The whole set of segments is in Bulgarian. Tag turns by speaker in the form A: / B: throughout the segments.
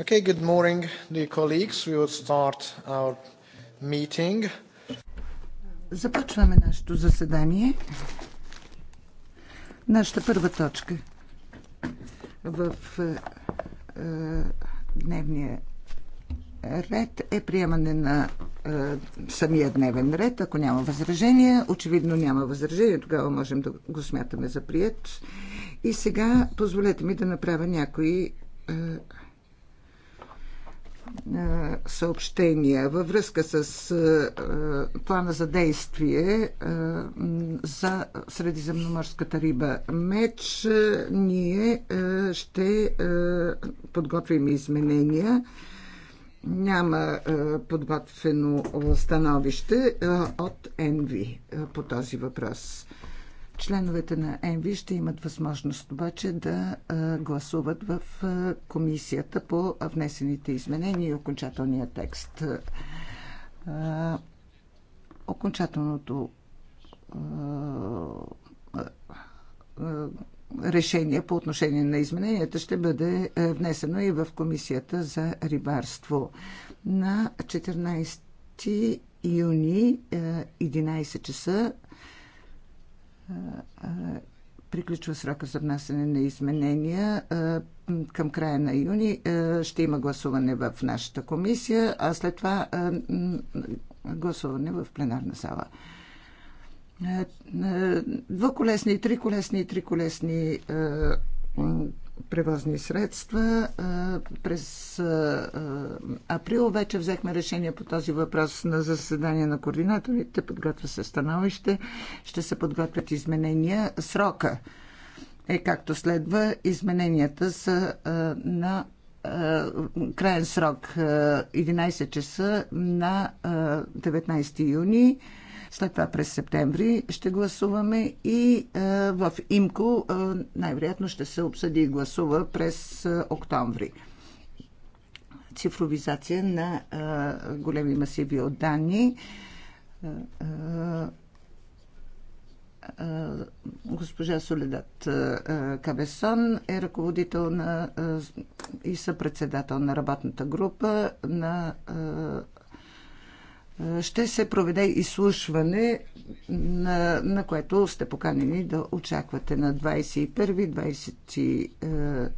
A: Okay, good morning, dear colleagues. We will start our meeting. Започваме нашето заседание. Нашата първа точка в е, е, дневния ред е приемане на е, самия дневен ред. Ако няма възражение, очевидно няма възражение, тогава можем да го смятаме за прият. И сега позволете ми да направя някои съобщения във връзка с плана за действие за средиземноморската риба меч, ние ще подготвим изменения. Няма подготвено становище от НВ по този въпрос. Членовете на ЕМВИ ще имат възможност обаче да гласуват в комисията по внесените изменения и окончателния текст. Окончателното решение по отношение на измененията ще бъде внесено и в Комисията за рибарство. На 14 юни 11 часа приключва срока за внасяне на изменения. Към края на юни ще има гласуване в нашата комисия, а след това гласуване в пленарна зала. Двуколесни, триколесни и триколесни превозни средства. През април вече взехме решение по този въпрос на заседание на координаторите. Подготвя се становище, ще се подготвят изменения. Срока е както следва. Измененията са на краен срок 11 часа на 19 юни. След това през септември ще гласуваме и е, в ИМКО е, най-вероятно ще се обсъди и гласува през е, октомври цифровизация на а, големи масиви от данни. госпожа Соледат Кабесон е ръководител на, и съпредседател на работната група на ще се проведе изслушване, на, на което сте поканени да очаквате на 21 28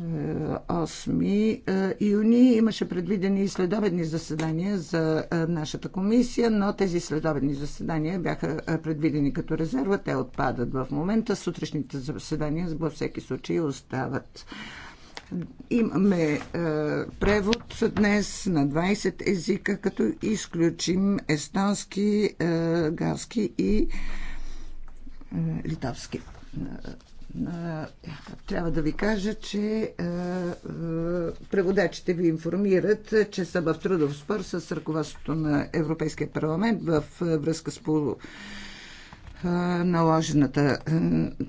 A: 8 юни имаше предвидени следобедни заседания за е, нашата комисия, но тези следобедни заседания бяха е, предвидени като резерва. Те отпадат в момента. Сутрешните заседания във всеки случай остават. Имаме е, превод днес на 20 езика, като изключим естонски, е, галски и е, литовски. Е, е, трябва да ви кажа, че е, преводачите ви информират, че са в трудов спор с ръководството на Европейския парламент в връзка с наложената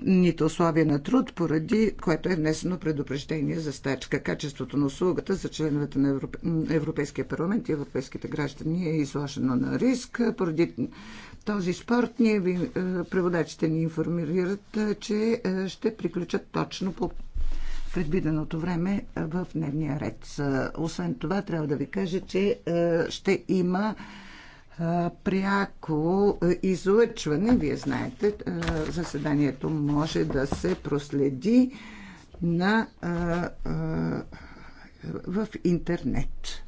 A: нито условия на труд, поради което е внесено предупреждение за стачка. Качеството на услугата за членовете на Европейския парламент и европейските граждани е изложено на риск. Поради този спорт ние ви, преводачите ни информират, че ще приключат точно по предвиденото време в дневния ред. Освен това, трябва да ви кажа, че ще има пряко излъчване. Вие знаете, заседанието може да се проследи на, в интернет.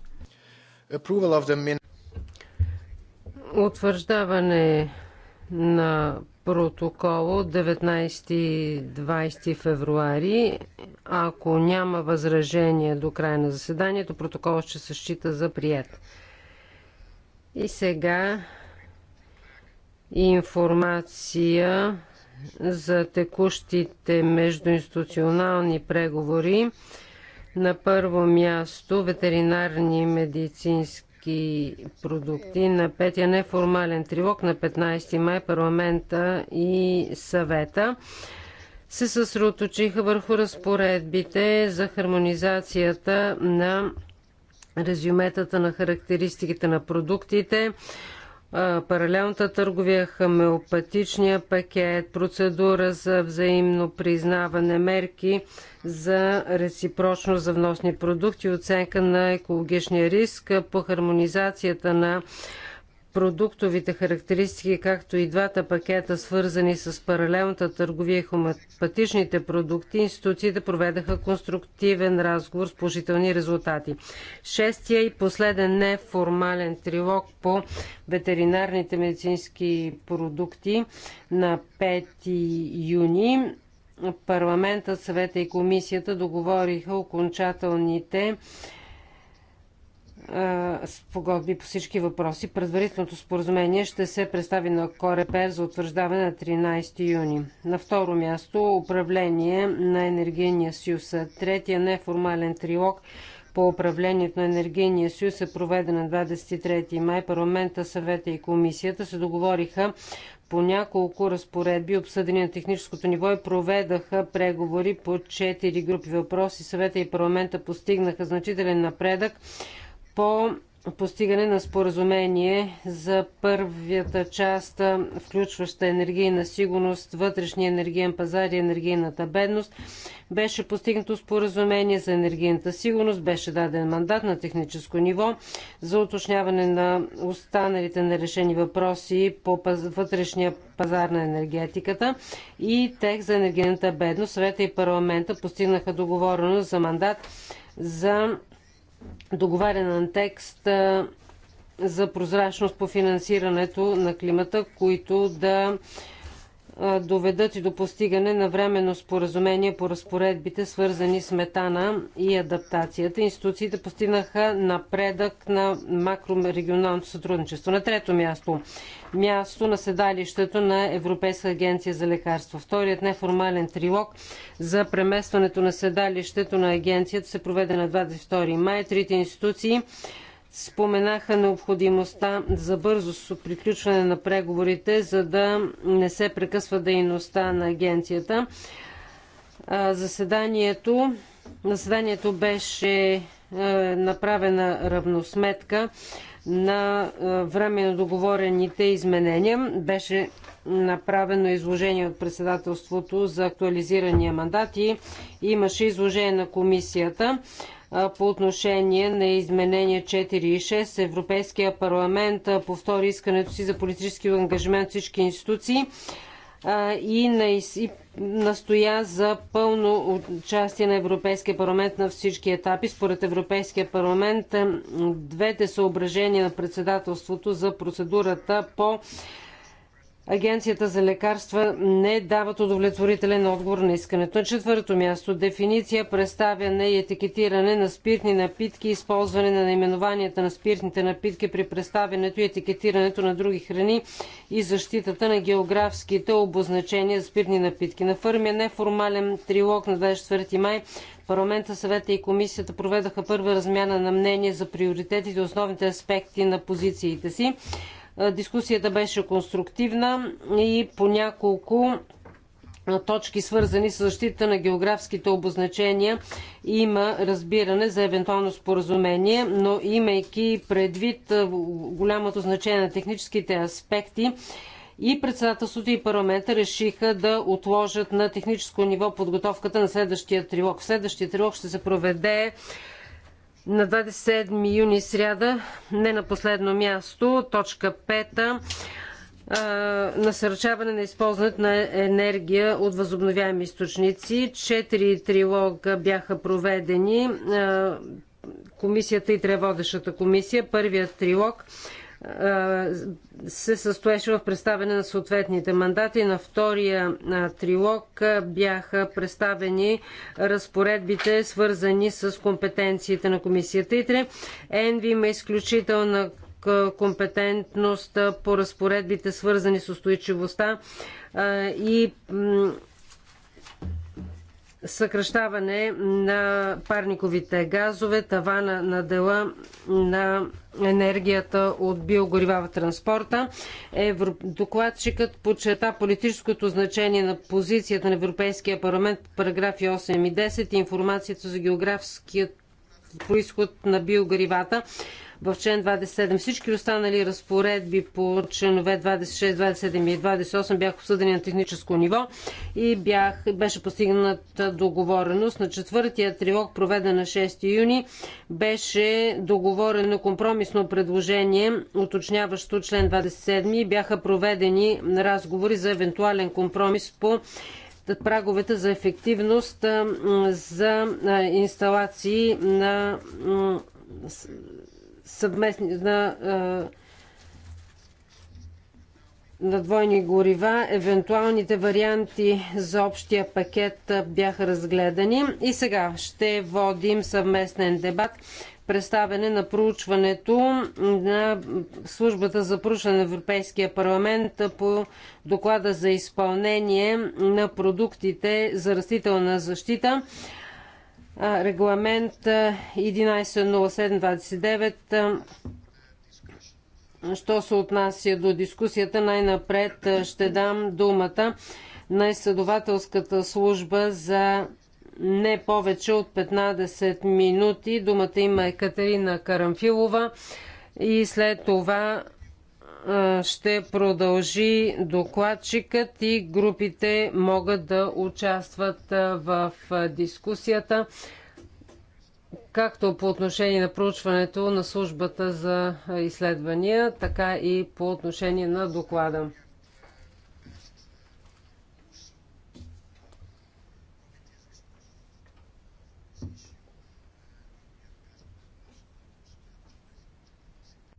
B: Утвърждаване на протокола от 19 20 февруари. Ако няма възражение до края на заседанието, протоколът ще се счита за прият. И сега информация за текущите междуинституционални преговори. На първо място ветеринарни медицински продукти. На петия неформален тривог на 15 май парламента и съвета се съсроточиха върху разпоредбите за хармонизацията на резюметата на характеристиките на продуктите, паралелната търговия, хамеопатичния пакет, процедура за взаимно признаване, мерки за реципрочно за вносни продукти, оценка на екологичния риск по хармонизацията на продуктовите характеристики, както и двата пакета, свързани с паралелната търговия и хомеопатичните продукти, институциите проведаха конструктивен разговор с положителни резултати. Шестия и последен неформален трилог по ветеринарните медицински продукти на 5 юни парламентът, съвета и комисията договориха окончателните спогодби по всички въпроси. Предварителното споразумение ще се представи на Корепер за утвърждаване на 13 юни. На второ място управление на енергийния съюз. Третия неформален трилог по управлението на енергийния съюз е проведен на 23 май. Парламента, съвета и комисията се договориха по няколко разпоредби, обсъдени на техническото ниво и проведаха преговори по 4 групи въпроси. Съвета и парламента постигнаха значителен напредък по постигане на споразумение за първията част, включваща енергийна сигурност, вътрешния енергиен пазар и енергийната бедност. Беше постигнато споразумение за енергийната сигурност, беше даден мандат на техническо ниво за уточняване на останалите нерешени въпроси по вътрешния пазар на енергетиката и тех за енергийната бедност. Света и парламента постигнаха договореност за мандат за договаряне на текст за прозрачност по финансирането на климата, които да доведат и до постигане на временно споразумение по разпоредбите, свързани с метана и адаптацията. Институциите постигнаха напредък на макрорегионалното сътрудничество. На трето място място на седалището на Европейска агенция за лекарства. Вторият неформален трилог за преместването на седалището на агенцията се проведе на 22 май. Трите институции споменаха необходимостта за бързо приключване на преговорите, за да не се прекъсва дейността на агенцията. Заседанието, заседанието беше направена равносметка на временно договорените изменения. Беше направено изложение от председателството за актуализирания мандат и имаше изложение на комисията по отношение на изменения 4 и 6. Европейския парламент повтори искането си за политически ангажимент всички институции и, и настоя за пълно участие на Европейския парламент на всички етапи. Според Европейския парламент двете съображения на председателството за процедурата по Агенцията за лекарства не дават удовлетворителен отговор на искането. На четвърто място дефиниция, представяне и етикетиране на спиртни напитки, използване на наименованията на спиртните напитки при представянето и етикетирането на други храни и защитата на географските обозначения за спиртни напитки. На фърмия неформален трилог на 24 май Парламента, съвета и комисията проведаха първа размяна на мнение за приоритетите и основните аспекти на позициите си. Дискусията беше конструктивна и по няколко точки, свързани с защита на географските обозначения, има разбиране за евентуално споразумение, но имайки предвид голямото значение на техническите аспекти, и председателството и парламента решиха да отложат на техническо ниво подготовката на следващия трилог. В следващия трилог ще се проведе на 27 юни сряда, не на последно място, точка 5 насърчаване на използването на енергия от възобновяеми източници. Четири трилога бяха проведени. Комисията и треводещата комисия. Първият трилог – се състоеше в представяне на съответните мандати. На втория трилог бяха представени разпоредбите, свързани с компетенциите на комисията ИТРЕ. ЕНВИ има изключителна компетентност по разпоредбите, свързани с устойчивостта и съкръщаване на парниковите газове, тавана на дела на енергията от биогорива в транспорта. Евро... Докладчикът подчерта политическото значение на позицията на Европейския парламент параграфи 8 и 10 и информацията за географският происход на биогоривата в член 27. Всички останали разпоредби по членове 26, 27 и 28 бяха обсъдени на техническо ниво и бях, беше постигната договореност. На четвъртия трилог, проведен на 6 юни, беше договорено компромисно предложение, уточняващо член 27 и бяха проведени разговори за евентуален компромис по праговете за ефективност за инсталации на съвместни, на, на двойни горива. Евентуалните варианти за общия пакет бяха разгледани. И сега ще водим съвместен дебат представяне на проучването на службата за проучване на Европейския парламент по доклада за изпълнение на продуктите за растителна защита регламент 110729 Що се отнася до дискусията, най-напред ще дам думата на изследователската служба за не повече от 15 минути. Думата има Екатерина Карамфилова и след това ще продължи докладчикът и групите могат да участват в дискусията, както по отношение на проучването на службата за изследвания, така и по отношение на доклада.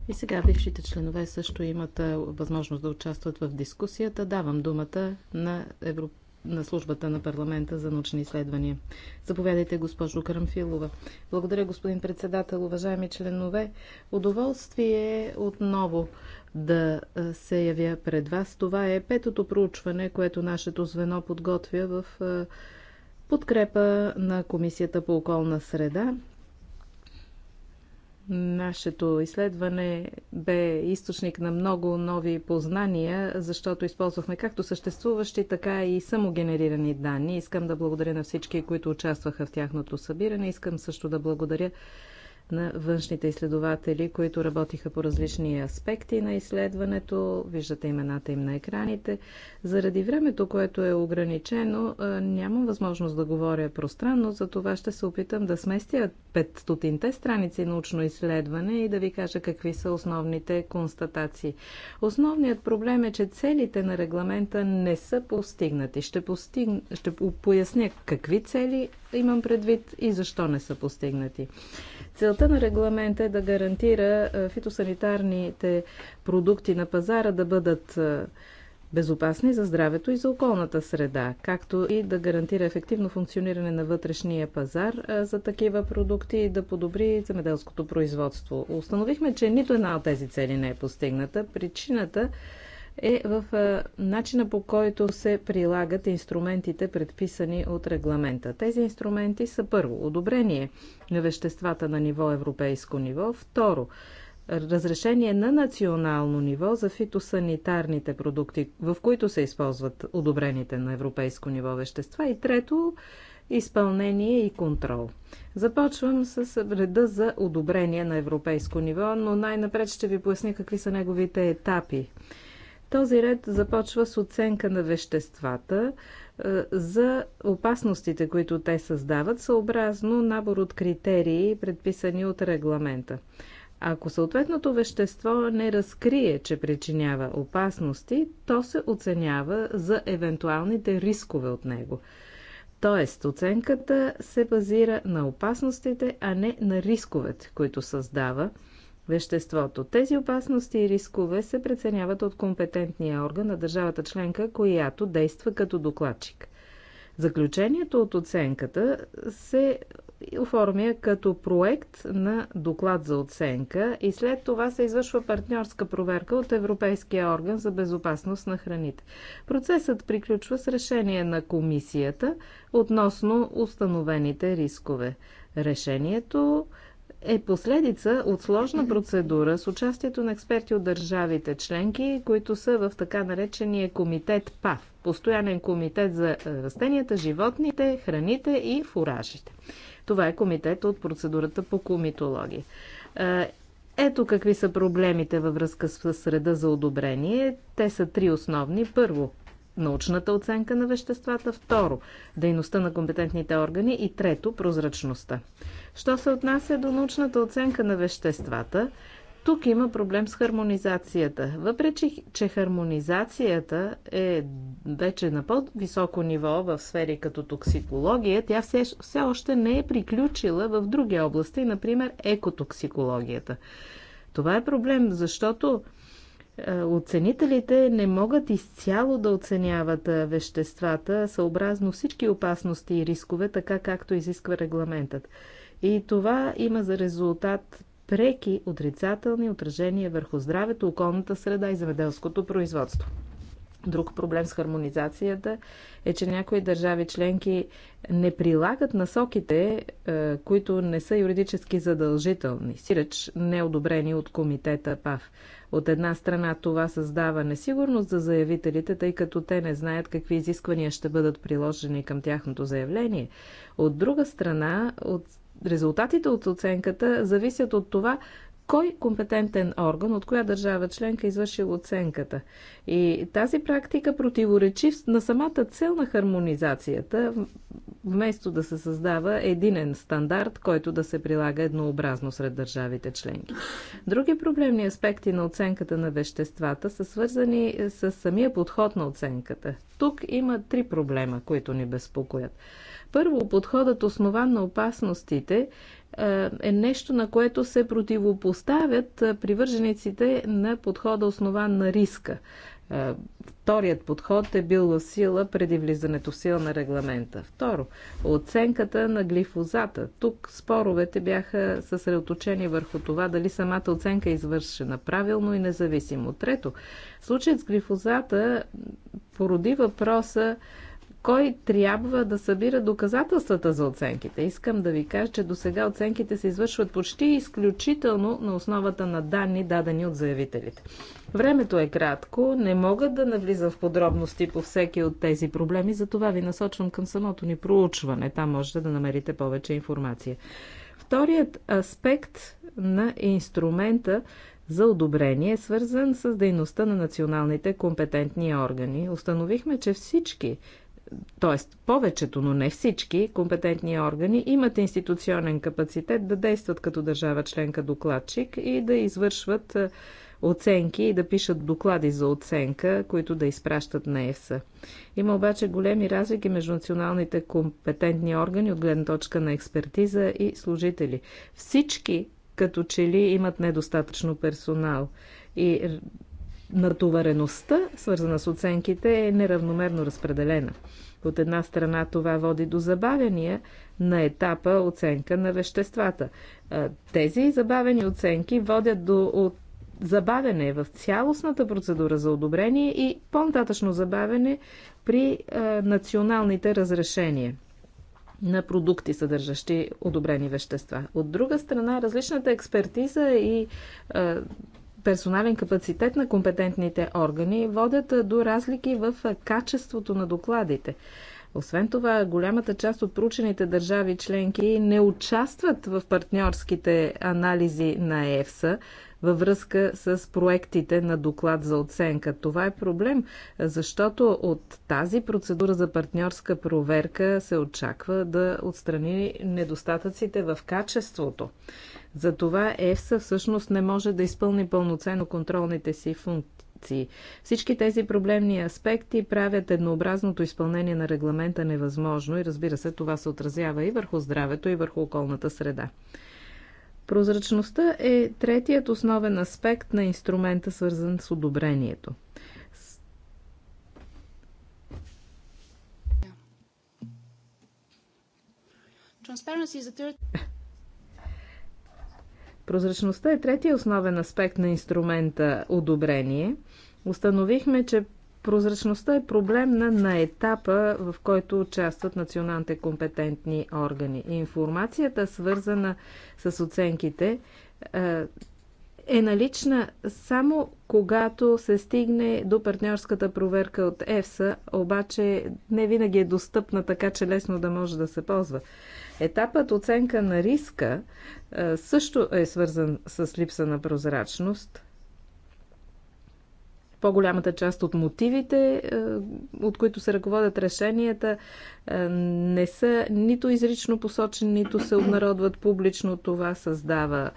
C: И сега бившите членове също имат възможност да участват в дискусията. Давам думата на, Евро... на службата на парламента за научни изследвания. Заповядайте, госпожо Карамфилова. Благодаря, господин председател, уважаеми членове. Удоволствие е отново да се явя пред вас. Това е петото проучване, което нашето звено подготвя в подкрепа на Комисията по околна среда. Нашето изследване бе източник на много нови познания, защото използвахме както съществуващи, така и самогенерирани данни. Искам да благодаря на всички, които участваха в тяхното събиране. Искам също да благодаря на външните изследователи, които работиха по различни аспекти на изследването. Виждате имената им на екраните. Заради времето, което е ограничено, нямам възможност да говоря пространно, за това ще се опитам да сместя 500-те страници научно изследване и да ви кажа какви са основните констатации. Основният проблем е, че целите на регламента не са постигнати. Ще, постиг... ще поясня какви цели имам предвид и защо не са постигнати. Целта на регламента е да гарантира фитосанитарните продукти на пазара да бъдат безопасни за здравето и за околната среда, както и да гарантира ефективно функциониране на вътрешния пазар за такива продукти и да подобри земеделското производство. Установихме, че нито една от тези цели не е постигната. Причината е в е, начина по който се прилагат инструментите, предписани от регламента. Тези инструменти са първо, одобрение на веществата на ниво европейско ниво, второ, разрешение на национално ниво за фитосанитарните продукти, в които се използват одобрените на европейско ниво вещества и трето, изпълнение и контрол. Започвам с реда за одобрение на европейско ниво, но най-напред ще ви поясня какви са неговите етапи. Този ред започва с оценка на веществата е, за опасностите, които те създават, съобразно набор от критерии, предписани от регламента. Ако съответното вещество не разкрие, че причинява опасности, то се оценява за евентуалните рискове от него. Тоест, оценката се базира на опасностите, а не на рисковете, които създава веществото. Тези опасности и рискове се преценяват от компетентния орган на държавата членка, която действа като докладчик. Заключението от оценката се оформя като проект на доклад за оценка и след това се извършва партньорска проверка от Европейския орган за безопасност на храните. Процесът приключва с решение на комисията относно установените рискове. Решението е последица от сложна процедура с участието на експерти от държавите членки, които са в така наречения комитет ПАВ – Постоянен комитет за е, растенията, животните, храните и фуражите. Това е комитет от процедурата по комитология. Е, ето какви са проблемите във връзка с среда за одобрение. Те са три основни. Първо, научната оценка на веществата, второ, дейността на компетентните органи и трето, прозрачността. Що се отнася до научната оценка на веществата, тук има проблем с хармонизацията. Въпреки, че хармонизацията е вече на по-високо ниво в сфери като токсикология, тя все, все още не е приключила в други области, например екотоксикологията. Това е проблем, защото е, оценителите не могат изцяло да оценяват е, веществата съобразно всички опасности и рискове, така както изисква регламентът. И това има за резултат преки отрицателни отражения върху здравето, околната среда и заведелското производство. Друг проблем с хармонизацията е, че някои държави членки не прилагат насоките, е, които не са юридически задължителни, сиреч неодобрени от комитета ПАВ. От една страна това създава несигурност за заявителите, тъй като те не знаят какви изисквания ще бъдат приложени към тяхното заявление. От друга страна, от резултатите от оценката зависят от това кой компетентен орган от коя държава членка е извършил оценката. И тази практика противоречи на самата цел на хармонизацията, вместо да се създава единен стандарт, който да се прилага еднообразно сред държавите членки. Други проблемни аспекти на оценката на веществата са свързани е, с самия подход на оценката. Тук има три проблема, които ни безпокоят. Първо, подходът основан на опасностите е, е нещо, на което се противопоставят е, привържениците на подхода основан на риска. Е, вторият подход е бил в сила преди влизането в сила на регламента. Второ, оценката на глифозата. Тук споровете бяха съсредоточени върху това дали самата оценка е извършена правилно и независимо. Трето, случаят с глифозата породи въпроса кой трябва да събира доказателствата за оценките. Искам да ви кажа, че до сега оценките се извършват почти изключително на основата на данни, дадени от заявителите. Времето е кратко, не мога да навлизам в подробности по всеки от тези проблеми, затова ви насочвам към самото ни проучване. Там можете да намерите повече информация. Вторият аспект на инструмента за одобрение е свързан с дейността на националните компетентни органи. Установихме, че всички т.е. повечето, но не всички компетентни органи имат институционен капацитет да действат като държава членка докладчик и да извършват е, оценки и да пишат доклади за оценка, които да изпращат на ЕСА. Има обаче големи разлики между националните компетентни органи от гледна точка на експертиза и служители. Всички като че ли имат недостатъчно персонал и натовареността, свързана с оценките, е неравномерно разпределена. От една страна това води до забавяния на етапа оценка на веществата. Тези забавени оценки водят до забавене в цялостната процедура за одобрение и по-нататъчно забавене при националните разрешения на продукти, съдържащи одобрени вещества. От друга страна, различната експертиза и персонален капацитет на компетентните органи водят до разлики в качеството на докладите. Освен това, голямата част от проучените държави членки не участват в партньорските анализи на ЕФСА във връзка с проектите на доклад за оценка. Това е проблем, защото от тази процедура за партньорска проверка се очаква да отстрани недостатъците в качеството. Затова ЕФСА всъщност не може да изпълни пълноценно контролните си функции. Всички тези проблемни аспекти правят еднообразното изпълнение на регламента невъзможно и разбира се, това се отразява и върху здравето, и върху околната среда. Прозрачността е третият основен аспект на инструмента, свързан с одобрението. Transparency is a third... Прозрачността е третия основен аспект на инструмента одобрение. Установихме, че прозрачността е проблемна на етапа, в който участват националните компетентни органи. Информацията, свързана с оценките, е, е налична само когато се стигне до партньорската проверка от ЕФСА, обаче не винаги е достъпна така, че лесно да може да се ползва. Етапът оценка на риска също е свързан с липса на прозрачност. По-голямата част от мотивите, от които се ръководят решенията, не са нито изрично посочени, нито се обнародват публично. Това създава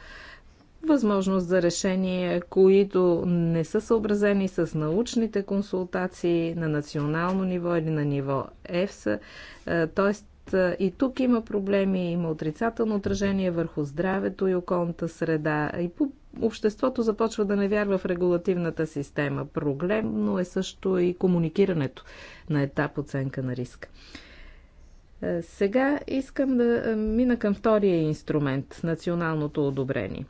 C: възможност за решения, които не са съобразени с научните консултации на национално ниво или на ниво ЕФСА. Тоест, е, и тук има проблеми, има отрицателно отражение върху здравето и околната среда. И по обществото започва да не вярва в регулативната система. Проблемно е също и комуникирането на етап оценка на риска. Е, сега искам да е, мина към втория инструмент националното одобрение.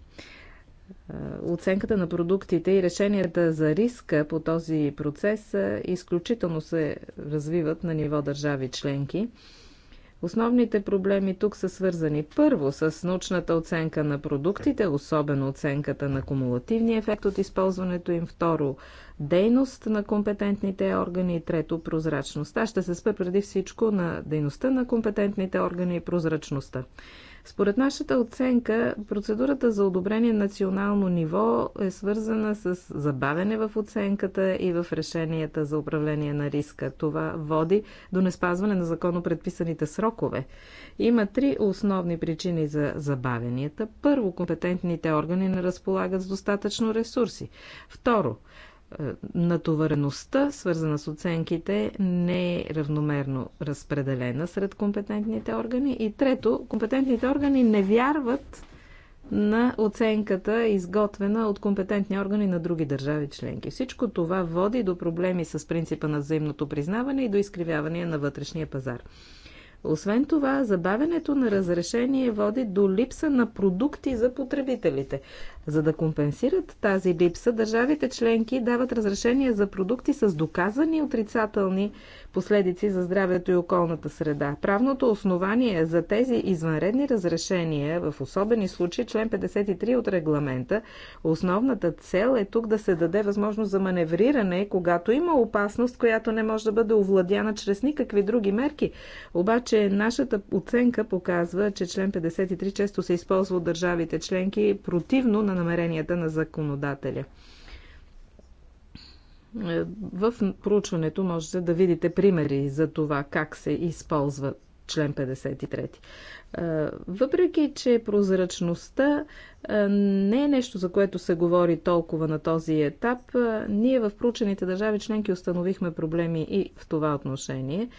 C: Оценката на продуктите и решенията за риска по този процес изключително се развиват на ниво държави членки. Основните проблеми тук са свързани първо с научната оценка на продуктите, особено оценката на кумулативния ефект от използването им, второ дейност на компетентните органи и трето прозрачността. Ще се спра преди всичко на дейността на компетентните органи и прозрачността. Според нашата оценка, процедурата за одобрение на национално ниво е свързана с забавене в оценката и в решенията за управление на риска. Това води до неспазване на законно предписаните срокове. Има три основни причини за забавенията. Първо, компетентните органи не разполагат с достатъчно ресурси. Второ, натовареността, свързана с оценките, не е равномерно разпределена сред компетентните органи. И трето, компетентните органи не вярват на оценката, изготвена от компетентни органи на други държави членки. Всичко това води до проблеми с принципа на взаимното признаване и до изкривяване на вътрешния пазар. Освен това, забавянето на разрешение води до липса на продукти за потребителите. За да компенсират тази липса, държавите членки дават разрешение за продукти с доказани отрицателни последици за здравето и околната среда. Правното основание за тези извънредни разрешения в особени случаи, член 53 от регламента, основната цел е тук да се даде възможност за маневриране, когато има опасност, която не може да бъде овладяна чрез никакви други мерки. Обаче нашата оценка показва, че член 53 често се използва от държавите членки противно на намеренията на законодателя. Е, в проучването можете да видите примери за това как се използва член 53. Е, въпреки, че прозрачността е, не е нещо, за което се говори толкова на този етап, ние в проучените държави членки установихме проблеми и в това отношение.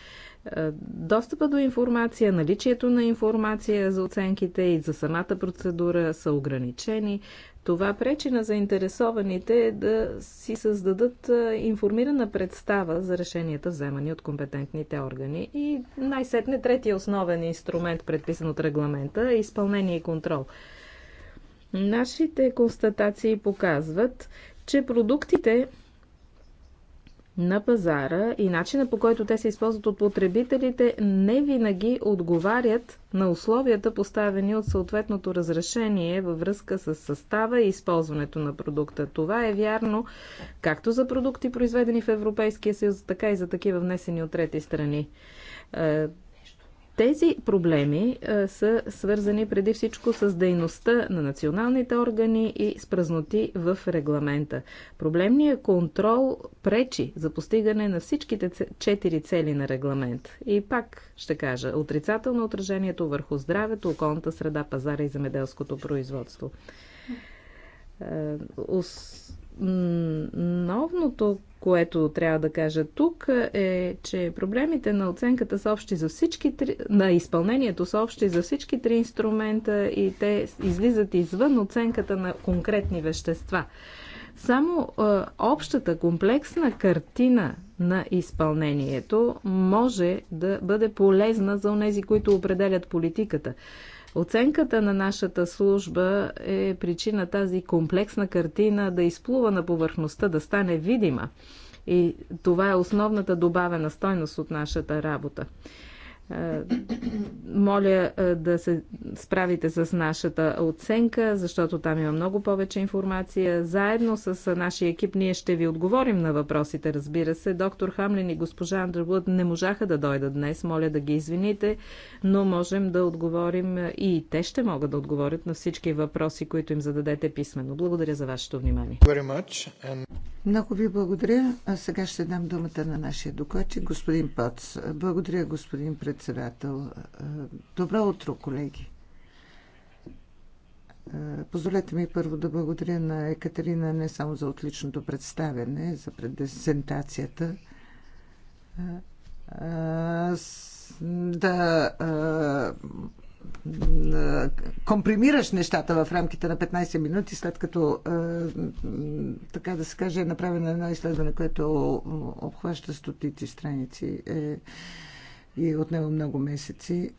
C: Достъпа до информация, наличието на информация за оценките и за самата процедура са ограничени. Това пречи на заинтересованите да си създадат информирана представа за решенията вземани от компетентните органи. И най-сетне третия основен инструмент, предписан от регламента, е изпълнение и контрол. Нашите констатации показват, че продуктите на пазара и начина по който те се използват от потребителите не винаги отговарят на условията поставени от съответното разрешение във връзка с състава и използването на продукта. Това е вярно както за продукти произведени в Европейския съюз, така и за такива внесени от трети страни. Е, тези проблеми а, са свързани преди всичко с дейността на националните органи и с празноти в регламента. Проблемният контрол пречи за постигане на всичките четири цели на регламент. И пак ще кажа, отрицателно отражението върху здравето, околната среда, пазара и земеделското производство. Е, Основното което трябва да кажа тук е, че проблемите на оценката са общи за всички три, на изпълнението са общи за всички три инструмента и те излизат извън оценката на конкретни вещества. Само е, общата комплексна картина на изпълнението може да бъде полезна за онези, които определят политиката. Оценката на нашата служба е причина тази комплексна картина да изплува на повърхността, да стане видима. И това е основната добавена стойност от нашата работа. Е, моля е, да се справите с нашата оценка, защото там има много повече информация. Заедно с е, нашия екип ние ще ви отговорим на въпросите, разбира се. Доктор Хамлин и госпожа Андервуд не можаха да дойдат днес, моля да ги извините, но можем да отговорим и те ще могат да отговорят на всички въпроси, които им зададете писменно. Благодаря за вашето внимание.
A: Много ви благодаря. А сега ще дам думата на нашия докладчик, господин Пац. Благодаря, господин пред председател. Е, добро утро, колеги! Е, позволете ми първо да благодаря на Екатерина не само за отличното представяне, за презентацията. Е, да компримираш нещата в рамките на 15 минути, след като, така да се каже, е направено едно изследване, което обхваща стотици страници. Е и от него много месеци,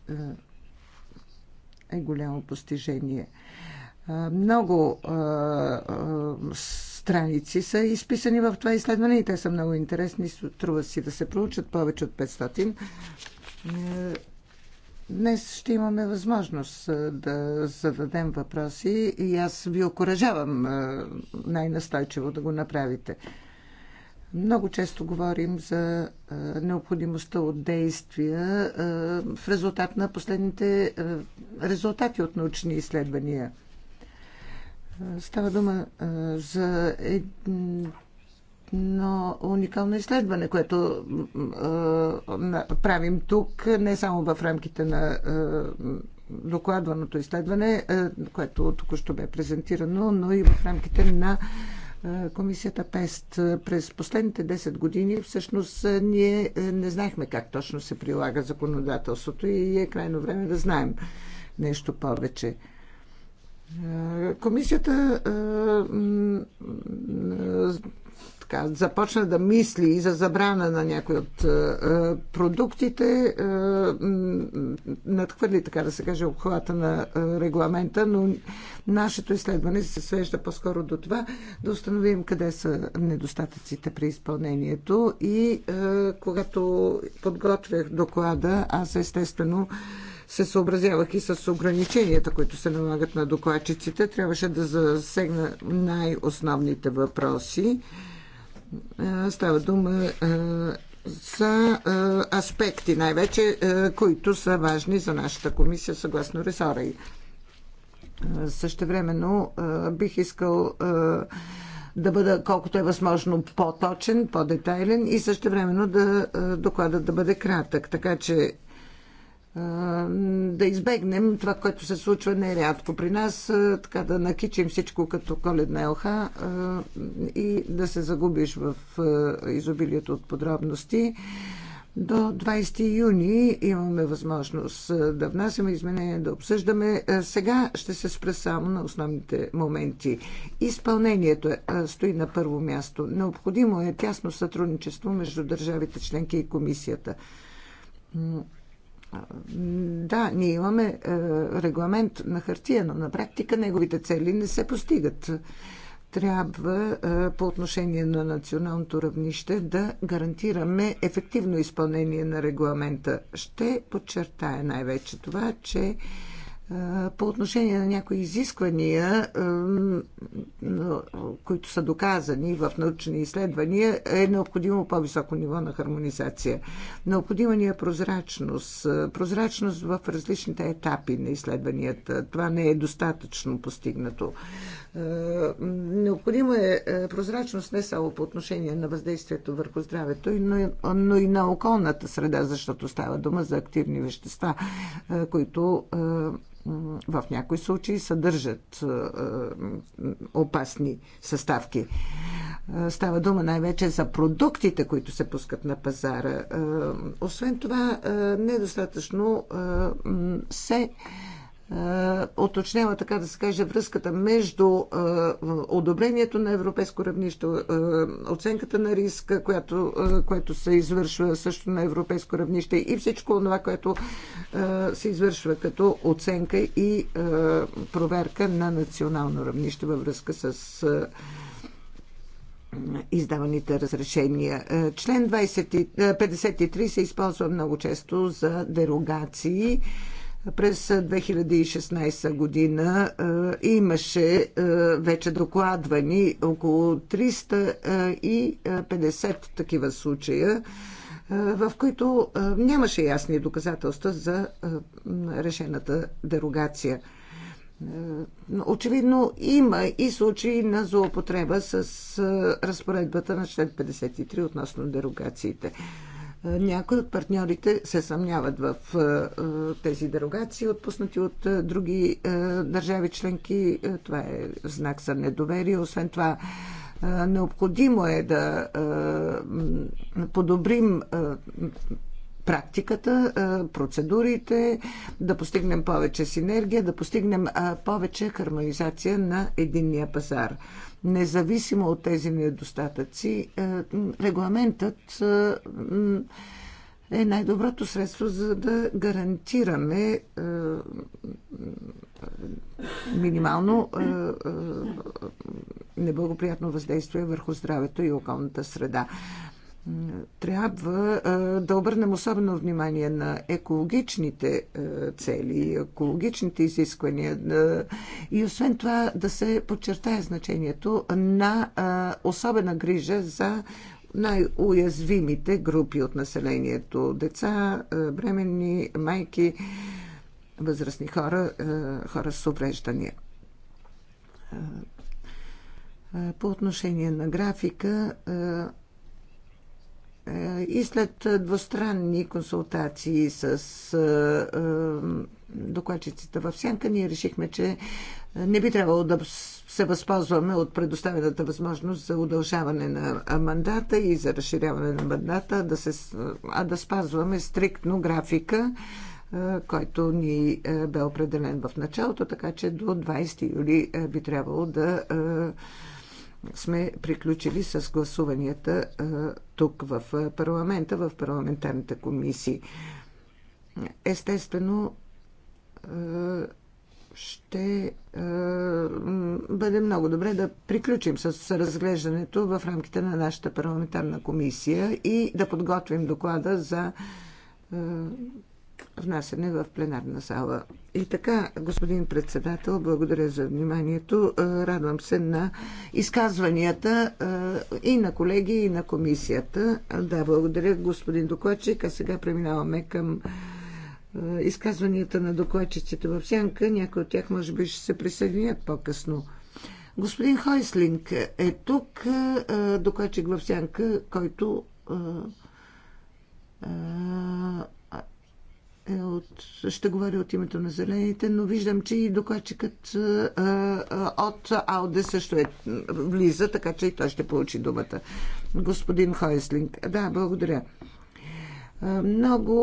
A: е голямо постижение. Много страници са изписани в това изследване и те са много интересни. Трува си да се проучат повече от 500. Днес ще имаме възможност да зададем въпроси и аз ви окоръжавам най-настойчиво да го направите. Много често говорим за необходимостта от действия в резултат на последните резултати от научни изследвания. Става дума за едно уникално изследване, което правим тук, не само в рамките на докладваното изследване, което току-що бе презентирано, но и в рамките на комисията ПЕСТ. През последните 10 години всъщност ние не знаехме как точно се прилага законодателството и е крайно време да знаем нещо повече. Комисията така, започна да мисли и за забрана на някои от е, е, продуктите, е, надхвърли, така да се каже, обхвата на регламента, но нашето изследване се свежда по-скоро до това да установим къде са недостатъците при изпълнението и когато подготвях доклада, аз естествено се съобразявах и с ограниченията, които се налагат на докладчиците. Трябваше да засегна най-основните въпроси. Е, става дума е, за е, аспекти най-вече, които са важни за нашата комисия, съгласно ресора й. времено бих искал да бъда колкото е възможно по-точен, по-детайлен и времено да докладът да бъде кратък. Така че да избегнем това, което се случва нерядко при нас, така да накичим всичко като коледна елха и да се загубиш в изобилието от подробности. До 20 юни имаме възможност да внасяме изменения, да обсъждаме. Сега ще се спра само на основните моменти. Изпълнението е, стои на първо място. Необходимо е тясно сътрудничество между държавите членки и комисията. Да, ние имаме е, регламент на хартия, но на практика неговите цели не се постигат. Трябва е, по отношение на националното равнище да гарантираме ефективно изпълнение на регламента. Ще подчертая най-вече това, че по отношение на някои изисквания, които са доказани в научни изследвания, е необходимо по-високо ниво на хармонизация. Необходима ни е прозрачност. Прозрачност в различните етапи на изследванията. Това не е достатъчно постигнато. Е, необходима е, е прозрачност не само по отношение на въздействието върху здравето, но и на околната среда, защото става дума за активни вещества, е, които в някои случаи съдържат опасни съставки. Става дума най-вече за продуктите, които се пускат на пазара. Освен това, недостатъчно се е, уточнява, така да се каже, връзката между е, одобрението на европейско равнище, е, оценката на риска, която, което се извършва също на европейско равнище и всичко това, което се извършва като оценка и проверка на национално равнище във връзка с издаваните разрешения. Член 20, 53 се използва много често за дерогации през 2016 година имаше вече докладвани около 350 такива случая, в които нямаше ясни доказателства за решената дерогация. Очевидно има и случаи на злоупотреба с разпоредбата на член 53 относно дерогациите. Е, някои от партньорите се съмняват в е, е, тези дерогации, отпуснати от други държави членки. Това е знак за недоверие. Освен това, необходимо е да подобрим практиката, процедурите, да постигнем повече синергия, да постигнем повече хармонизация на единния пазар независимо от тези недостатъци, е, регламентът е, е най-доброто средство за да гарантираме е, минимално неблагоприятно въздействие върху здравето и околната среда трябва да обърнем особено внимание на екологичните цели, екологичните изисквания и освен това да се подчертае значението на особена грижа за най-уязвимите групи от населението деца, бременни, майки, възрастни хора, хора с увреждания. По отношение на графика, е, и след двустранни консултации с е, е, докладчиците в Сянка, ние решихме, че не би трябвало да се възползваме от предоставената възможност за удължаване на мандата и за разширяване на мандата, да се, а да спазваме стриктно графика, който ни бе определен в началото, така че до 20 юли би трябвало да сме приключили с гласуванията е, тук в е, парламента, в парламентарните комисии. Естествено, е, ще бъде много добре да приключим с разглеждането в рамките на нашата парламентарна комисия и да подготвим доклада за внасене в пленарна зала. И така, господин председател, благодаря за вниманието. Е, радвам се на изказванията е, и на колеги, и на комисията. Да, благодаря, господин докладчик. А сега преминаваме към е, изказванията на докладчиците в сянка. Някои от тях може би ще се присъединят по-късно. Господин Хойслинг е тук, докладчик в сянка, който от, ще говоря от името на зелените, но виждам, че и докладчикът от Ауде също е влиза, така че и той ще получи думата. Господин Хойслинг. Да, благодаря. Много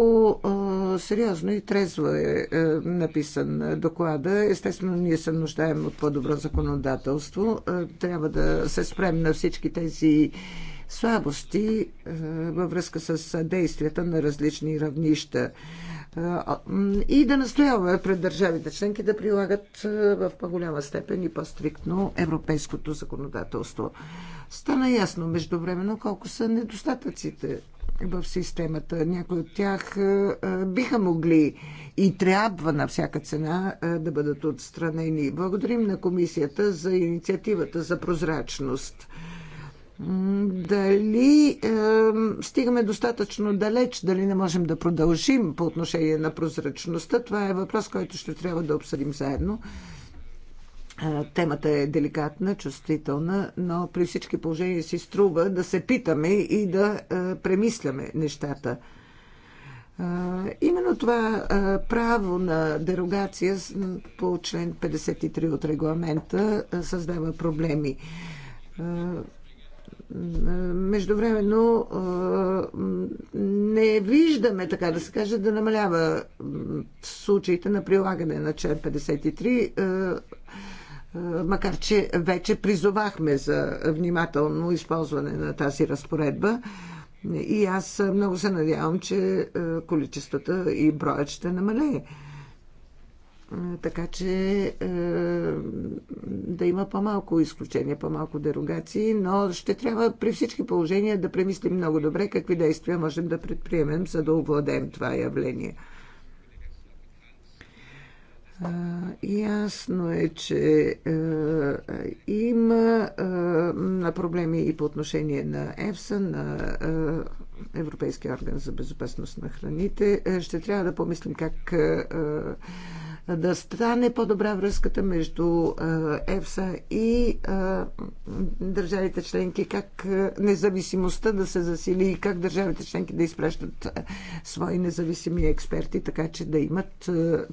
A: сериозно и трезво е, е написан доклада. Естествено, ние се нуждаем от по-добро законодателство. Трябва да се спрем на всички тези слабости е, във връзка с действията на различни равнища е, и да настояваме пред държавите членки да прилагат е, в по-голяма степен и по-стриктно европейското законодателство. Стана ясно междувременно колко са недостатъците в системата. Някои от тях биха могли и трябва на всяка цена да бъдат отстранени. Благодарим на комисията за инициативата за прозрачност дали е, стигаме достатъчно далеч, дали не можем да продължим по отношение на прозрачността, това е въпрос, който ще трябва да обсъдим заедно. Е, темата е деликатна, чувствителна, но при всички положения си струва да се питаме и да е, премисляме нещата. Е, именно това право на дерогация по член 53 от регламента създава проблеми междувременно не виждаме, така да се каже, да намалява случаите на прилагане на член 53, макар че вече призовахме за внимателно използване на тази разпоредба. И аз много се надявам, че количествата и броят ще намалее. Е, така че е, да има по-малко изключения, по-малко дерогации, но ще трябва при всички положения да премислим много добре какви действия можем да предприемем, за да овладеем това явление. Ясно е, че е, има проблеми и по отношение на ЕФСА, на Европейския орган за безопасност на храните. Ще трябва да помислим как да стане по-добра връзката между ЕФСА и държавите членки, как независимостта да се засили и как държавите членки да изпращат свои независими експерти, така че да имат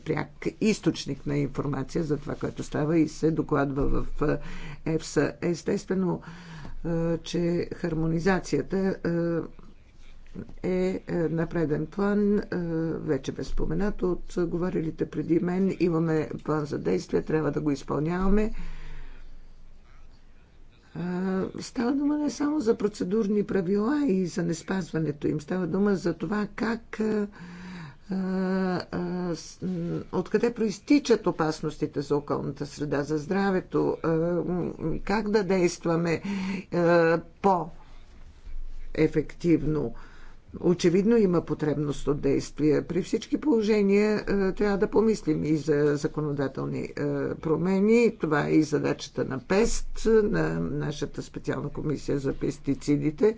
A: пряк източник на информация за това, което става и се докладва в ЕФСА. Естествено, че хармонизацията е, е на преден план, е, вече бе споменато от говорилите преди мен. Имаме план за действие, трябва да го изпълняваме. Е, става дума не само за процедурни правила и за неспазването им. Става дума за това как откъде проистичат опасностите за околната среда, за здравето, как да действаме по-ефективно. Очевидно има потребност от действия. При всички положения е, трябва да помислим и за законодателни е, промени. Това е и задачата на ПЕСТ, на нашата специална комисия за пестицидите.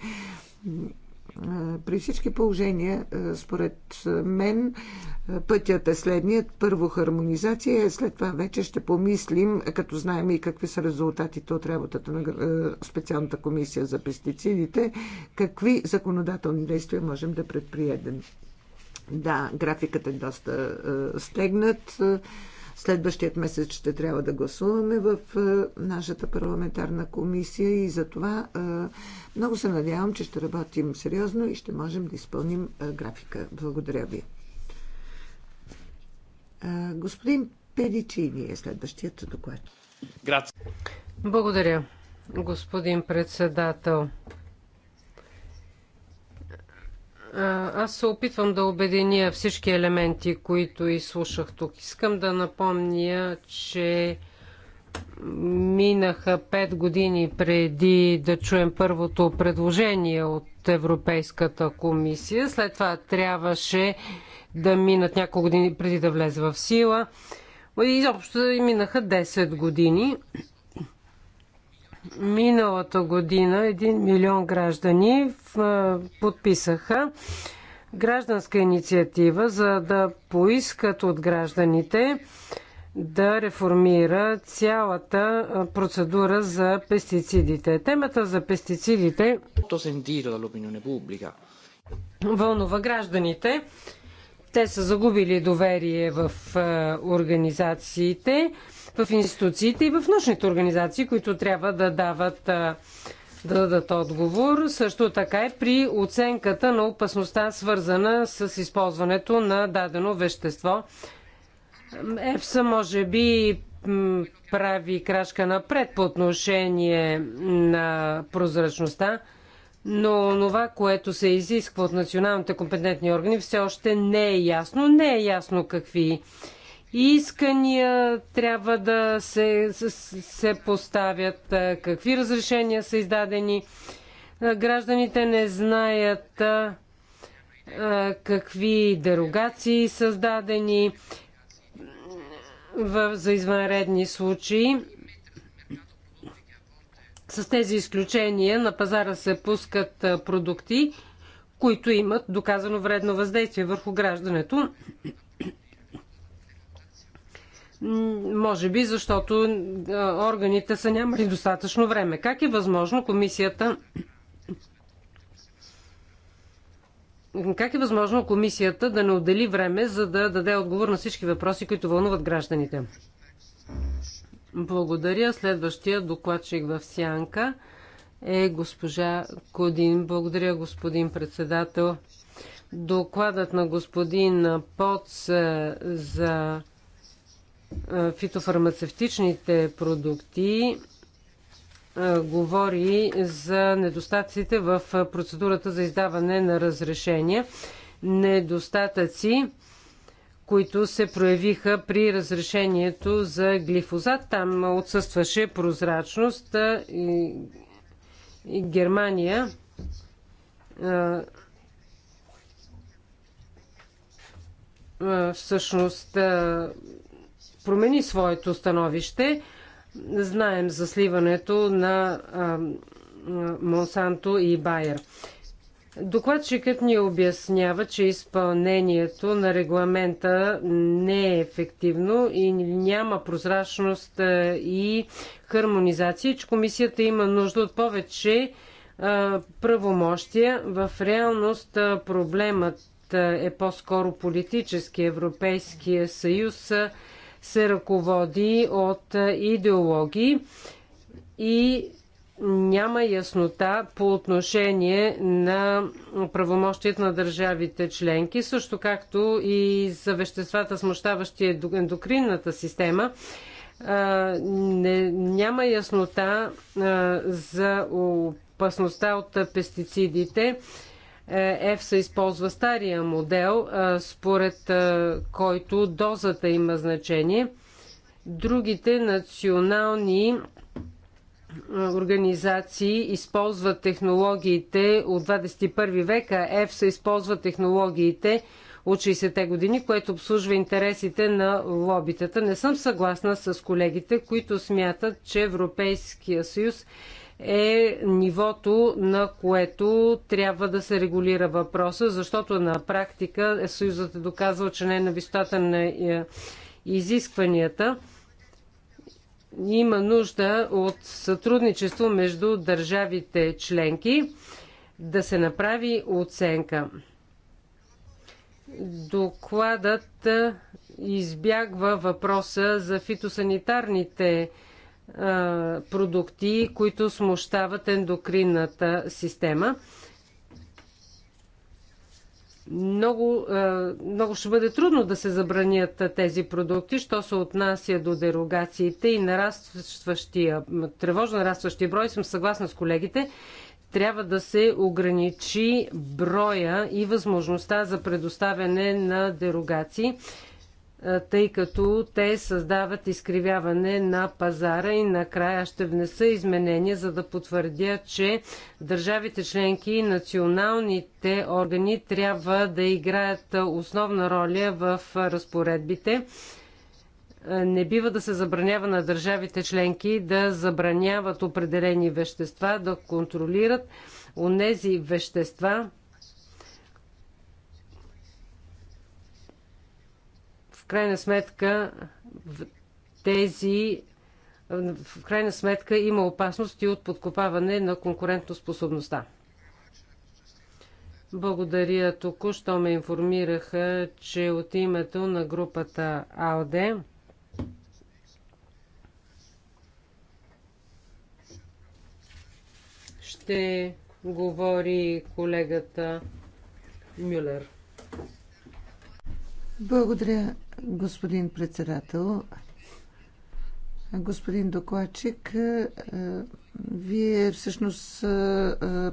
A: Е, при всички положения, е, според мен, е, пътят е следният. Първо хармонизация, след това вече ще помислим, като знаем и какви са резултатите от работата на специалната комисия за пестицидите, какви законодателни действия можем да предприедем. Да, графикът е доста стегнат. Следващият месец ще трябва да гласуваме в е, нашата парламентарна комисия и за това е, много се надявам, че ще работим сериозно и ще можем да изпълним е, графика. Благодаря ви. Господин Педичини е следващият доклад.
B: Благодаря, господин председател. Аз се опитвам да обединя всички елементи, които изслушах тук. Искам да напомня, че минаха 5 години преди да чуем първото предложение от Европейската комисия. След това трябваше да минат няколко години преди да влезе в сила. Изобщо минаха 10 години. Миналата година 1 милион граждани подписаха гражданска инициатива, за да поискат от гражданите да реформира цялата процедура за пестицидите. Темата за пестицидите вълнува гражданите. Те са загубили доверие в организациите в институциите и в научните организации, които трябва да дават да дадат отговор. Също така и при оценката на опасността, свързана с използването на дадено вещество. ЕПСА може би прави крачка напред по отношение на прозрачността, но това, което се изисква от националните компетентни органи, все още не е ясно. Не е ясно какви искания трябва да се, се, се поставят, какви разрешения са издадени. Гражданите не знаят какви дерогации са дадени за извънредни случаи. С тези изключения на пазара се пускат продукти, които имат доказано вредно въздействие върху граждането може би защото органите са нямали достатъчно време. Как е възможно комисията как е възможно комисията да не отдели време, за да даде отговор на всички въпроси, които вълнуват гражданите? Благодаря. Следващия докладчик в Сянка е госпожа Кодин. Благодаря, господин председател. Докладът на господин Поц за фитофармацевтичните продукти говори за недостатъците в процедурата за издаване на разрешения. Недостатъци, които се проявиха при разрешението за глифозат. Там отсъстваше прозрачност. и Германия всъщност промени своето становище. Знаем за сливането на Монсанто и Байер. Докладчикът ни обяснява, че изпълнението на регламента не е ефективно и няма прозрачност и хармонизация, че комисията има нужда от повече правомощия. В реалност проблемът е по-скоро политически. Европейския съюз се ръководи от е, идеологии и няма яснота по отношение на правомощият на държавите членки, също както и за веществата, смущаващи ендокринната система. Е, не, няма яснота е, за опасността от пестицидите е, ЕФСА използва стария модел, е, според е, който дозата има значение. Другите национални организации използват технологиите от 21 века. ЕФСА използва технологиите от 60-те години, което обслужва интересите на лобитата. Не съм съгласна с колегите, които смятат, че Европейския съюз е нивото, на което трябва да се регулира въпроса, защото на практика е Съюзът е доказал, че не е на висотата на е, изискванията. Има нужда от сътрудничество между държавите членки да се направи оценка. Докладът е, избягва въпроса за фитосанитарните продукти, които смущават ендокринната система. Много, много ще бъде трудно да се забранят тези продукти, що се отнася до дерогациите и нарастващия, тревожно нарастващия брой, съм съгласна с колегите, трябва да се ограничи броя и възможността за предоставяне на дерогации тъй като те създават изкривяване на пазара и накрая ще внеса изменения, за да потвърдя, че държавите членки и националните органи трябва да играят основна роля в разпоредбите. Не бива да се забранява на държавите членки да забраняват определени вещества, да контролират онези вещества, крайна сметка в тези в крайна сметка има опасност и от подкопаване на конкурентоспособността. Благодаря. Току-що ме информираха, че от името на групата АОД ще говори колегата Мюлер.
A: Благодаря, господин председател. Господин докладчик, вие всъщност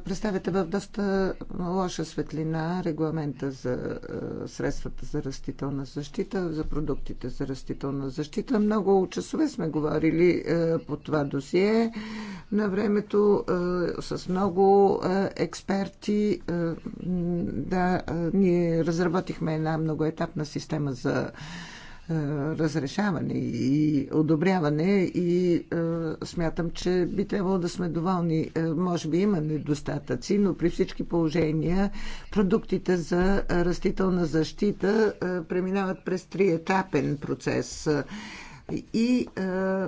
A: представяте в доста лоша светлина регламента за средствата за растителна защита, за продуктите за растителна защита. Много часове сме говорили по това досие на времето с много експерти. Да, ние разработихме една многоетапна система за е, разрешаване и одобряване и е, смятам, че би трябвало да сме доволни. Е, може би има недостатъци, но при всички положения продуктите за растителна защита преминават през триетапен процес. И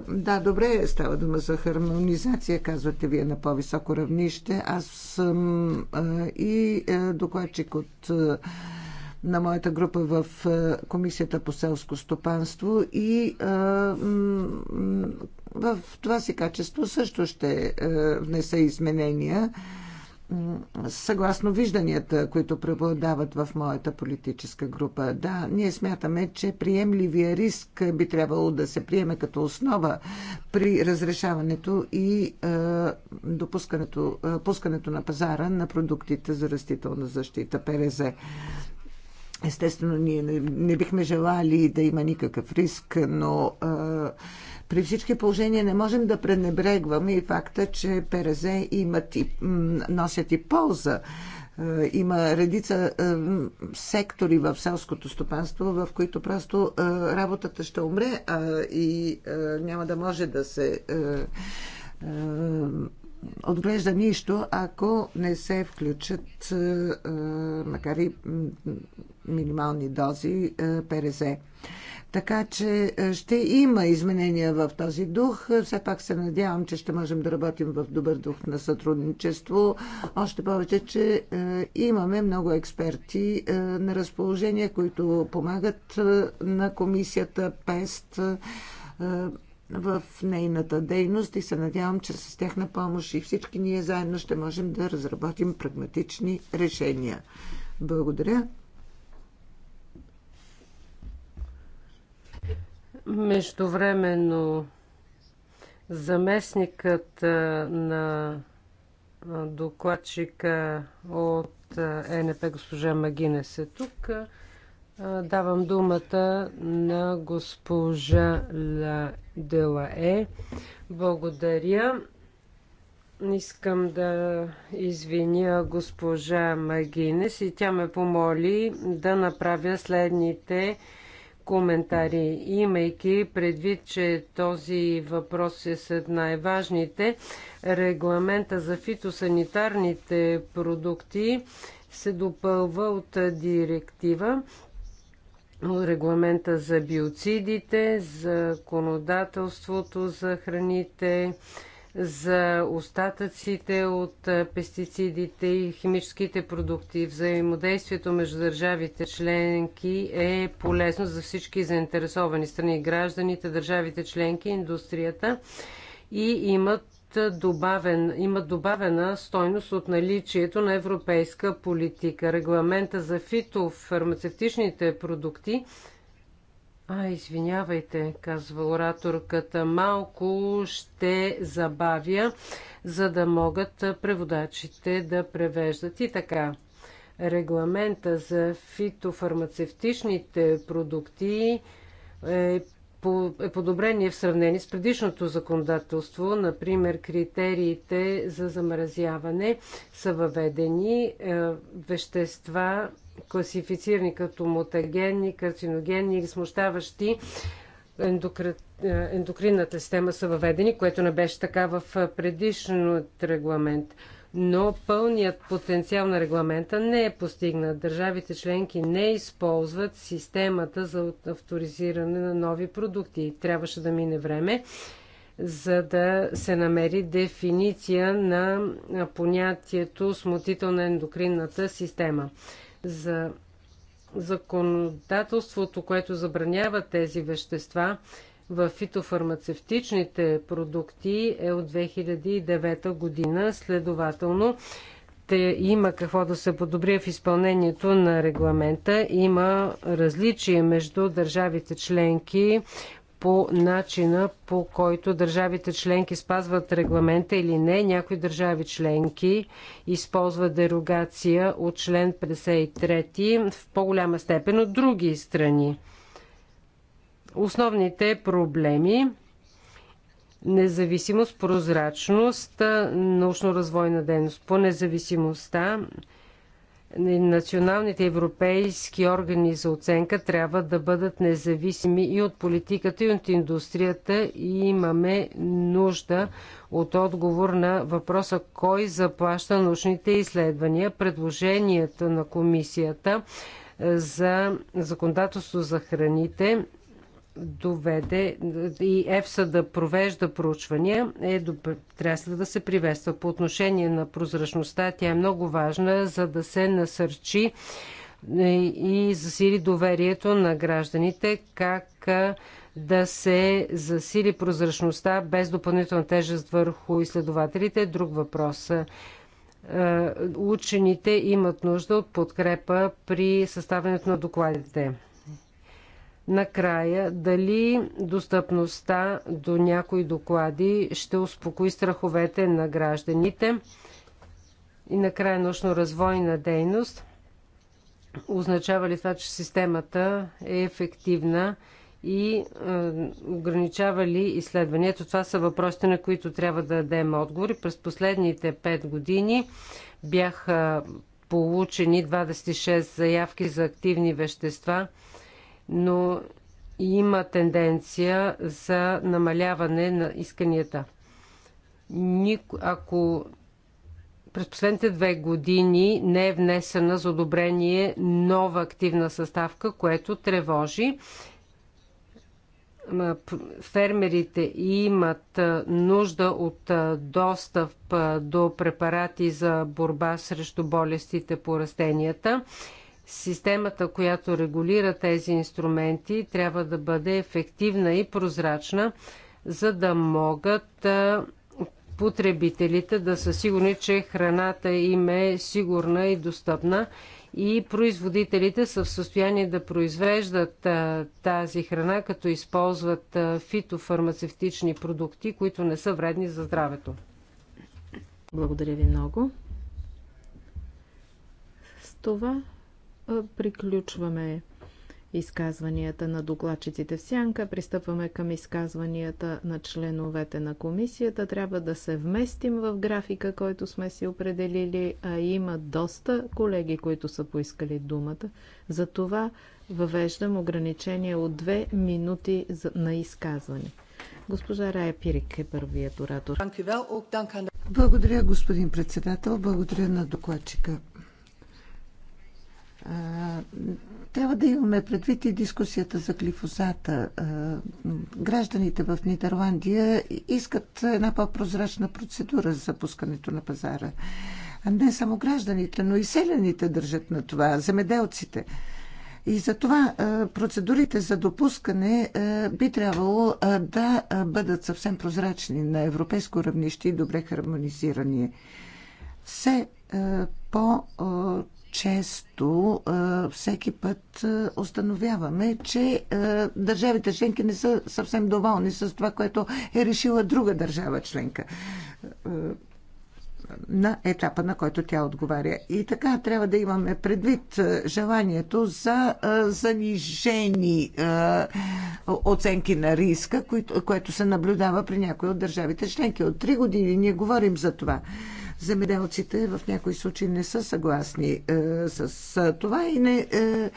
A: да, добре, става дума за хармонизация, казвате вие на по-високо равнище. Аз съм и докладчик от на моята група в е, Комисията по селско стопанство и е, в това си качество също ще е, внеса изменения съгласно вижданията, които преобладават в моята политическа група. Да, ние смятаме, че приемливия риск би трябвало да се приеме като основа при разрешаването и е, допускането, е, пускането на пазара на продуктите за растителна защита ПРЗ. Естествено, ние не, не бихме желали да има никакъв риск, но а, при всички положения не можем да пренебрегваме и факта, че ПРЗ имат и, носят и полза. А, има редица а, сектори в селското стопанство, в които просто а, работата ще умре а, и а, няма да може да се. А, а, отглежда нищо, ако не се включат, е, е, макар и минимални дози е, ПРЗ. Така че ще има изменения в този дух. Все пак се надявам, че ще можем да работим в добър дух на сътрудничество. Още повече, че имаме много експерти на разположение, които помагат на комисията ПЕСТ в нейната дейност и се надявам, че с тяхна помощ и всички ние заедно ще можем да разработим прагматични решения. Благодаря.
B: Междувременно заместникът на докладчика от НП е, госпожа Магинес е тук. Давам думата на госпожа Ла Делае. Благодаря. Искам да извиня госпожа Магинес и тя ме помоли да направя следните коментари, имайки предвид, че този въпрос е сред най-важните. Регламента за фитосанитарните продукти се допълва от директива регламента за биоцидите, за законодателството за храните, за остатъците от пестицидите и химическите продукти. Взаимодействието между държавите членки е полезно за всички заинтересовани страни, гражданите, държавите членки, индустрията и имат добавен, има добавена стойност от наличието на европейска политика. Регламента за фитофармацевтичните продукти а, извинявайте, казва ораторката, малко ще забавя, за да могат преводачите да превеждат. И така, регламента за фитофармацевтичните продукти е е подобрение в сравнение с предишното законодателство. Например, критериите за замразяване са въведени е, вещества, класифицирани като мутагенни, карциногенни или смущаващи е, ендокринната система са въведени, което не беше така в е, предишният регламент но пълният потенциал на регламента не е постигнат. Държавите членки не използват системата за авторизиране на нови продукти. Трябваше да мине време, за да се намери дефиниция на понятието смутител на ендокринната система. За законодателството, което забранява тези вещества, в фитофармацевтичните продукти е от 2009 година. Следователно, те има какво да се подобри в изпълнението на регламента. Има различие между държавите членки по начина по който държавите членки спазват регламента или не. Някои държави членки използват дерогация от член 53 в по-голяма степен от други страни основните проблеми независимост, прозрачност, научно-развойна дейност. По независимостта националните европейски органи за оценка трябва да бъдат независими и от политиката, и от индустрията и имаме нужда от отговор на въпроса кой заплаща научните изследвания. Предложенията на комисията за законодателство за храните доведе и ЕФСА да провежда проучвания, е, трябва да се приветства. По отношение на прозрачността, тя е много важна, за да се насърчи и засили доверието на гражданите, как да се засили прозрачността без допълнителна тежест върху изследователите. Друг въпрос. Учените имат нужда от подкрепа при съставянето на докладите. Накрая, дали достъпността до някои доклади ще успокои страховете на гражданите и накрая научно-развойна дейност? Означава ли това, че системата е ефективна и е, ограничава ли изследването? Това са въпросите, на които трябва да дадем отговори. През последните 5 години бяха получени 26 заявки за активни вещества – но има тенденция за намаляване на исканията. Ако през последните две години не е внесена за одобрение нова активна съставка, което тревожи. Фермерите имат нужда от достъп до препарати за борба срещу болестите по растенията Системата, която регулира тези инструменти, трябва да бъде ефективна и прозрачна, за да могат потребителите да са сигурни, че храната им е сигурна и достъпна и производителите са в състояние да произвеждат а, тази храна, като използват а, фитофармацевтични продукти, които не са вредни за здравето.
C: Благодаря ви много. С това приключваме изказванията на докладчиците в сянка. Пристъпваме към изказванията на членовете на комисията. Трябва да се вместим в графика, който сме си определили, а има доста колеги, които са поискали думата. Затова въвеждам ограничение от две минути на изказване. Госпожа Рая Пирик е първият оратор.
A: Благодаря, господин председател. Благодаря на докладчика. Трябва да имаме предвид и дискусията за глифозата. Гражданите в Нидерландия искат една по-прозрачна процедура за пускането на пазара. Не само гражданите, но и селяните държат на това, земеделците. И за това процедурите за допускане би трябвало да бъдат съвсем прозрачни на европейско равнище и добре хармонизирани. Все по често всеки път установяваме, че държавите членки не са съвсем доволни с това, което е решила друга държава членка на етапа, на който тя отговаря. И така трябва да имаме предвид желанието за занижени оценки на риска, което се наблюдава при някои от държавите членки. От три години ние говорим за това земеделците в някои случаи не са съгласни е, с е, това и не е,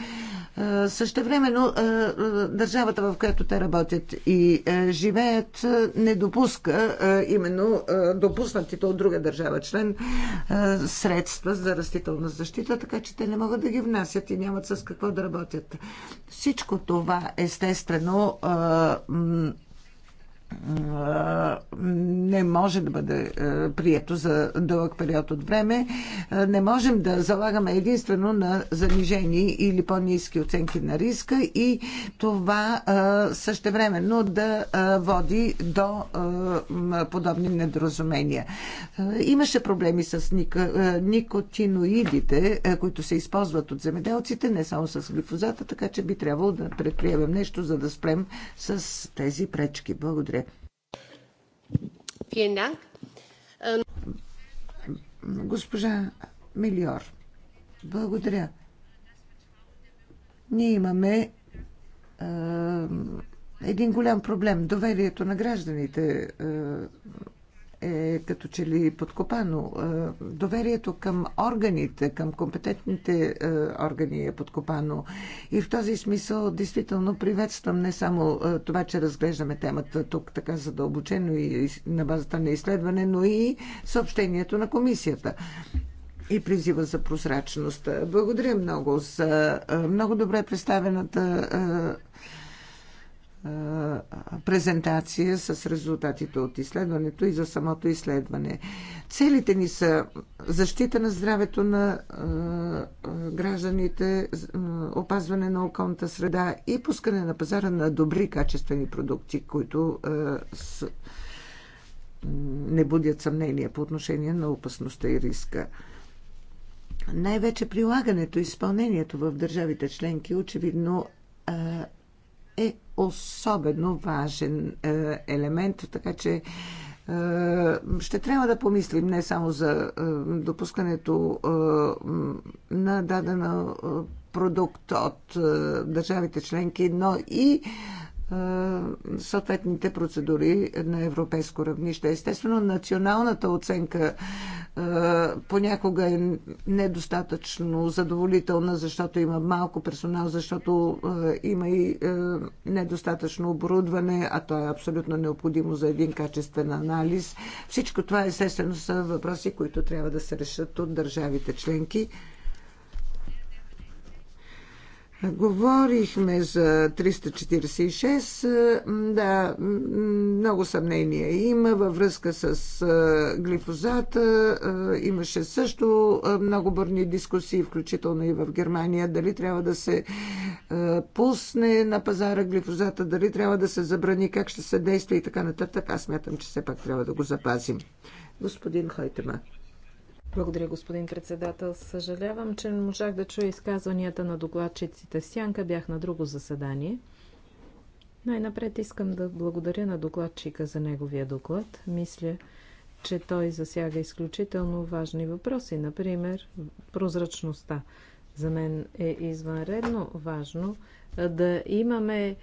A: е същевременно е, държавата, в която те работят и живеят, не допуска именно е, допуснатите от друга държава член средства за растителна защита, така че те не могат да ги внасят и нямат с какво да работят. Всичко това естествено не може да бъде е, прието за дълъг период от време. Е, не можем да залагаме единствено на занижени или по-низки оценки на риска и това е, същевременно да води до подобни недоразумения. Имаше проблеми с никотиноидите, които се използват от земеделците, не само с глифозата, така че би трябвало да предприемем нещо, за да спрем с тези пречки. Благодаря. Äh, Госпожа Милиор, благодаря. Ние имаме е, един голям проблем доверието на гражданите е, е като че ли подкопано. Е, доверието към органите, към компетентните е, органи е подкопано. И в този смисъл действително приветствам не само е, това, че разглеждаме темата тук така задълбочено и на базата на изследване, но и съобщението на комисията и призива за прозрачност. Благодаря много за много добре представената презентация с резултатите от изследването и за самото изследване. Целите ни са защита на здравето на гражданите, опазване на околната среда и пускане на пазара на добри качествени продукти, които не будят съмнение по отношение на опасността и риска. Най-вече прилагането и изпълнението в държавите членки очевидно е особено важен е, елемент, така че е, ще трябва да помислим не само за е, допускането на дадена продукт от държавите членки, но и съответните процедури на европейско равнище. Естествено, националната оценка понякога е недостатъчно задоволителна, защото има малко персонал, защото има и недостатъчно оборудване, а то е абсолютно необходимо за един качествен анализ. Всичко това, естествено, са въпроси, които трябва да се решат от държавите членки. Говорихме за 346. Да, много съмнения има във връзка с глифозата. Имаше също много бърни дискусии, включително и в Германия, дали трябва да се пусне на пазара глифозата, дали трябва да се забрани, как ще се действа и така нататък. Аз мятам, че все пак трябва да го запазим. Господин Хойтема.
C: Благодаря, господин председател. Съжалявам, че не можах да чуя изказванията на докладчиците. Сянка бях на друго заседание. Най-напред искам да благодаря на докладчика за неговия доклад. Мисля, че той засяга изключително важни въпроси, например прозрачността. За мен е извънредно важно да имаме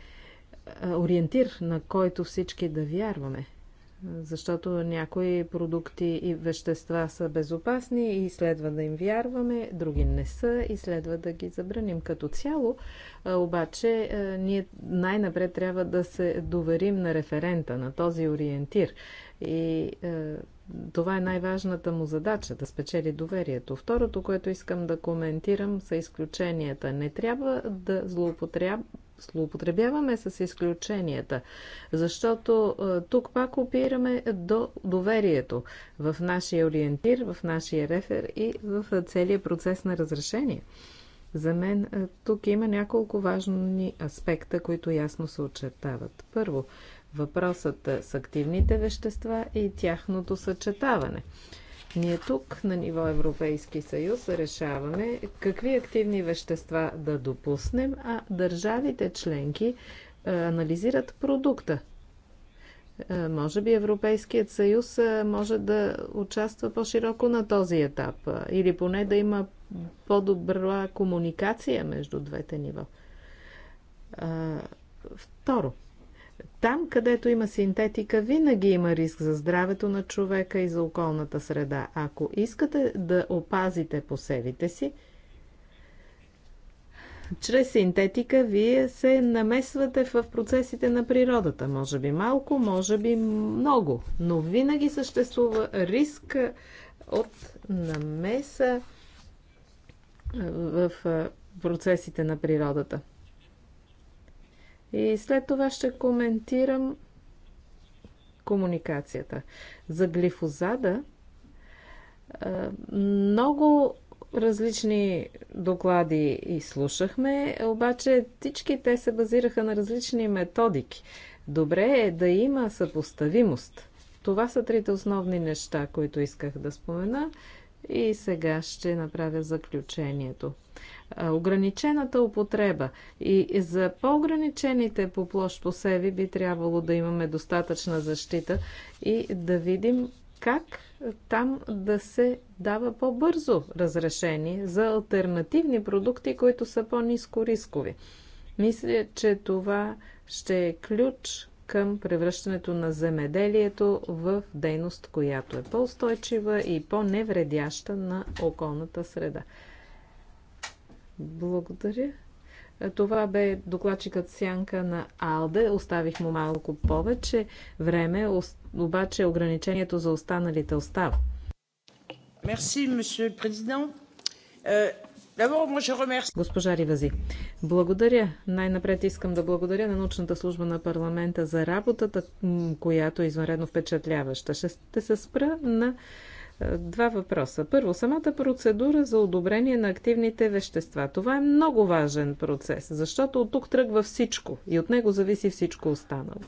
C: ориентир, на който всички да вярваме защото някои продукти и вещества са безопасни и следва да им вярваме, други не са и следва да ги забраним като цяло. Обаче ние най-напред трябва да се доверим на референта, на този ориентир. И е, това е най-важната му задача да спечели доверието. Второто, което искам да коментирам, са изключенията. Не трябва да злоупотребяваме злоупотребяваме с изключенията, защото е, тук пак опираме до доверието в нашия ориентир, в нашия рефер и в целият процес на разрешение. За мен е, тук има няколко важни аспекта, които ясно се очертават. Първо, въпросът с активните вещества и тяхното съчетаване – ние тук на ниво Европейски съюз решаваме какви активни вещества да допуснем, а държавите членки е, анализират продукта. Е, може би Европейският съюз е, може да участва по-широко на този етап или поне да има по-добра комуникация между двете нива. Второ, там, където има синтетика, винаги има риск за здравето на човека и за околната среда. Ако искате да опазите посевите си, чрез синтетика вие се намесвате в процесите на природата. Може би малко, може би много, но винаги съществува риск от намеса в процесите на природата. И след това ще коментирам комуникацията. За глифозада много различни доклади и слушахме, обаче всички те се базираха на различни методики. Добре е да има съпоставимост. Това са трите основни неща, които исках да спомена и сега ще направя заключението ограничената употреба и за по-ограничените по площ посеви би трябвало да имаме достатъчна защита и да видим как там да се дава по-бързо разрешение за альтернативни продукти, които са по-низко рискови. Мисля, че това ще е ключ към превръщането на земеделието в дейност, която е по-устойчива и по-невредяща на околната среда. Благодаря. Това бе докладчикът Сянка на Алде. Оставих му малко повече време, обаче ограничението за останалите остава.
A: Мерси, месье президент.
C: Госпожа Ривази, благодаря. Най-напред искам да благодаря на научната служба на парламента за работата, която е извънредно впечатляваща. Ще се спра на Два въпроса. Първо, самата процедура за одобрение на активните вещества. Това е много важен процес, защото от тук тръгва всичко и от него зависи всичко останало.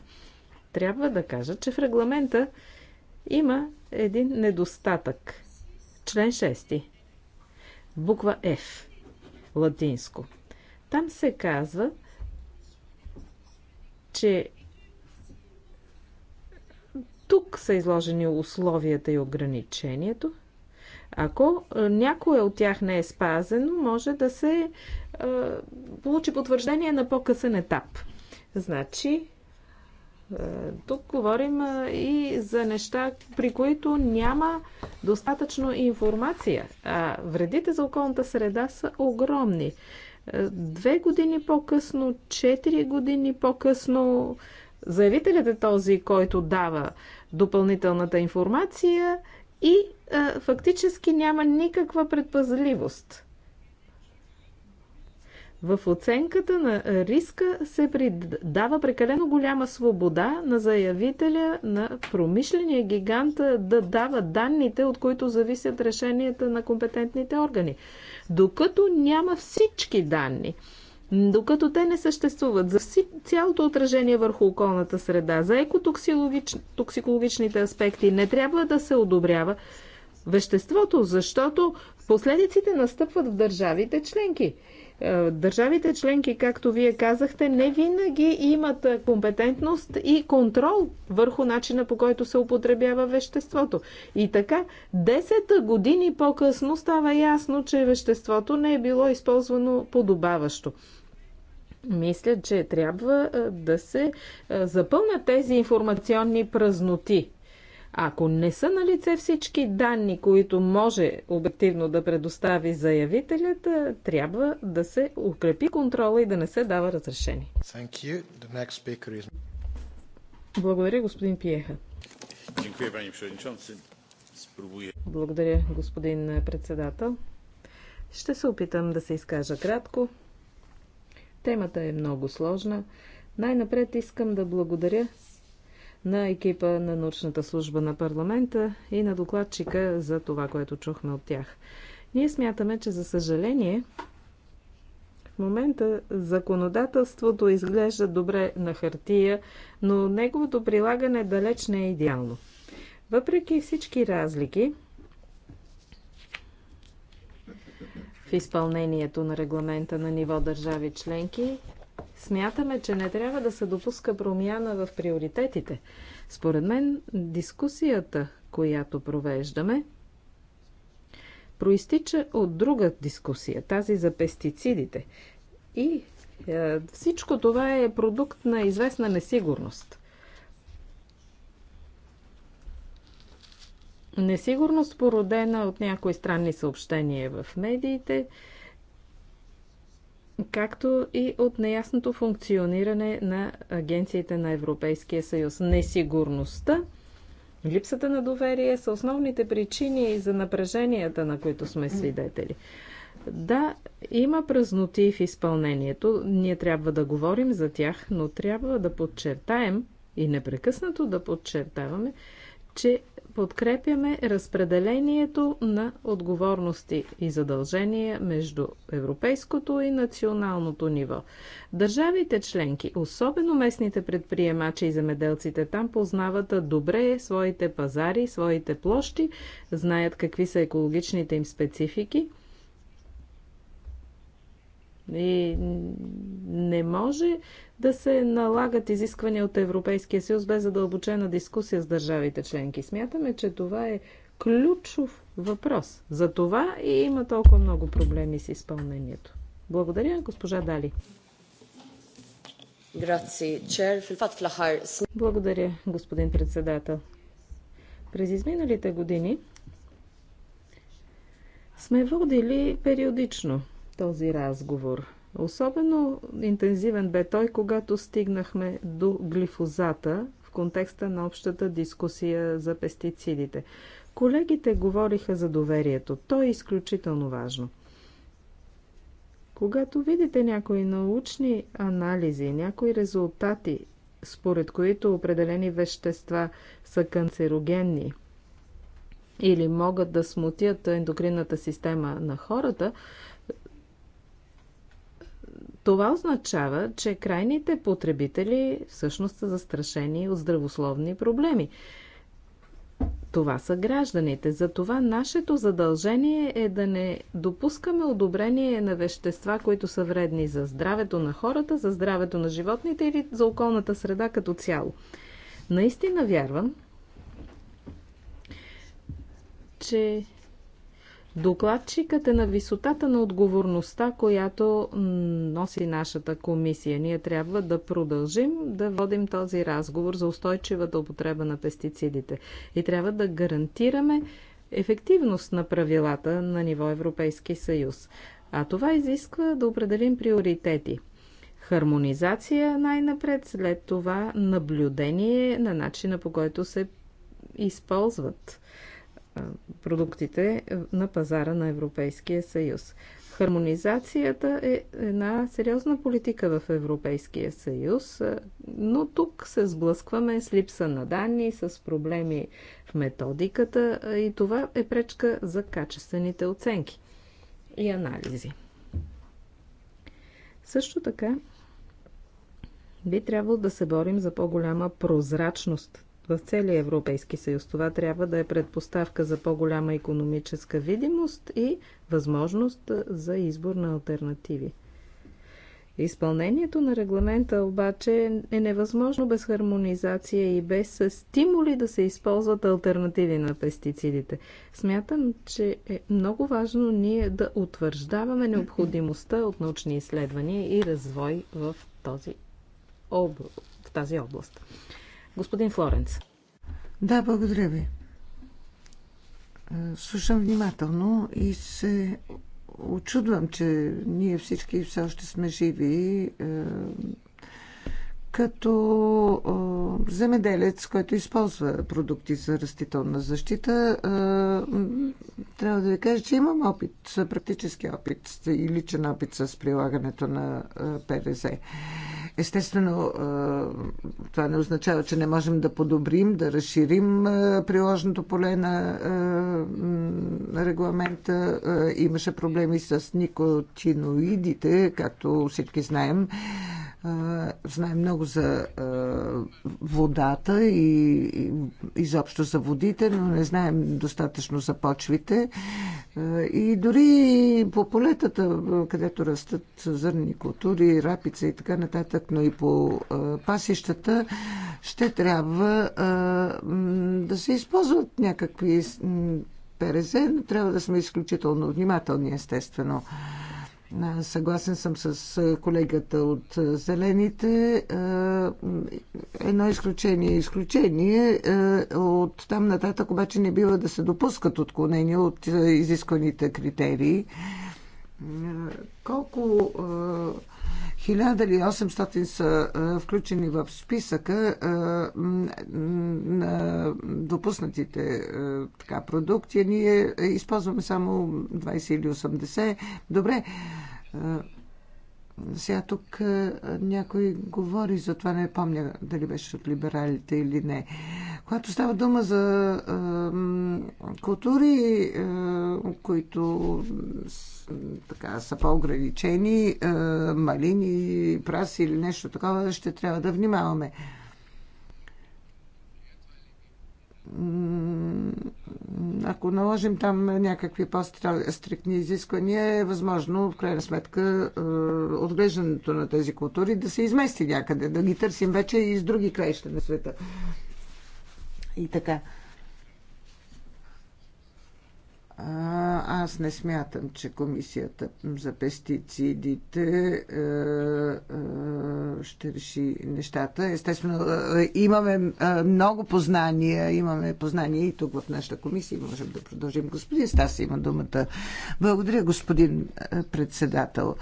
C: Трябва да кажа, че в регламента има един недостатък. Член 6. Буква F. Латинско. Там се казва, че тук са изложени условията и ограничението. Ако някое от тях не е спазено, може да се е, получи потвърждение на по-късен етап. Значи, тук говорим и за неща, при които няма достатъчно информация. А вредите за околната среда са огромни. Две години по-късно, четири години по-късно, заявителят е този, който дава допълнителната информация и а, фактически няма никаква предпазливост. В оценката на риска се дава прекалено голяма свобода на заявителя на промишления гигант да дава данните, от които зависят решенията на компетентните органи. Докато няма всички данни, докато те не съществуват. За цялото отражение върху околната среда, за екотоксикологичните аспекти не трябва да се одобрява веществото, защото последиците настъпват в държавите членки. Е, държавите членки, както вие казахте, не винаги имат компетентност и контрол върху начина по който се употребява веществото. И така, 10 години по-късно става ясно, че веществото не е било използвано подобаващо. Мисля, че трябва да се запълнят тези информационни празноти. Ако не са на лице всички данни, които може обективно да предостави заявителят, трябва да се укрепи контрола и да не се дава разрешение. Is... Благодаря, господин Пиеха. Благодаря, господин председател. Ще се опитам да се изкажа кратко. Темата е много сложна. Най-напред искам да благодаря на екипа на научната служба на парламента и на докладчика за това, което чухме от тях. Ние смятаме, че за съжаление в момента законодателството изглежда добре на хартия, но неговото прилагане далеч не е идеално. Въпреки всички разлики, в изпълнението на регламента на ниво държави членки, смятаме, че не трябва да се допуска промяна в приоритетите. Според мен, дискусията, която провеждаме, проистича от друга дискусия, тази за пестицидите. И е, всичко това е продукт на известна несигурност. несигурност, породена от някои странни съобщения в медиите, както и от неясното функциониране на агенциите на Европейския съюз. Несигурността, липсата на доверие са основните причини за напреженията, на които сме свидетели. Да, има празноти в изпълнението. Ние трябва да говорим за тях, но трябва да подчертаем и непрекъснато да подчертаваме, че подкрепяме разпределението на отговорности и задължения между европейското и националното ниво. Държавите членки, особено местните предприемачи и замеделците, там, познават добре своите пазари, своите площи, знаят какви са екологичните им специфики – и не може да се налагат изисквания от Европейския съюз без задълбочена дискусия с държавите членки. Смятаме, че това е ключов въпрос. За това и има толкова много проблеми с изпълнението. Благодаря, госпожа Дали. Благодаря, господин председател. През изминалите години сме водили периодично този разговор. Особено интензивен бе той, когато стигнахме до глифозата в контекста на общата дискусия за пестицидите. Колегите говориха за доверието. То е изключително важно. Когато видите някои научни анализи, някои резултати, според които определени вещества са канцерогенни или могат да смутят ендокринната система на хората, това означава, че крайните потребители всъщност са застрашени от здравословни проблеми. Това са гражданите. Затова нашето задължение е да не допускаме одобрение на вещества, които са вредни за здравето на хората, за здравето на животните или за околната среда като цяло. Наистина вярвам, че Докладчикът е на висотата на отговорността, която носи нашата комисия. Ние трябва да продължим да водим този разговор за устойчивата употреба на пестицидите и трябва да гарантираме ефективност на правилата на ниво Европейски съюз. А това изисква да определим приоритети. Хармонизация най-напред, след това наблюдение на начина по който се използват продуктите е, на пазара на Европейския съюз. Хармонизацията е една сериозна политика в Европейския съюз, но тук се сблъскваме с липса на данни, с проблеми в методиката и това е пречка за качествените оценки и анализи. Също така би трябвало да се борим за по-голяма прозрачност в целия Европейски съюз. Това трябва да е предпоставка за по-голяма економическа видимост и възможност за избор на альтернативи. Изпълнението на регламента обаче е невъзможно без хармонизация и без стимули да се използват альтернативи на пестицидите. Смятам, че е много важно ние да утвърждаваме необходимостта от научни изследвания и развой в, този обл... в тази област. Господин Флоренц.
A: Да, благодаря ви. Е, слушам внимателно и се очудвам, че ние всички все още сме живи. Е, като е, земеделец, който използва продукти за растителна защита, трябва да ви кажа, че имам опит, практически опит и личен опит с прилагането на ПДЗ. Естествено, е, това не означава, че не можем да подобрим, да разширим е, приложното поле на е, регламента. Имаше проблеми с никотиноидите, както всички знаем. Знаем много за водата и изобщо за водите, но не знаем достатъчно за почвите. И дори по полетата, където растат зърни култури, рапица и така нататък, но и по пасищата, ще трябва да се използват някакви перезе, но трябва да сме изключително внимателни, естествено. Съгласен съм с колегата от Зелените. Едно изключение е изключение. От там нататък обаче не бива да се допускат отклонения от изискваните критерии. Колко 1800 са включени в списъка на допуснатите така, продукти. Ние използваме само 20 или 80. Добре. Сега тук някой говори за това, не помня дали беше от либералите или не. Когато става дума за е, култури, е, които така, са по-ограничени, е, малини, праси или нещо такова, ще трябва да внимаваме. Е, ако наложим там някакви по-стрикни изисквания, е възможно, в крайна сметка, е, отглеждането на тези култури да се измести някъде, да ги търсим вече и с други краища на света. И така аз не смятам, че комисията за пестицидите е, е, ще реши нещата. Естествено, е, имаме много познания, имаме познания и тук в нашата комисия можем да продължим. Господин Стас има думата. Благодаря, господин председател.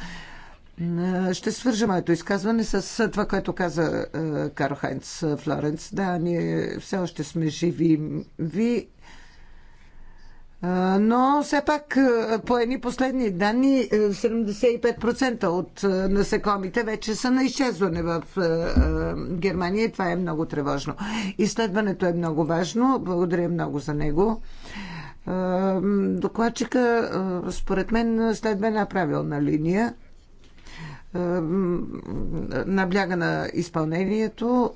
A: Ще свържа моето изказване с това, което каза Карл Хайнц Флоренц. Да, ние все още сме живи ви но все пак по едни последни данни 75% е, от е, насекомите вече са на изчезване в е, Германия и това е много тревожно. Изследването е много важно. Благодаря много за него. Докладчика, според мен, следва една правилна линия. Набляга на изпълнението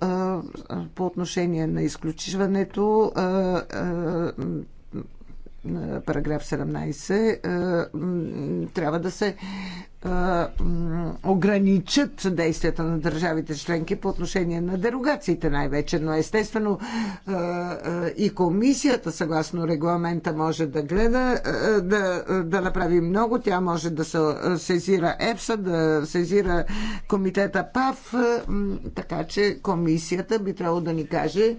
A: по отношение на изключването параграф 17 е, трябва да се е, ограничат действията на държавите членки по отношение на дерогациите най-вече, но естествено е, и комисията съгласно регламента може да гледа, да, да направи много. Тя може да се сезира ЕПСА, да сезира комитета ПАВ, така че комисията би трябвало да ни каже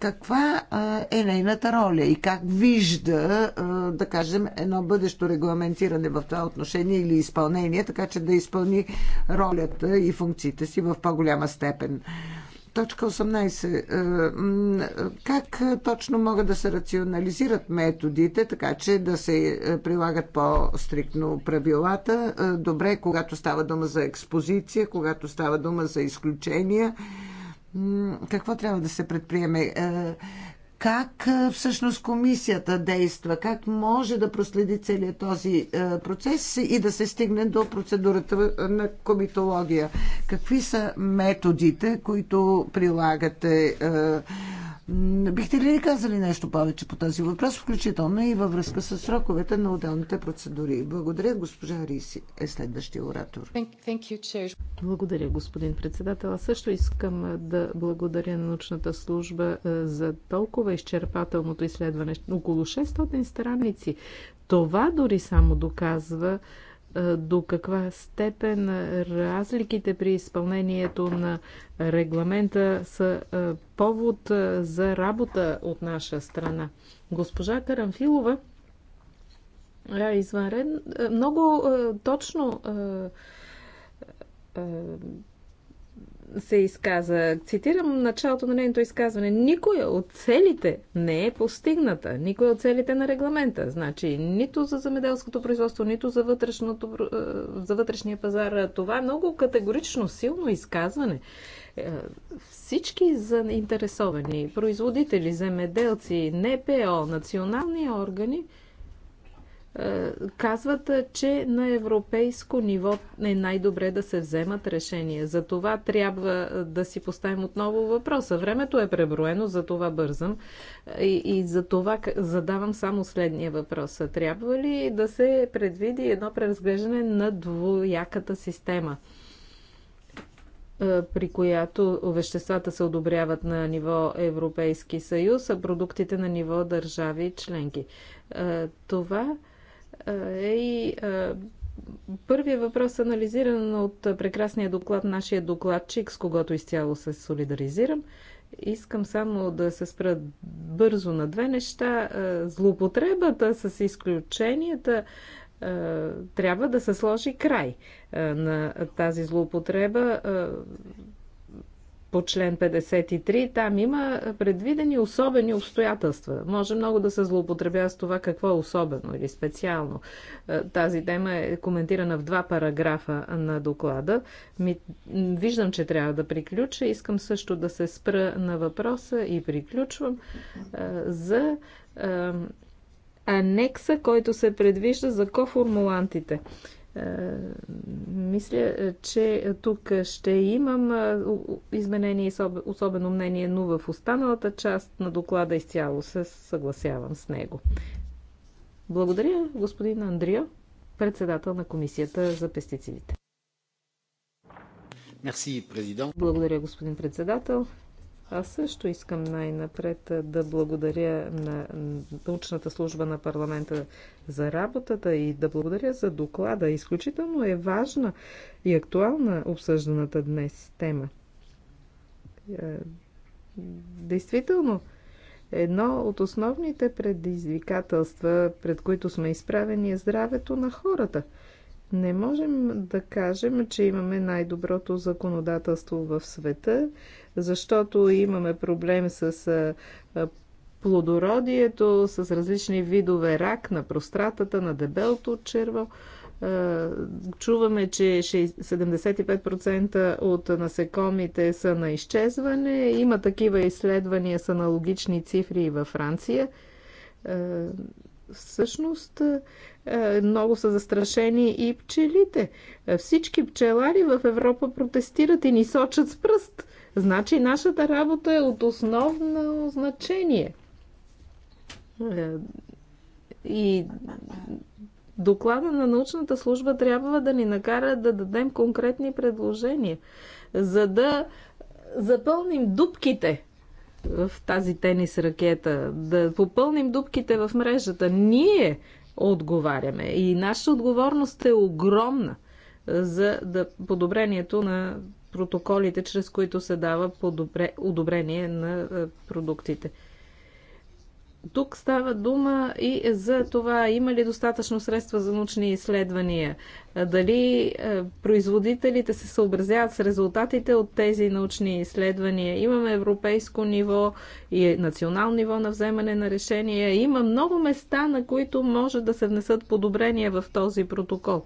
A: каква е нейната роля и как вижда, да кажем, едно бъдещо регламентиране в това отношение или изпълнение, така че да изпълни ролята и функциите си в по-голяма степен. Точка 18. Как точно могат да се рационализират методите, така че да се е, прилагат по-стрикно правилата? Добре, когато става дума за експозиция, когато става дума за изключения какво трябва да се предприеме? Е, как е, всъщност комисията действа? Как може да проследи целият този е, процес и да се стигне до процедурата на комитология? Какви са методите, които прилагате? Бихте ли ни казали нещо повече по този въпрос, включително и във връзка с сроковете на отделните процедури? Благодаря, госпожа Риси е следващия оратор. Благодаря, господин председател. Аз също искам
C: да благодаря на научната служба за толкова изчерпателното изследване. Около 600 страници. Това дори само доказва до каква степен разликите при изпълнението на регламента са повод за работа от наша страна. Госпожа Карамфилова извънредно, много точно се изказа. Цитирам началото на нейното изказване. Никоя от целите не е постигната. Никоя от целите на регламента. Значи нито за замеделското производство, нито за, вътрешното, е, за вътрешния пазар. Това е много категорично силно изказване. Е, всички заинтересовани, производители, земеделци, НПО, национални органи, е, казват, е, че на европейско ниво е най-добре да се вземат решения. За това трябва е, да си поставим отново въпроса. Времето е преброено, за това бързам. И, и за това задавам само следния въпрос. Трябва ли да се предвиди едно преразглеждане на двояката система? при която веществата се одобряват на ниво Европейски съюз, а продуктите на ниво държави членки. Това е и първият въпрос, анализиран от прекрасния доклад, нашия докладчик, с когото изцяло се солидаризирам. Искам само да се спра бързо на две неща. Злоупотребата с изключенията трябва да се сложи край на тази злоупотреба по член 53, там има предвидени особени обстоятелства. Може много да се злоупотребя с това какво е особено или специално. Е, тази тема е коментирана в два параграфа на доклада. Ми, виждам, че трябва да приключа. Искам също да се спра на въпроса и приключвам е, за е, анекса, който се предвижда за коформулантите. Е, мисля, е, че тук ще имам е, изменение и особено мнение, но в останалата част на доклада изцяло се съгласявам с него. Благодаря, господин Андрио, председател на Комисията за пестицидите. Благодаря, господин председател. Аз също искам най-напред да благодаря на научната служба на парламента за работата и да благодаря за доклада. Изключително е важна и актуална обсъжданата днес тема. Е, действително, едно от основните предизвикателства, пред които сме изправени, е здравето на хората. Не можем да кажем, че имаме най-доброто законодателство в света, защото имаме проблем с плодородието, с различни видове рак на простратата, на дебелото черво. Чуваме, че 75% от насекомите са на изчезване. Има такива изследвания с аналогични цифри и във Франция. Всъщност, много са застрашени и пчелите. Всички пчелари в Европа протестират и ни сочат с пръст. Значи нашата работа е от основно значение. Е, и доклада на научната служба трябва да ни накара да дадем конкретни предложения, за да запълним дупките в тази тенис ракета, да попълним дупките в мрежата. Ние отговаряме и нашата отговорност е огромна за да, подобрението на протоколите, чрез които се дава подобре, одобрение на е, продуктите. Тук става дума и за това има ли достатъчно средства за научни изследвания, е, дали е, производителите се съобразяват с резултатите от тези научни изследвания. Имаме европейско ниво и национално ниво на вземане на решения. Има много места, на които може да се внесат подобрения в този протокол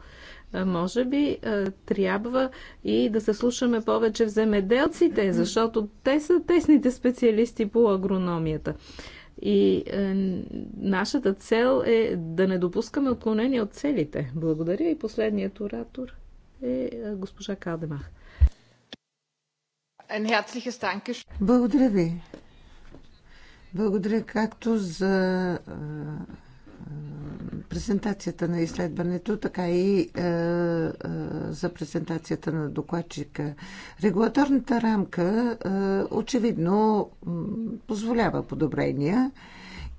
C: може би трябва и да се слушаме повече в земеделците, защото те са тесните специалисти по агрономията. И е, нашата цел е да не допускаме отклонения от целите. Благодаря и последният оратор
A: е, е госпожа Калдемах. Благодаря ви. Благодаря както за е, презентацията на изследването, така и е, е, за презентацията на докладчика. Регулаторната рамка е, очевидно позволява подобрения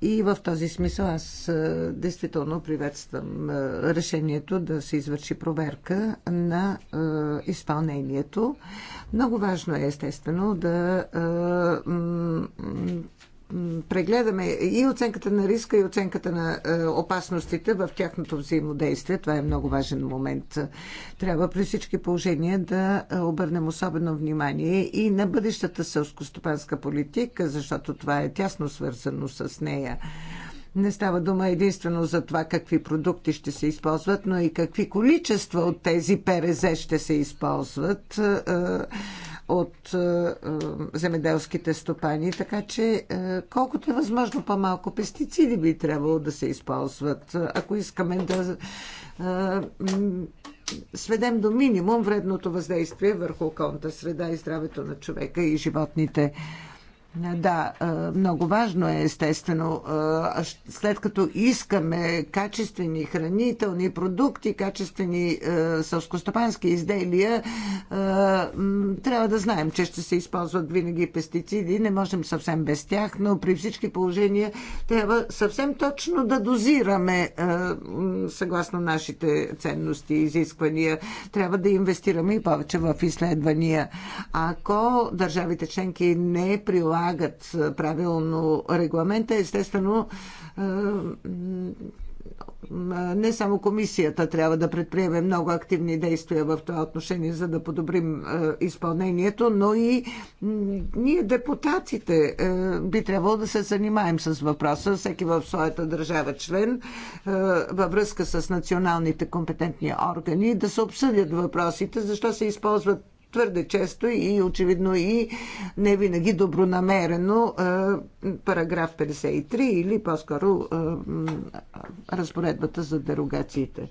A: и в този смисъл аз е, действително приветствам е, решението да се извърши проверка на е, изпълнението. Много важно е естествено да е, прегледаме и оценката на риска, и оценката на е, опасностите в тяхното взаимодействие. Това е много важен момент. Трябва при всички положения да е, обърнем особено внимание и на бъдещата селскостопанска политика, защото това е тясно свързано с нея. Не става дума единствено за това какви продукти ще се използват, но и какви количества от тези ПРЗ ще се използват е, от е, е, земеделските стопани, така че е, колкото е възможно по-малко пестициди би трябвало да се използват, ако искаме да сведем до минимум вредното въздействие върху околната среда и здравето на човека и животните. Да, много важно е, естествено, след като искаме качествени хранителни продукти, качествени сълскостопански изделия, трябва да знаем, че ще се използват винаги пестициди. Не можем съвсем без тях, но при всички положения трябва съвсем точно да дозираме съгласно нашите ценности и изисквания. Трябва да инвестираме и повече в изследвания. Ако държавите членки не прилагат прилагат е, правилно регламента, естествено е, не само комисията трябва да предприеме много активни действия в това отношение, за да подобрим е, изпълнението, но и ние депутатите би трябвало да се занимаем с въпроса, всеки в своята държава член, във връзка с националните компетентни органи, да се обсъдят въпросите, защо се използват твърде често и очевидно и не винаги добронамерено е, параграф 53 или по-скоро е, разпоредбата за дерогациите.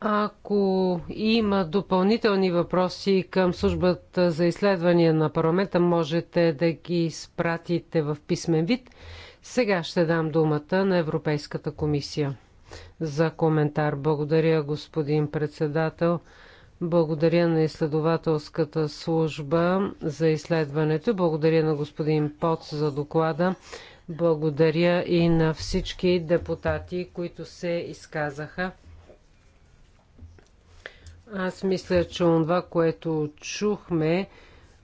B: Ако има допълнителни въпроси към службата за изследвания на парламента, можете да ги изпратите в писмен вид. Сега ще дам думата на Европейската комисия за коментар. Благодаря, господин председател. Благодаря на изследователската служба за изследването. Благодаря на господин Поц за доклада. Благодаря и на всички депутати, които се изказаха. Аз мисля, че това, което чухме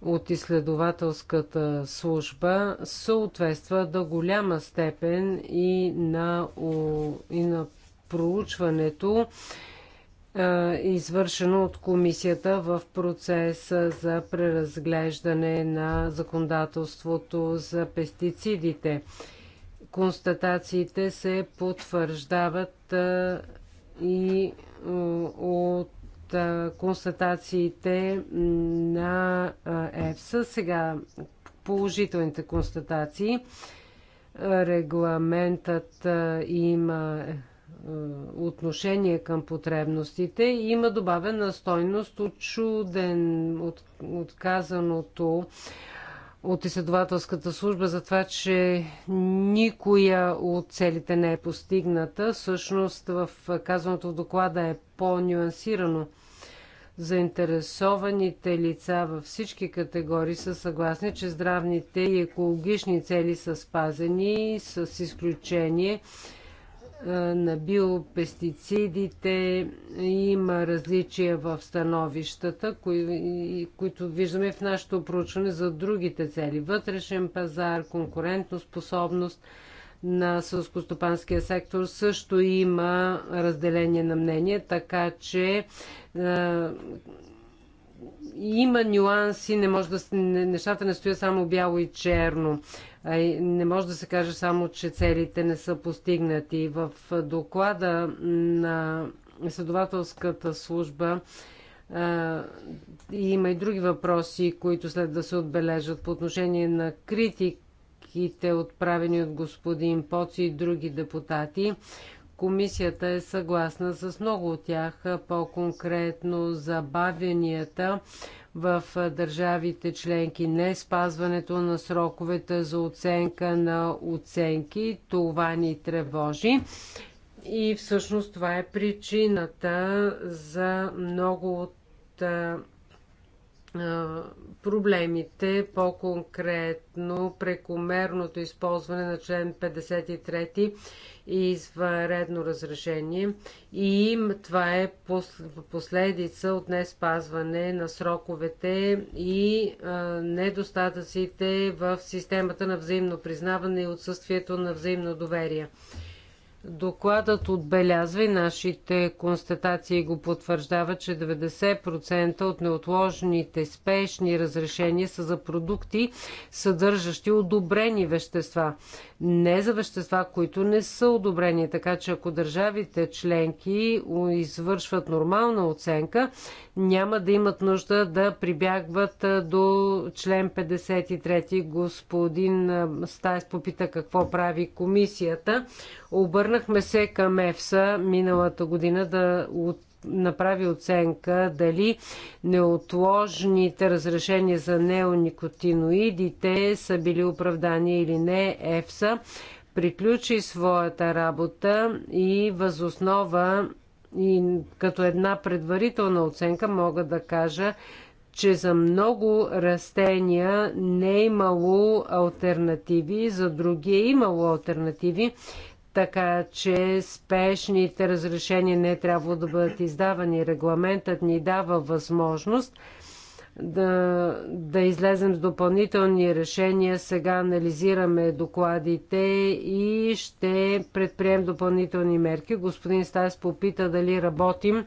B: от изследователската служба, съответства до голяма степен и на, и на проучването е, извършено от комисията в процеса за преразглеждане на законодателството за пестицидите. Констатациите се потвърждават е, и е, от констатациите на ЕФСА. Сега положителните констатации. Регламентът има е, отношение към потребностите и има добавена стойност от чуден, от, отказаното от изследователската служба за това, че никоя от целите не е постигната. Всъщност в казаното в доклада е по-нюансирано. Заинтересованите лица във всички категории са съгласни, че здравните и екологични цели са спазени с изключение на биопестицидите има различия в становищата, кои, които виждаме в нашето проучване за другите цели. Вътрешен пазар, конкурентоспособност на сълскостопанския сектор също има разделение на мнение, така че има нюанси, не може да, нещата не стоят само бяло и черно. Не може да се каже само, че целите не са постигнати. В доклада на следователската служба а, има и други въпроси, които след да се отбележат по отношение на критиките, отправени от господин Поци и други депутати. Комисията е съгласна с много от тях, по-конкретно забавянията в държавите членки, не спазването на сроковете за оценка на оценки. Това ни тревожи. И всъщност това е причината за много от проблемите, по-конкретно прекомерното използване на член 53 и изваредно разрешение. И това е последица от не спазване на сроковете и недостатъците в системата на взаимно признаване и отсъствието на взаимно доверие. Докладът отбелязва и нашите констатации го потвърждава, че 90% от неотложните спешни разрешения са за продукти, съдържащи одобрени вещества. Не за вещества, които не са одобрени. Така че ако държавите членки извършват нормална оценка, няма да имат нужда да прибягват до член 53. Господин Стайс попита какво прави комисията. Обърна Обърнахме се към ЕФСА миналата година да от направи оценка дали неотложните разрешения за неоникотиноидите са били оправдани или не. ЕФСА приключи своята работа и възоснова и като една предварителна оценка мога да кажа, че за много растения не е имало альтернативи, за други е имало альтернативи така че спешните разрешения не трябва да бъдат издавани. Регламентът ни дава възможност да, да излезем с допълнителни решения. Сега анализираме докладите и ще предприем допълнителни мерки. Господин Стас попита дали работим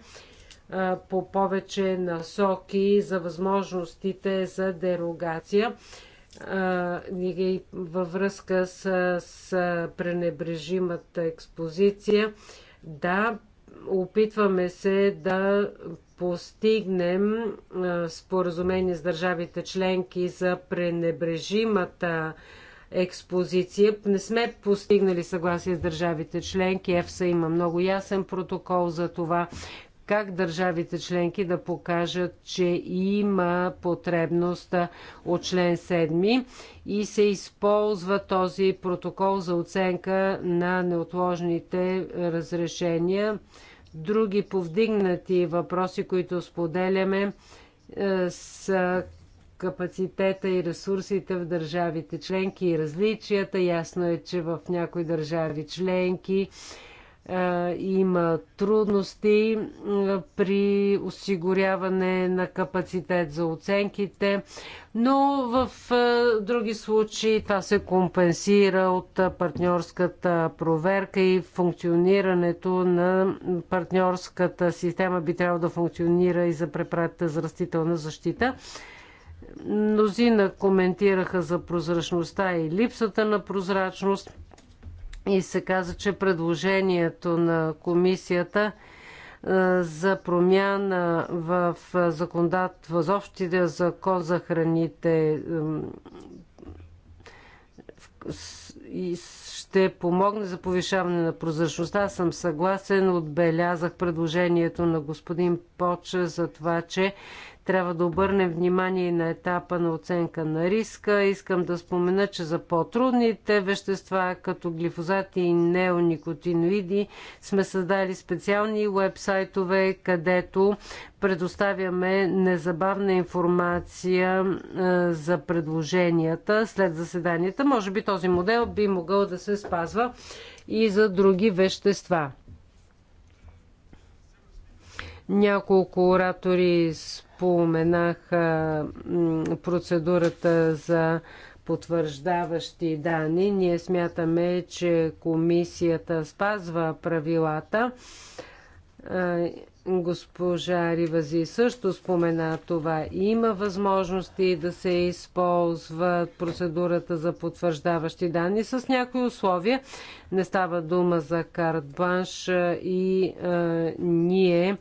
B: а, по повече насоки за възможностите за дерогация във връзка с, с пренебрежимата експозиция. Да, опитваме се да постигнем споразумение с държавите членки за пренебрежимата експозиция. Не сме постигнали съгласие с държавите членки. ЕФСА има много ясен протокол за това как държавите членки да покажат, че има потребност от член 7 и се използва този протокол за оценка на неотложните разрешения. Други повдигнати въпроси, които споделяме, е, са капацитета и ресурсите в държавите членки и различията. Ясно е, че в някои държави членки има трудности при осигуряване на капацитет за оценките, но в други случаи това се компенсира от партньорската проверка и функционирането на партньорската система би трябвало да функционира и за препратите за растителна защита. Мнозина коментираха за прозрачността и липсата на прозрачност – и се каза, че предложението на комисията за промяна в законодат, в общия закон за храните ще помогне за повишаване на прозрачността. Аз съм съгласен, отбелязах предложението на господин Поч за това, че трябва да обърнем внимание на етапа на оценка на риска. Искам да спомена, че за по-трудните вещества, като глифозати и неоникотиноиди, сме създали специални вебсайтове, където предоставяме незабавна информация за предложенията след заседанията. Може би този модел би могъл да се спазва и за други вещества. Няколко оратори споменаха процедурата за потвърждаващи данни. Ние смятаме, че комисията спазва правилата Госпожа Ривази също спомена това. Има възможности да се използва процедурата за потвърждаващи данни с някои условия. Не става дума за картбанш и а, ние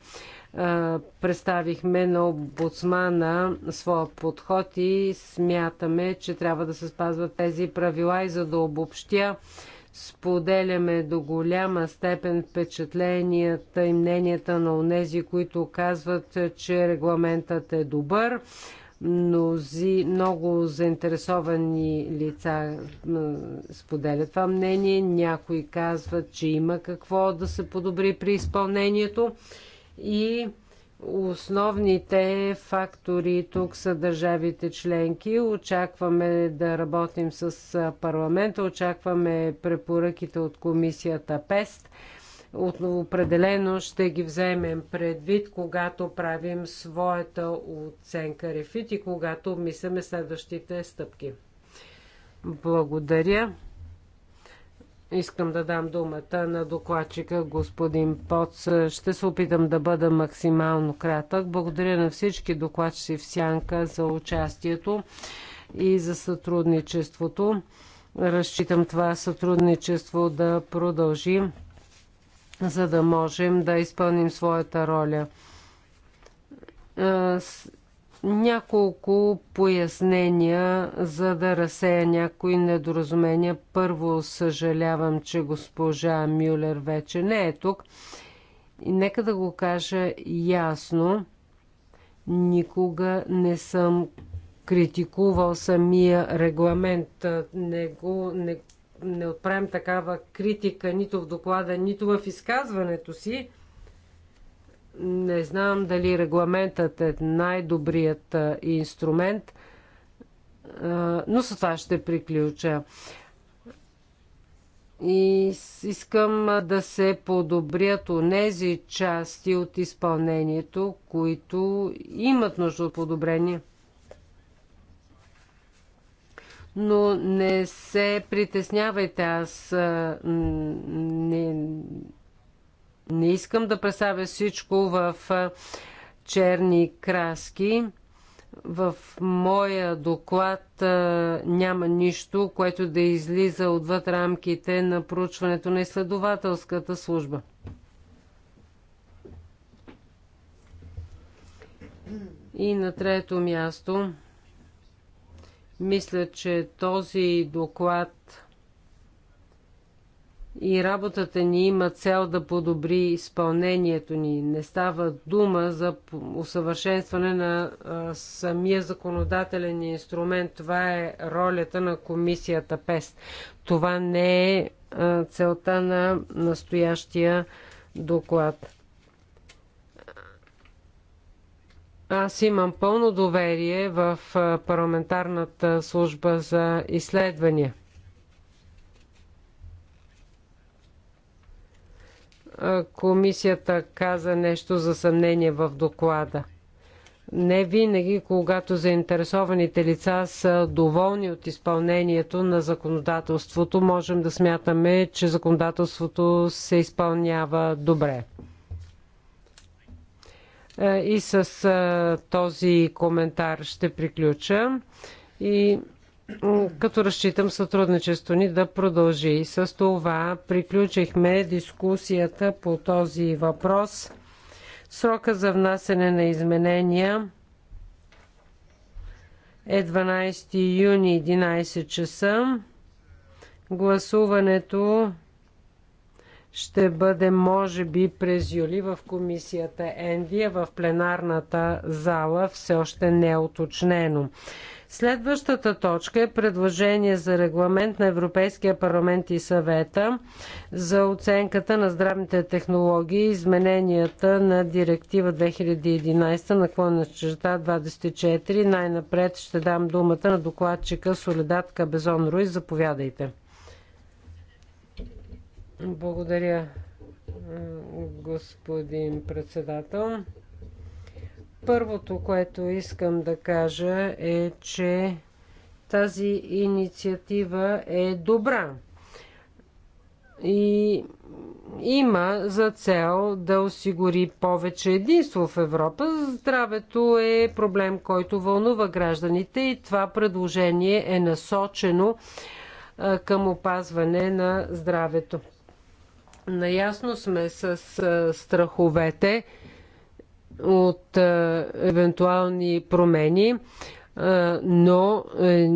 B: а, представихме на обоцмана своя подход и смятаме, че трябва да се спазват тези правила и за да обобщя. Споделяме до голяма степен впечатленията и мненията на онези, които казват, че регламентът е добър. Мнози, много заинтересовани лица споделят това мнение. Някои казват, че има какво да се подобри при изпълнението. И Основните фактори тук са държавите членки. Очакваме да работим с парламента, очакваме препоръките от комисията ПЕСТ. Определено ще ги вземем предвид, когато правим своята оценка рефит и когато мисляме следващите стъпки. Благодаря. Искам да дам думата на докладчика господин Поц. Ще се опитам да бъда максимално кратък. Благодаря на всички докладчици в Сянка за участието и за сътрудничеството. Разчитам това сътрудничество да продължи, за да можем да изпълним своята роля няколко пояснения, за да разсея някои недоразумения. Първо съжалявам, че госпожа Мюлер вече не е тук. И нека да го кажа ясно. Никога не съм критикувал самия регламент. Не, го, не, не отправим такава критика нито в доклада, нито в изказването си. Не знам дали регламентът е най-добрият инструмент, но с това ще приключа. И искам да се подобрят онези части от изпълнението, които имат нужда от подобрение. Но не се притеснявайте, аз не, не искам да представя всичко в черни краски. В моя доклад а, няма нищо, което да излиза отвъд рамките на проучването на изследователската служба. И на трето място, мисля, че този доклад и работата ни има цел да подобри изпълнението ни. Не става дума за усъвършенстване на а, самия законодателен инструмент. Това е ролята на комисията ПЕС. Това не е а, целта на настоящия доклад. Аз имам пълно доверие в парламентарната служба за изследвания. комисията каза нещо за съмнение в доклада. Не винаги, когато заинтересованите лица са доволни от изпълнението на законодателството, можем да смятаме, че законодателството се изпълнява добре. Е, и с е, този коментар ще приключа. И като разчитам сътрудничество ни да продължи. С това приключихме дискусията по този въпрос. Срока за внасене на изменения е 12 юни 11 часа. Гласуването ще бъде може би през юли в комисията Ендия в пленарната зала все още не е уточнено. Следващата точка е предложение за регламент на Европейския парламент и съвета за оценката на здравните технологии и измененията на директива 2011 на клона черта 24. Най-напред ще дам думата на докладчика Соледат Кабезон Руй. Заповядайте. Благодаря, господин председател. Първото, което искам да кажа е, че тази инициатива е добра и има за цел да осигури повече единство в Европа. Здравето е проблем, който вълнува гражданите и това предложение е насочено към опазване на здравето. Наясно сме с страховете от е, евентуални промени, е, но е,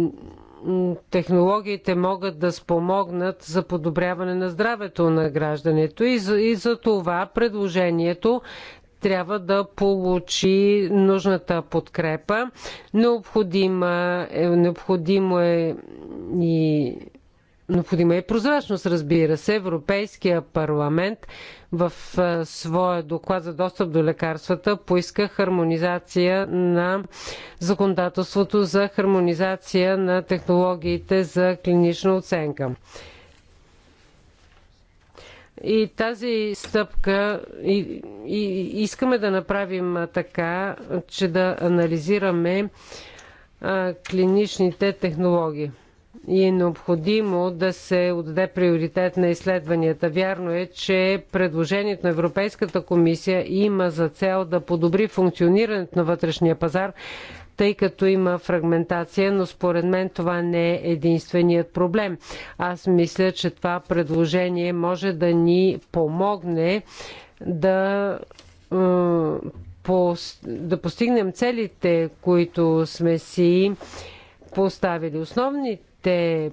B: технологиите могат да спомогнат за подобряване на здравето на граждането и за, и за това предложението трябва да получи нужната подкрепа. Необходима е, необходимо е и Необходима е прозрачност, разбира се. Европейския парламент в своя доклад за достъп до лекарствата поиска хармонизация на законодателството за хармонизация на технологиите за клинична оценка. И тази стъпка и, и, искаме да направим така, че да анализираме а, клиничните технологии и е необходимо да се отдаде приоритет на изследванията. Вярно е, че предложението на Европейската комисия има за цел да подобри функционирането на вътрешния пазар, тъй като има фрагментация, но според мен това не е единственият проблем. Аз мисля, че това предложение може да ни помогне да е, да постигнем целите, които сме си поставили. Основните. Те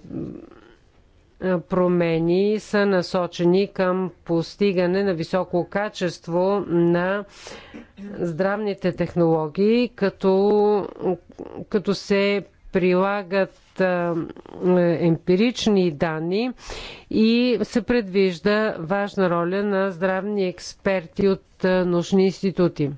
B: промени са насочени към постигане на високо качество на здравните технологии, като, като се прилагат емпирични данни и се предвижда важна роля на здравни експерти от научни институти.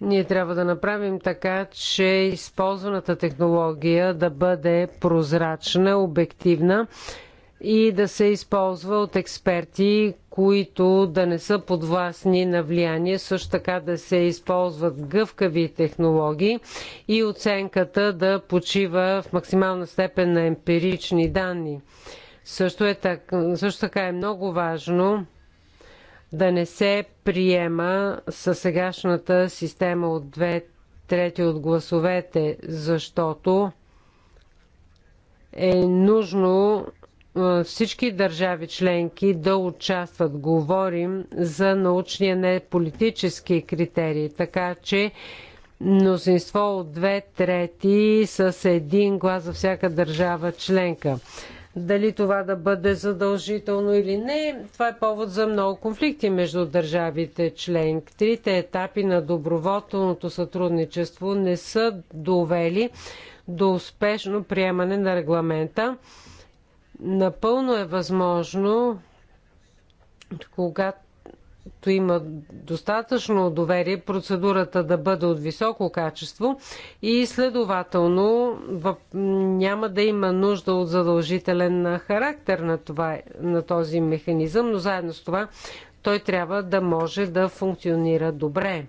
B: Ние трябва да направим така, че използваната технология да бъде прозрачна, обективна и да се използва от експерти, които да не са подвластни на влияние, също така да се използват гъвкави технологии и оценката да почива в максимална степен на емпирични данни. Също, е так, също така е много важно да не се приема със сегашната система от две трети от гласовете, защото е нужно всички държави членки да участват. Говорим за научния не политически критерии, така че мнозинство от две трети с един глас за всяка държава членка. Дали това да бъде задължително или не, това е повод за много конфликти между държавите членки. Трите етапи на доброволното сътрудничество не са довели до успешно приемане на регламента. Напълно е възможно, когато като има достатъчно доверие, процедурата да бъде от високо качество и следователно няма да има нужда от задължителен характер на, това, на този механизъм, но заедно с това той трябва да може да функционира добре.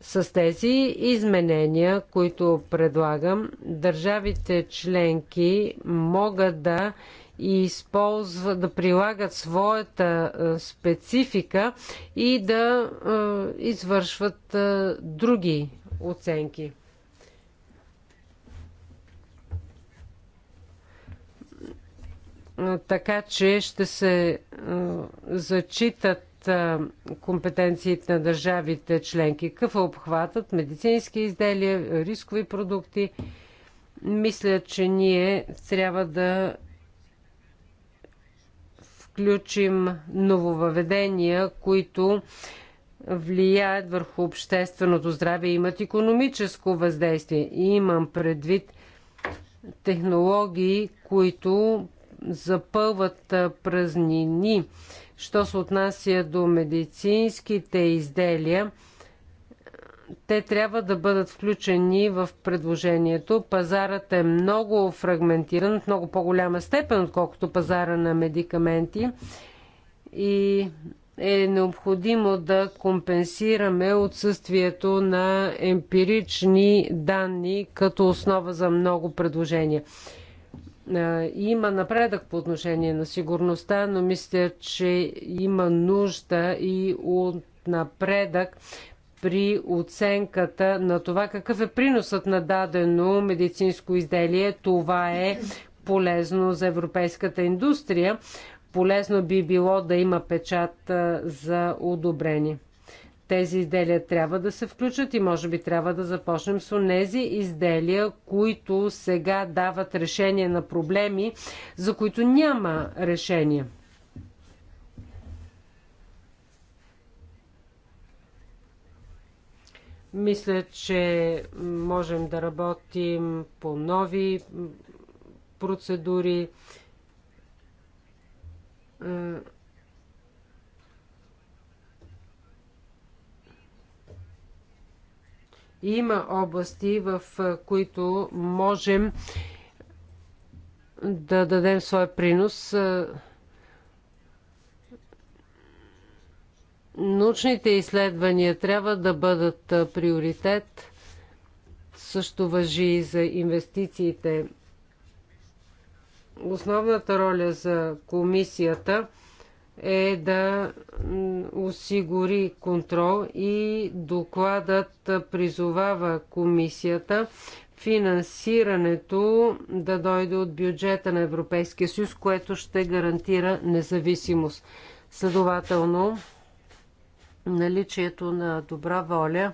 B: С тези изменения, които предлагам, държавите членки могат да и използват, да прилагат своята специфика и да извършват други оценки. Така че ще се зачитат компетенциите на държавите членки. Какъв е обхватът? Медицински изделия, рискови продукти. Мисля, че ние трябва да включим нововъведения, които влияят върху общественото здраве и имат економическо въздействие. И имам предвид технологии, които запълват празнини. Що се отнася до медицинските изделия, те трябва да бъдат включени в предложението. Пазарът е много фрагментиран, в много по-голяма степен, отколкото пазара на медикаменти. И е необходимо да компенсираме отсъствието на емпирични данни като основа за много предложения. Има напредък по отношение на сигурността, но мисля, че има нужда и от напредък при оценката на това какъв е приносът на дадено медицинско изделие. Това е полезно за европейската индустрия. Полезно би било да има печат за одобрение. Тези изделия трябва да се включат и може би трябва да започнем с тези изделия, които сега дават решение на проблеми, за които няма решение. Мисля, че можем да работим по нови процедури. Има области, в които можем да дадем своя принос. Научните изследвания трябва да бъдат приоритет. Също въжи и за инвестициите. Основната роля за комисията е да осигури контрол и докладът призовава комисията финансирането да дойде от бюджета на Европейския съюз, което ще гарантира независимост. Следователно, наличието на добра воля,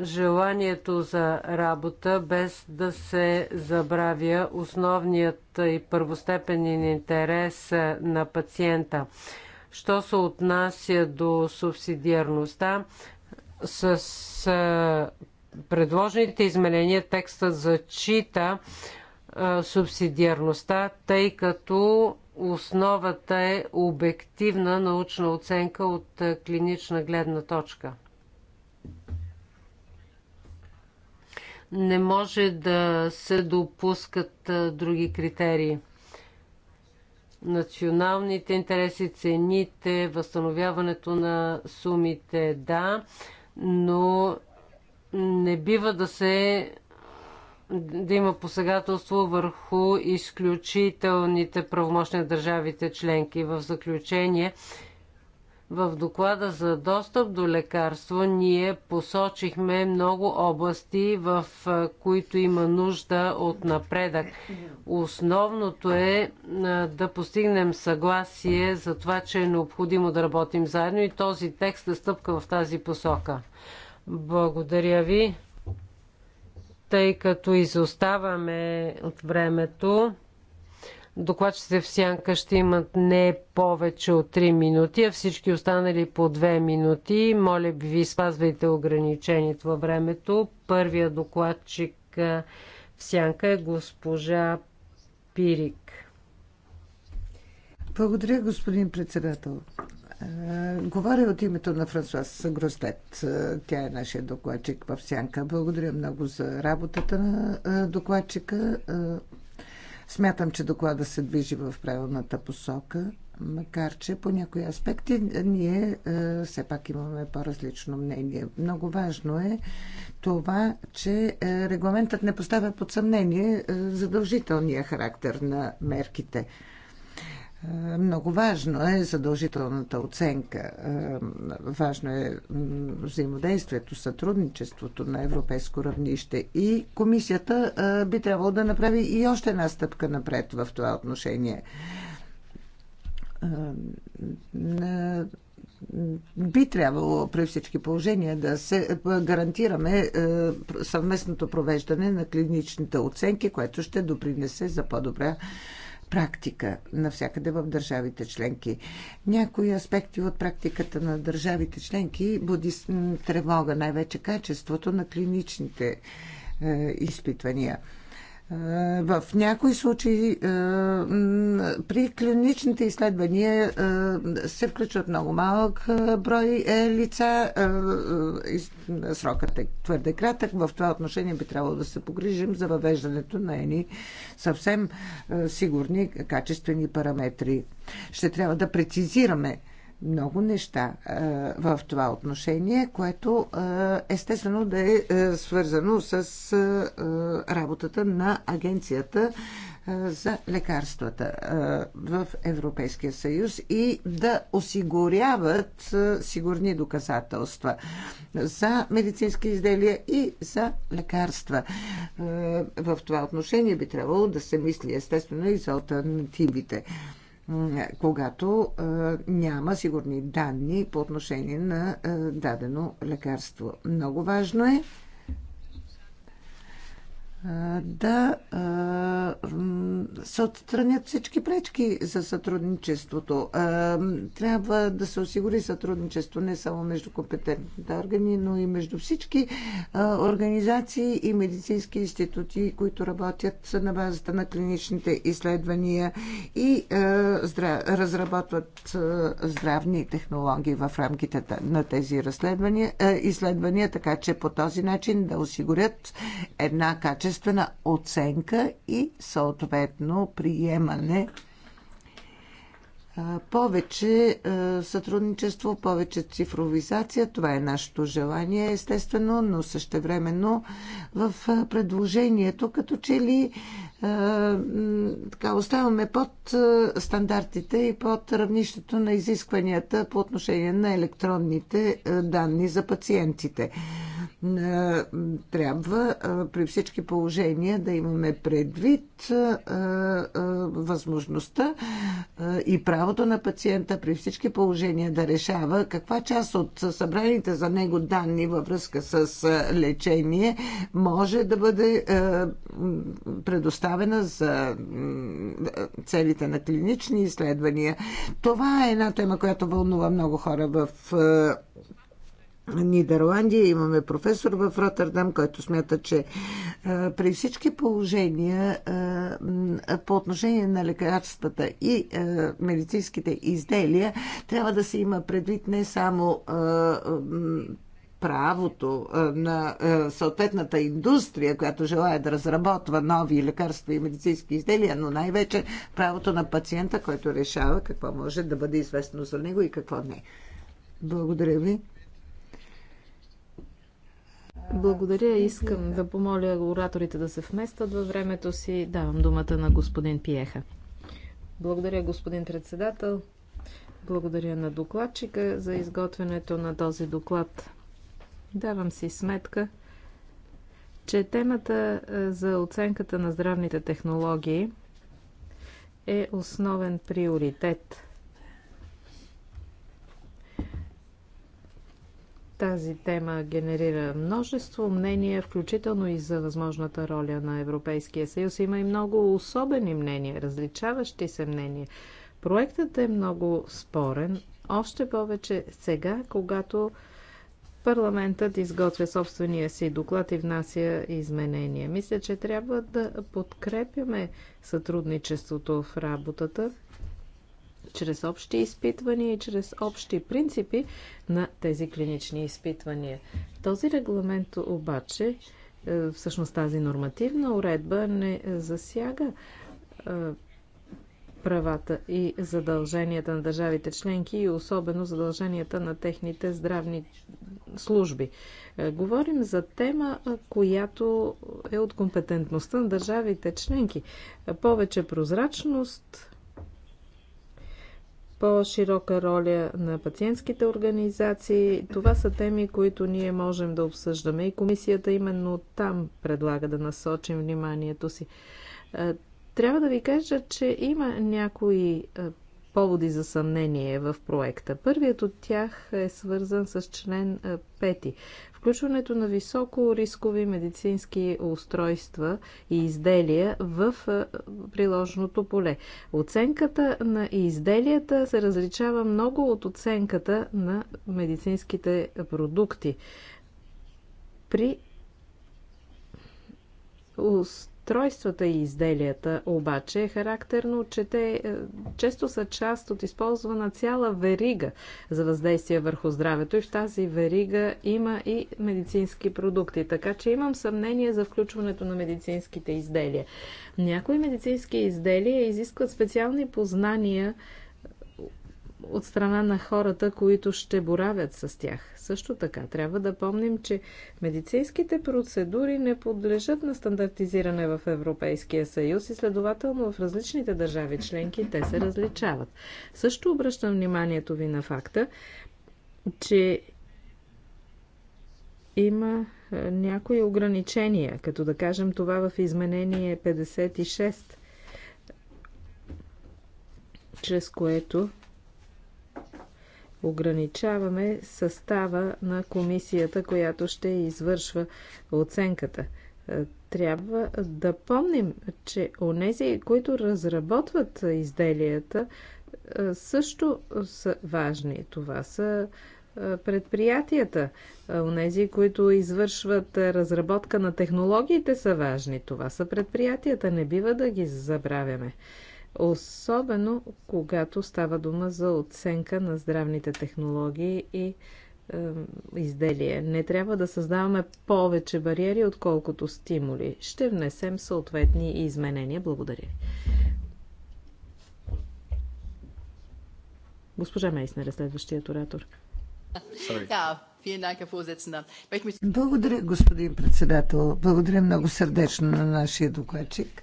B: желанието за работа, без да се забравя основният и първостепенен интерес на пациента. Що се отнася до субсидиарността, с предложените изменения текста зачита субсидиарността, тъй като основата е обективна научна оценка от е, клинична гледна точка. Не може да се допускат е, други критерии. Националните интереси, цените, възстановяването на сумите, да, но не бива да се да има посегателство върху изключителните правомощни държавите членки. В заключение, в доклада за достъп до лекарство ние посочихме много области, в които има нужда от напредък. Основното е да постигнем съгласие за това, че е необходимо да работим заедно и този текст е стъпка в тази посока. Благодаря ви тъй като изоставаме от времето. Докладчите в сянка ще имат не повече от 3 минути, а всички останали по 2 минути. Моля би ви, спазвайте ограничението във времето. Първия докладчик в сянка е госпожа Пирик.
A: Благодаря, господин председател. Говоря от името на Франсуас Гростет. Тя е нашия докладчик в Сянка. Благодаря много за работата на докладчика. Смятам, че доклада се движи в правилната посока, макар че по някои аспекти ние все пак имаме по-различно мнение. Много важно е това, че регламентът не поставя под съмнение задължителния характер на мерките – много важно е задължителната оценка. Е, важно е взаимодействието, сътрудничеството на европейско равнище. И комисията е, би трябвало да направи и още една стъпка напред в това отношение е, би трябвало при всички положения да се гарантираме съвместното провеждане на клиничните оценки, което ще допринесе за по-добра практика навсякъде в държавите членки. Някои аспекти от практиката на държавите членки буди тревога, най-вече качеството на клиничните е, изпитвания. В някои случаи е, при клиничните изследвания е, се включват много малък е, брой лица. Срокът е твърде кратък. В това отношение би трябвало да се погрижим за въвеждането на едни съвсем сигурни качествени параметри. Ще трябва да прецизираме много неща в това отношение, което естествено да е свързано с работата на агенцията за лекарствата в Европейския съюз и да осигуряват сигурни доказателства за медицински изделия и за лекарства. В това отношение би трябвало да се мисли естествено и за альтернативите когато няма сигурни данни по отношение на дадено лекарство. Много важно е да се отстранят всички пречки за сътрудничеството. Трябва да се осигури сътрудничество не само между компетентните органи, но и между всички организации и медицински институти, които работят на базата на клиничните изследвания и разработват здравни технологии в рамките на тези изследвания, така че по този начин да осигурят една качествена качествена оценка и съответно приемане повече сътрудничество, повече цифровизация. Това е нашето желание, естествено, но същевременно в предложението, като че ли така, оставаме под стандартите и под равнището на изискванията по отношение на електронните данни за пациентите трябва при всички положения да имаме предвид възможността и правото на пациента при всички положения да решава каква част от събраните за него данни във връзка с лечение може да бъде предоставена за целите на клинични изследвания. Това е една тема, която вълнува много хора в Нидерландия. Имаме професор в Роттердам, който смята, че при всички положения по отношение на лекарствата и медицинските изделия трябва да се има предвид не само правото на съответната индустрия, която желая да разработва нови лекарства и медицински изделия, но най-вече правото на пациента, който решава какво може да бъде известно за него и какво не. Благодаря ви.
C: Благодаря. Искам да помоля ораторите да се вместат във времето си. Давам думата на господин Пиеха. Благодаря, господин председател. Благодаря на докладчика за изготвянето на този доклад. Давам си сметка, че темата е, за оценката на здравните технологии е основен приоритет – Тази тема генерира множество мнения, включително и за възможната роля на Европейския съюз. Има и много особени мнения, различаващи се мнения. Проектът е много спорен, още повече сега, когато парламентът изготвя собствения си доклад и внася изменения. Мисля, че трябва да подкрепяме сътрудничеството в работата чрез общи изпитвания и чрез общи принципи на тези клинични изпитвания. Този регламент обаче, е, всъщност тази нормативна уредба не засяга е, правата и задълженията на държавите членки и особено задълженията на техните здравни служби. Е, говорим за тема, която е от компетентността на държавите членки. Повече прозрачност, по-широка роля на пациентските организации. Това са теми, които ние можем да обсъждаме и комисията именно там предлага да насочим вниманието си. Е, трябва да ви кажа, че има някои е, поводи за съмнение в проекта. Първият от тях е свързан с член 5. Е, Включването на високо рискови медицински устройства и изделия в приложното поле. Оценката на изделията се различава много от оценката на медицинските продукти. При устройствата и изделията обаче е характерно, че те е, често са част от използвана цяла верига за въздействие върху здравето и в тази верига има и медицински продукти, така че имам съмнение за включването на медицинските изделия. Някои медицински изделия изискват специални познания от страна на хората, които ще боравят с тях. Също така трябва да помним, че медицинските процедури не подлежат на стандартизиране в Европейския съюз и следователно в различните държави членки те се различават. Също обръщам вниманието ви на факта, че има е, някои ограничения, като да кажем това в изменение 56, чрез което ограничаваме състава на комисията, която ще извършва оценката. Е, трябва да помним, че онези, които разработват изделията, е, също са важни. Това са е, предприятията. Онези, които извършват разработка на технологиите са важни. Това са предприятията. Не бива да ги забравяме особено когато става дума за оценка на здравните технологии и изделие. Не трябва да създаваме повече бариери, отколкото стимули. Ще внесем съответни изменения. Благодаря.
A: Госпожа Мейснер е следващият оратор. Благодаря, господин председател. Благодаря много сърдечно на нашия докладчик.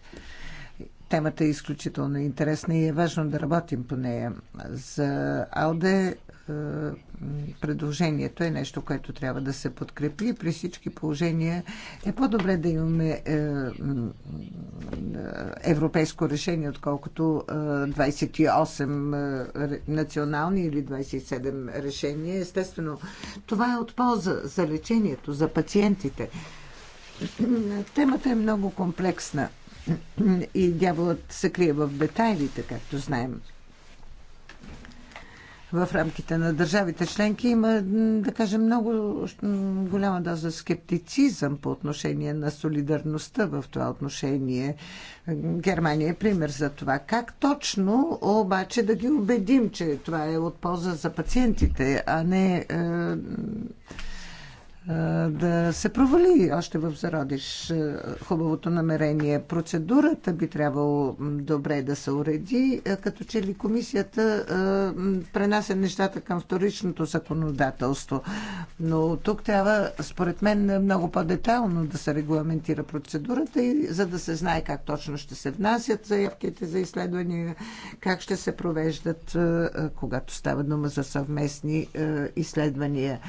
A: Темата е изключително интересна и е важно да работим по нея. За АЛДЕ е, предложението е нещо, което трябва да се подкрепи. При всички положения е по-добре да имаме е, европейско решение, отколкото 28 е, национални или 27 решения. Естествено, това е от полза за лечението, за пациентите. Темата е много комплексна. И дяволът се крие в детайлите, както знаем. В рамките на държавите членки има, да кажем, много голяма доза скептицизъм по отношение на солидарността в това отношение. Германия е пример за това. Как точно обаче да ги убедим, че това е от полза за пациентите, а не. Е, да се провали още в зародиш хубавото намерение. Процедурата би трябвало добре да се уреди, като че ли комисията пренася нещата към вторичното законодателство. Но тук трябва, според мен, много по-детайлно да се регламентира процедурата и за да се знае как точно ще се внасят заявките за изследвания, как ще се провеждат, когато става дума за съвместни изследвания.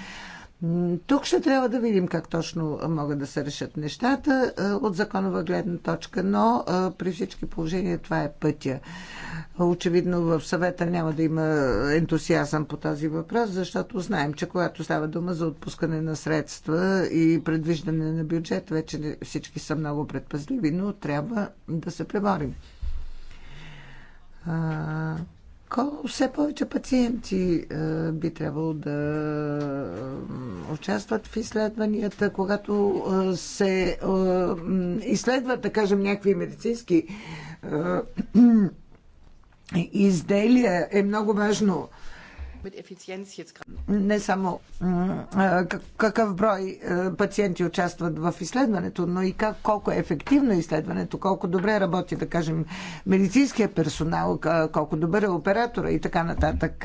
A: Тук ще трябва да видим как точно могат да се решат нещата от законова гледна точка, но при всички положения това е пътя. Очевидно в съвета няма да има ентусиазъм по този въпрос, защото знаем, че когато става дума за отпускане на средства и предвиждане на бюджет, вече всички са много предпазливи, но трябва да се преборим все повече пациенти е, би трябвало да участват в изследванията, когато е, се е, изследват, да кажем, някакви медицински изделия, е много важно не само какъв брой пациенти участват в изследването, но и как, колко е ефективно изследването, колко добре работи, да кажем, медицинския персонал, колко добър е оператора и така нататък.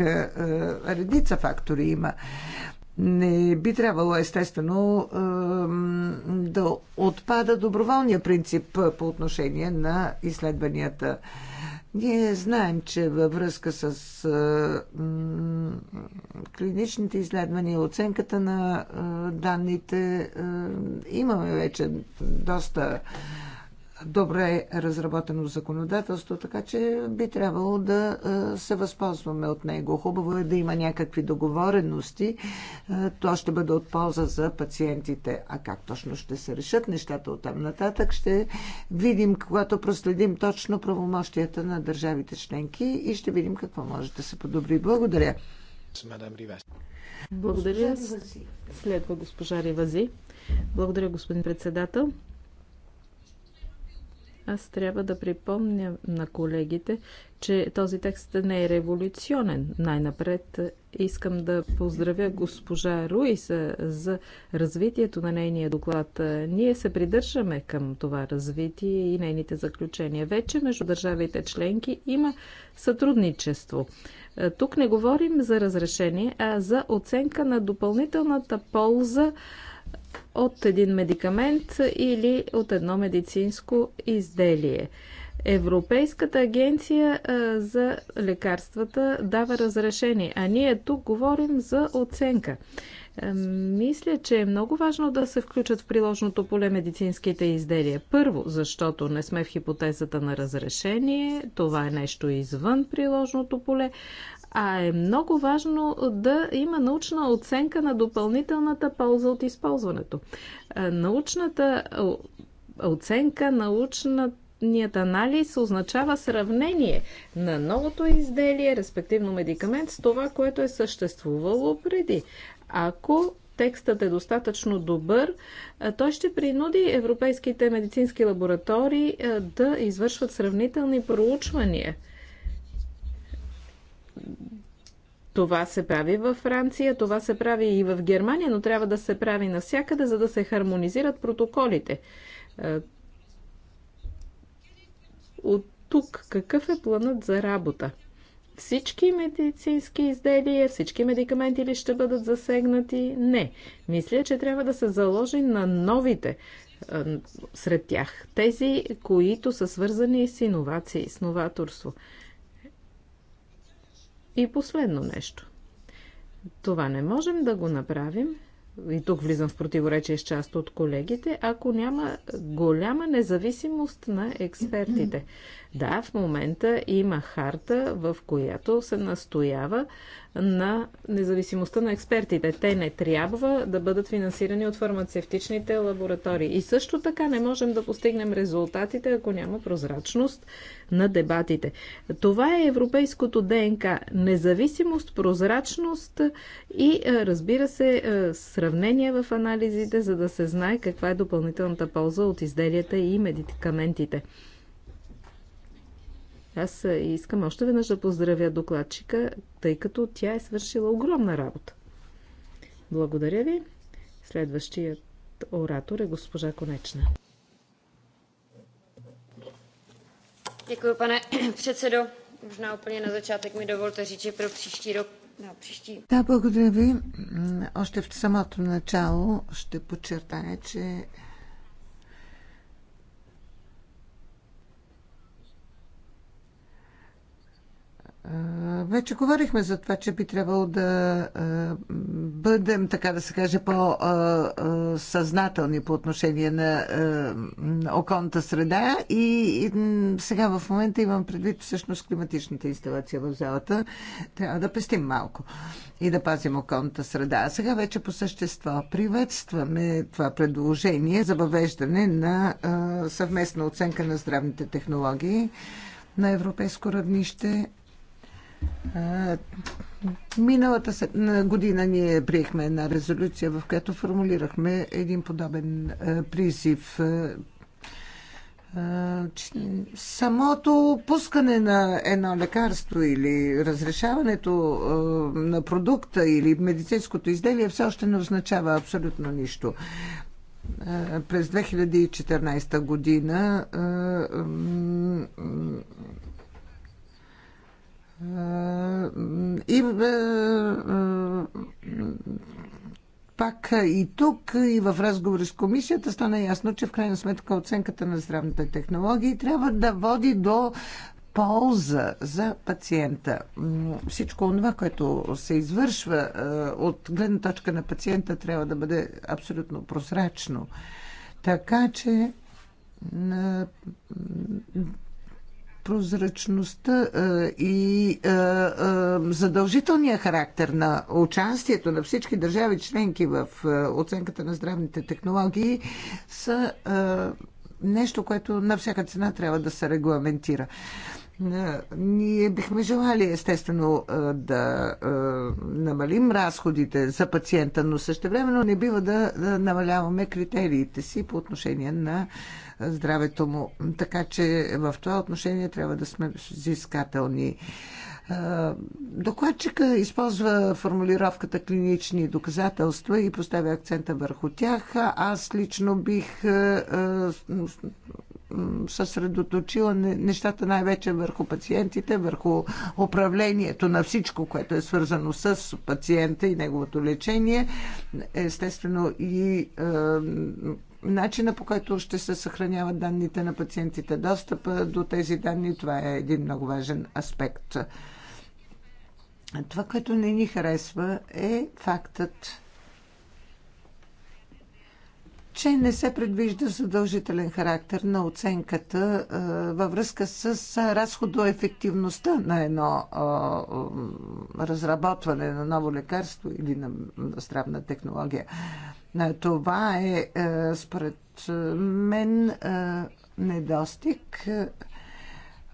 A: Редица фактори има не би трябвало естествено да отпада доброволния принцип по отношение на изследванията. Ние знаем, че във връзка с клиничните изследвания, оценката на данните, имаме вече доста добре разработено законодателство, така че би трябвало да е, се възползваме от него. Хубаво е да има някакви договорености. Е, то ще бъде от полза за пациентите. А как точно ще се решат нещата от там нататък, ще видим, когато проследим точно правомощията на държавите членки и ще видим какво може да се подобри. Благодаря. Благодаря. Следва
C: госпожа Ривази. Благодаря, господин председател. Аз трябва да припомня на колегите, че този текст не е революционен. Най-напред е, искам да поздравя госпожа Руис е, за развитието на нейния доклад. Е, ние се придържаме към това развитие и нейните заключения. Вече между държавите членки има сътрудничество. Тук не говорим за разрешение, а за оценка на допълнителната полза от един медикамент или от едно медицинско изделие. Европейската агенция за лекарствата дава разрешение, а ние тук говорим за оценка. Мисля, че е много важно да се включат в приложното поле медицинските изделия. Първо, защото не сме в хипотезата на разрешение, това е нещо извън приложното поле а е много важно да има научна оценка на допълнителната полза от използването. Е, научната оценка, научната Ният анализ означава сравнение на новото изделие, респективно медикамент, с това, което е съществувало преди. Ако текстът е достатъчно добър, е, той ще принуди европейските медицински лаборатории е, да извършват сравнителни проучвания – това се прави във Франция, това се прави и в Германия, но трябва да се прави навсякъде, за да се хармонизират протоколите. Е, от тук какъв е планът за работа? Всички медицински изделия, всички медикаменти ли ще бъдат засегнати? Не. Мисля, че трябва да се заложи на новите е, сред тях. Тези, които са свързани с иновации, с новаторство. И последно нещо. Това не можем да го направим, и тук влизам в противоречие с част от колегите, ако няма голяма независимост на експертите. Да, в момента има харта, в която се настоява на независимостта на експертите. Те не трябва да бъдат финансирани от фармацевтичните лаборатории. И също така не можем да постигнем резултатите, ако няма прозрачност на дебатите. Това е европейското ДНК. Независимост, прозрачност и е, разбира се е, сравнение в анализите, за да се знае каква е допълнителната полза от изделията и медикаментите. Аз искам още веднъж да поздравя докладчика, тъй като тя е свършила огромна работа. Благодаря ви. Следващият оратор е госпожа Конечна.
B: Děkuji, pane předsedo. Možná úplně na začátek mi dovolte říct, že pro příští rok на общи. Да,
A: благодаря ви. Още в самото начало ще подчертая, че Вече говорихме за това, че би трябвало да бъдем, така да се каже, по-съзнателни по отношение на околната среда. И сега в момента имам предвид всъщност климатичната инсталация в залата. Трябва да пестим малко и да пазим околната среда. А сега вече по същество приветстваме това предложение за въвеждане на съвместна оценка на здравните технологии на европейско равнище Миналата година ние приехме една резолюция, в която формулирахме един подобен призив. Самото пускане на едно лекарство или разрешаването на продукта или медицинското изделие все още не означава абсолютно нищо през 2014 година е, и е, е, пак и тук, и в разговори с комисията стана ясно, че в крайна сметка оценката на здравните технологии трябва да води до полза за пациента. Всичко това, което се извършва от гледна точка на пациента, трябва да бъде абсолютно прозрачно. Така че прозрачността и задължителния характер на участието на всички държави членки в оценката на здравните технологии са нещо, което на всяка цена трябва да се регламентира. Ние бихме желали, естествено, да намалим разходите за пациента, но времено не бива да намаляваме критериите си по отношение на здравето му. Така че в това отношение трябва да сме взискателни. Докладчика използва формулировката клинични доказателства и поставя акцента върху тях. Аз лично бих съсредоточила нещата най-вече върху пациентите, върху управлението на всичко, което е свързано с пациента и неговото лечение. Естествено и е, начина по който ще се съхраняват данните на пациентите, достъпа до тези данни, това е един много важен аспект. Това, което не ни харесва е фактът, че не се предвижда задължителен характер на оценката във връзка с разходоефективността на едно разработване на ново лекарство или на здравна технология. Това е, според мен, недостиг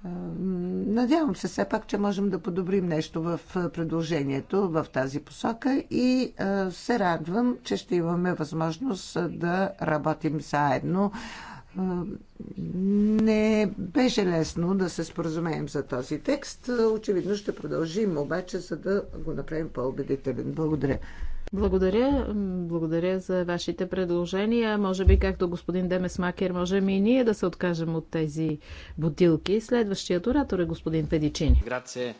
A: Надявам се все пак, че можем да подобрим нещо в предложението в тази посока и се радвам, че ще имаме възможност да работим заедно не беше лесно да се споразумеем за този текст. Очевидно ще продължим, обаче, за да го направим по-убедителен. Благодаря. Благодаря. Благодаря за
C: вашите предложения. Може би, както господин Демес Макер, можем и ние да се откажем от тези бутилки. Следващият оратор е господин Педичини. Грация.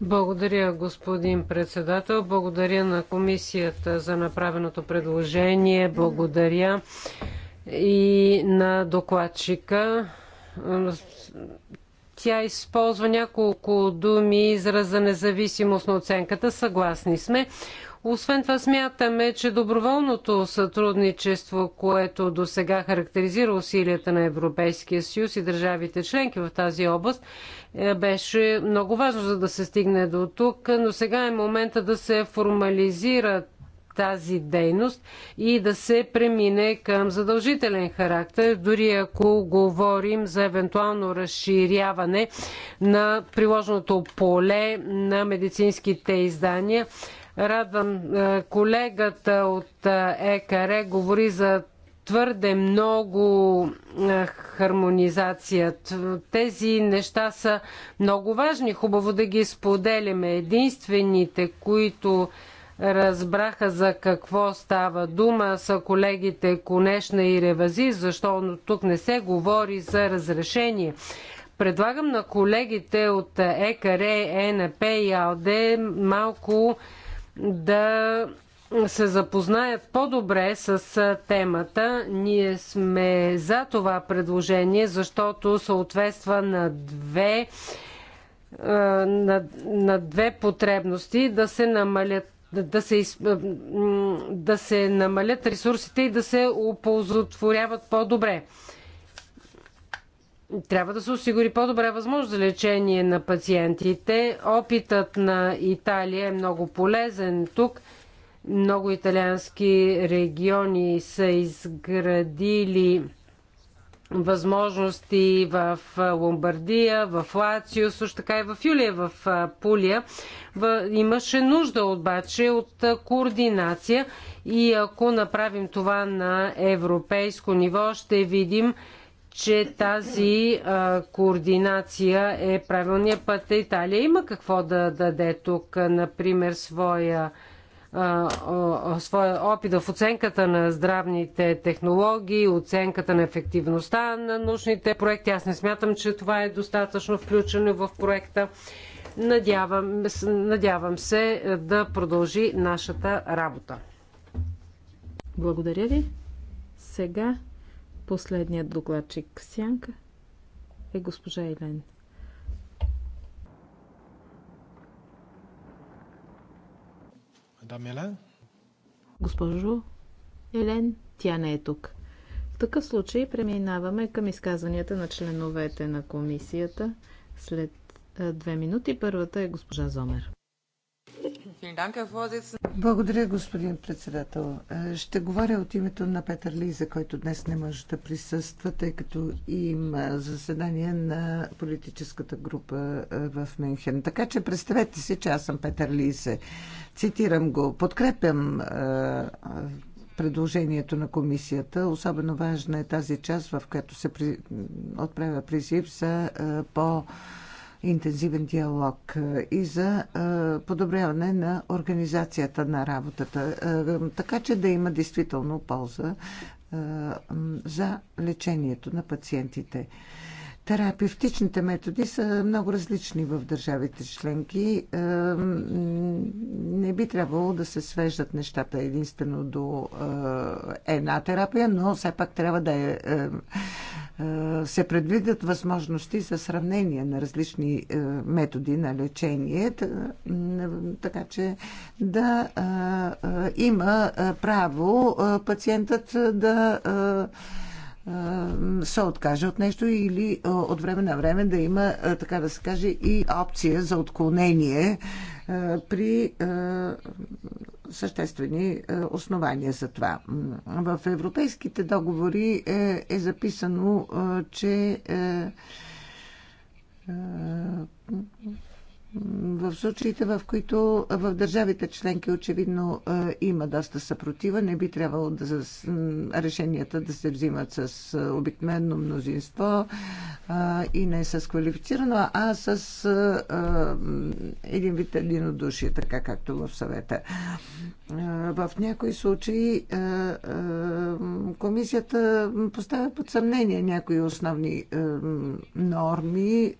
C: Благодаря,
B: господин председател. Благодаря на комисията за направеното предложение. Благодаря и на докладчика. Тя използва няколко думи израза независимост на оценката. Съгласни сме. Освен това смятаме, че доброволното сътрудничество, което до сега характеризира усилията на Европейския съюз и държавите членки в тази област, е, беше много важно, за да се стигне до тук, но сега е момента да се формализират тази дейност и да се премине към задължителен характер, дори ако говорим за евентуално разширяване на приложеното поле на медицинските издания. Радвам е, колегата от е, ЕКР говори за твърде много е, хармонизация. Тези неща са много важни. Хубаво да ги споделяме. Единствените, които разбраха за какво става дума са колегите Конешна и Ревази, защото тук не се говори за разрешение. Предлагам на колегите от ЕКРЕ, ЕНП и АЛДЕ малко да се запознаят по-добре с темата. Ние сме за това предложение, защото съответства на две е, на, на две потребности да се намалят да, се, да се намалят ресурсите и да се оползотворяват по-добре. Трябва да се осигури по-добра възможност за лечение на пациентите. Опитът на Италия е много полезен тук. Много италиански региони са изградили възможности в Ломбардия, в Лацио, също така и в Юлия, в Пулия. Имаше нужда обаче от координация и ако направим това на европейско ниво, ще видим, че тази а, координация е правилния път. Италия има какво да даде тук, например, своя своя опит в оценката на здравните технологии, оценката на ефективността на научните проекти. Аз не смятам, че това е достатъчно включено в проекта. Надявам, надявам се да продължи нашата работа.
C: Благодаря ви. Сега последният докладчик Сянка е госпожа Елен Мадам Елен? Госпожо Елен, тя не е тук. В такъв случай преминаваме към изказванията на членовете на комисията след две минути. Първата е госпожа Зомер.
A: Благодаря, господин председател. Е, ще говоря от името на Петър Лиза, който днес не може да присъства, тъй като има заседание на политическата група е, в Мюнхен. Така че представете си, че аз съм Петър Лиза. Цитирам го. Подкрепям е, предложението на комисията. Особено важна е тази част, в която се отправя призив за по- интензивен диалог е, и за е, подобряване на организацията на работата, е, така че да има действително полза за лечението на пациентите. Терапевтичните методи са много различни в държавите членки. Не би трябвало да се свеждат нещата единствено до една терапия, но все пак трябва да е, се предвидят възможности за сравнение на различни методи на лечение, така че да има право пациентът да се откаже от нещо или от време на време да има, така да се каже, и опция за отклонение при съществени основания за това. В европейските договори е, е записано, че е, е, в случаите, в които в държавите членки очевидно е, има доста съпротива, не би трябвало да за решенията да се взимат с е, обикновено мнозинство е, и не с квалифицирано, а с един вид единодушие, така както в съвета. В някои случаи комисията поставя под съмнение някои основни норми,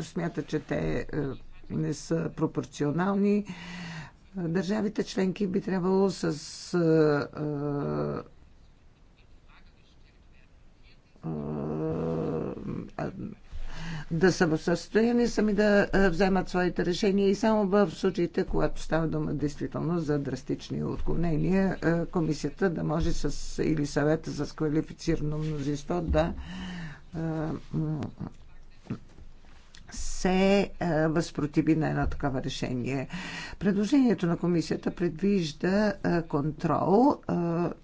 A: смята, че те не са пропорционални. Държавите членки би трябвало с да са в състояние сами да вземат своите решения и само в случаите, когато става дума действително за драстични отклонения, комисията да може с, или съвета с квалифицирано мнозинство да се е, възпротиви на едно такова решение. Предложението на комисията предвижда е, контрол, е,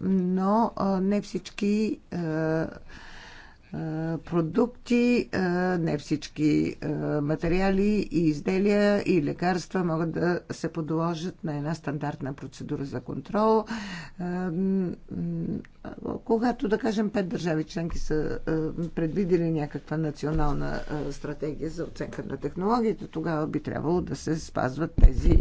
A: но не всички продукти, не всички материали и изделия и лекарства могат да се подложат на една стандартна процедура за контрол. Когато, да кажем, пет държави членки са предвидели някаква национална стратегия за оценка на технологията, тогава би трябвало да се спазват тези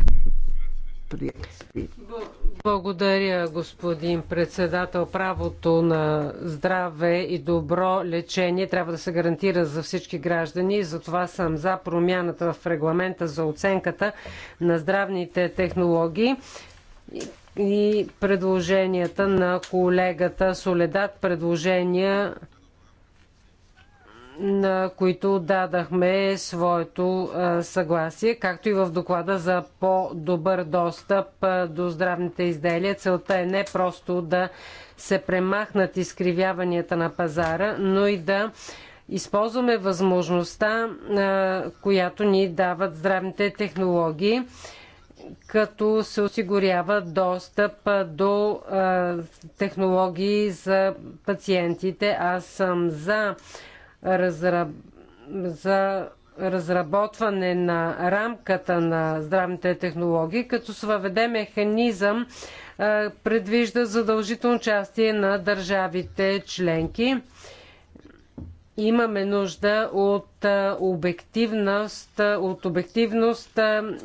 B: благодаря, господин председател. Правото на здраве и добро лечение трябва да се гарантира за всички граждани. Затова съм за промяната в регламента за оценката на здравните технологии и предложенията на колегата Соледат. Предложения на които дадахме своето е, съгласие, както и в доклада за по-добър достъп е, до здравните изделия. Целта е не просто да се премахнат изкривяванията на пазара, но и да използваме възможността, е, която ни дават здравните технологии, като се осигурява достъп до технологии за пациентите. Аз съм за разра... за разработване на рамката на здравните технологии, като се въведе механизъм, предвижда задължително участие на държавите членки. Имаме нужда от обективност, от обективност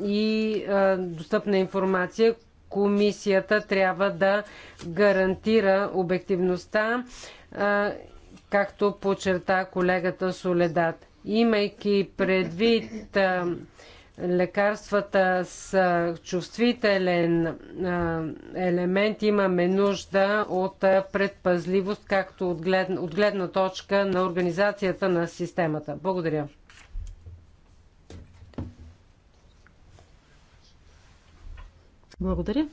B: и достъпна информация. Комисията трябва да гарантира обективността както подчерта колегата Соледат. Имайки предвид лекарствата с чувствителен елемент, имаме нужда от предпазливост, както от глед, от гледна точка на организацията на системата.
C: Благодаря. Благодаря.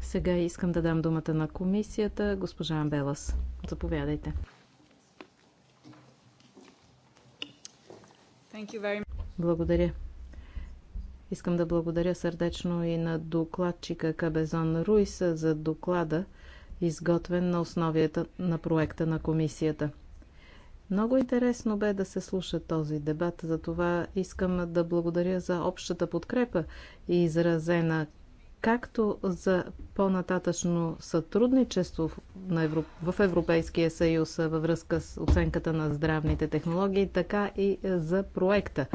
C: Сега искам да дам думата на комисията. Госпожа Амбелас, заповядайте. Благодаря. Искам да благодаря сърдечно и на докладчика Кабезон Руис за доклада, изготвен на основията на проекта на комисията. Много интересно бе да се слуша този дебат, затова искам да благодаря за общата подкрепа, изразена както за по-нататъчно сътрудничество в Европейския съюз във връзка с оценката на здравните технологии, така и за проекта.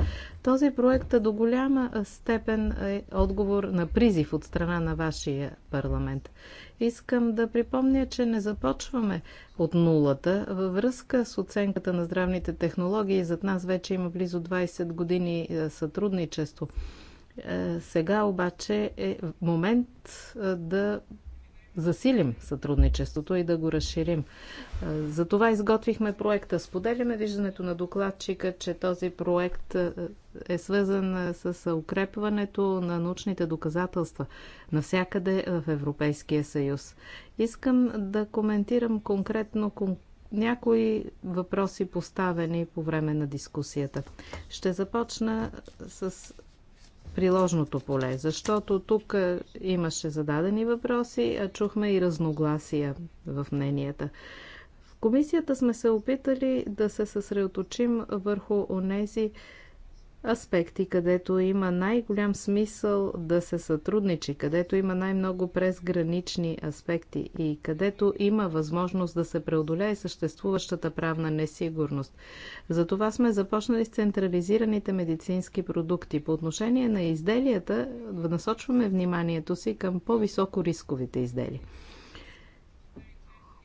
C: Този проект до голяма степен е отговор на призив от страна на вашия парламент. Искам да припомня, че не започваме от нулата. Във връзка с оценката на здравните технологии, зад нас вече има близо 20 години сътрудничество. Е, сега обаче е момент е, да засилим сътрудничеството и да го разширим. Е, За това изготвихме проекта. Споделяме виждането на докладчика, че този проект е свързан с укрепването на научните доказателства навсякъде в Европейския съюз. Искам да коментирам конкретно някои въпроси поставени по време на дискусията. Ще започна с приложното поле, защото тук е, имаше зададени въпроси, а чухме и разногласия в мненията. В комисията сме се опитали да се съсредоточим върху онези аспекти, където има най-голям смисъл да се сътрудничи, където има най-много презгранични аспекти и където има възможност да се преодолее съществуващата правна несигурност. Затова сме започнали с централизираните медицински продукти. По отношение на изделията насочваме вниманието си към по-високо рисковите изделия.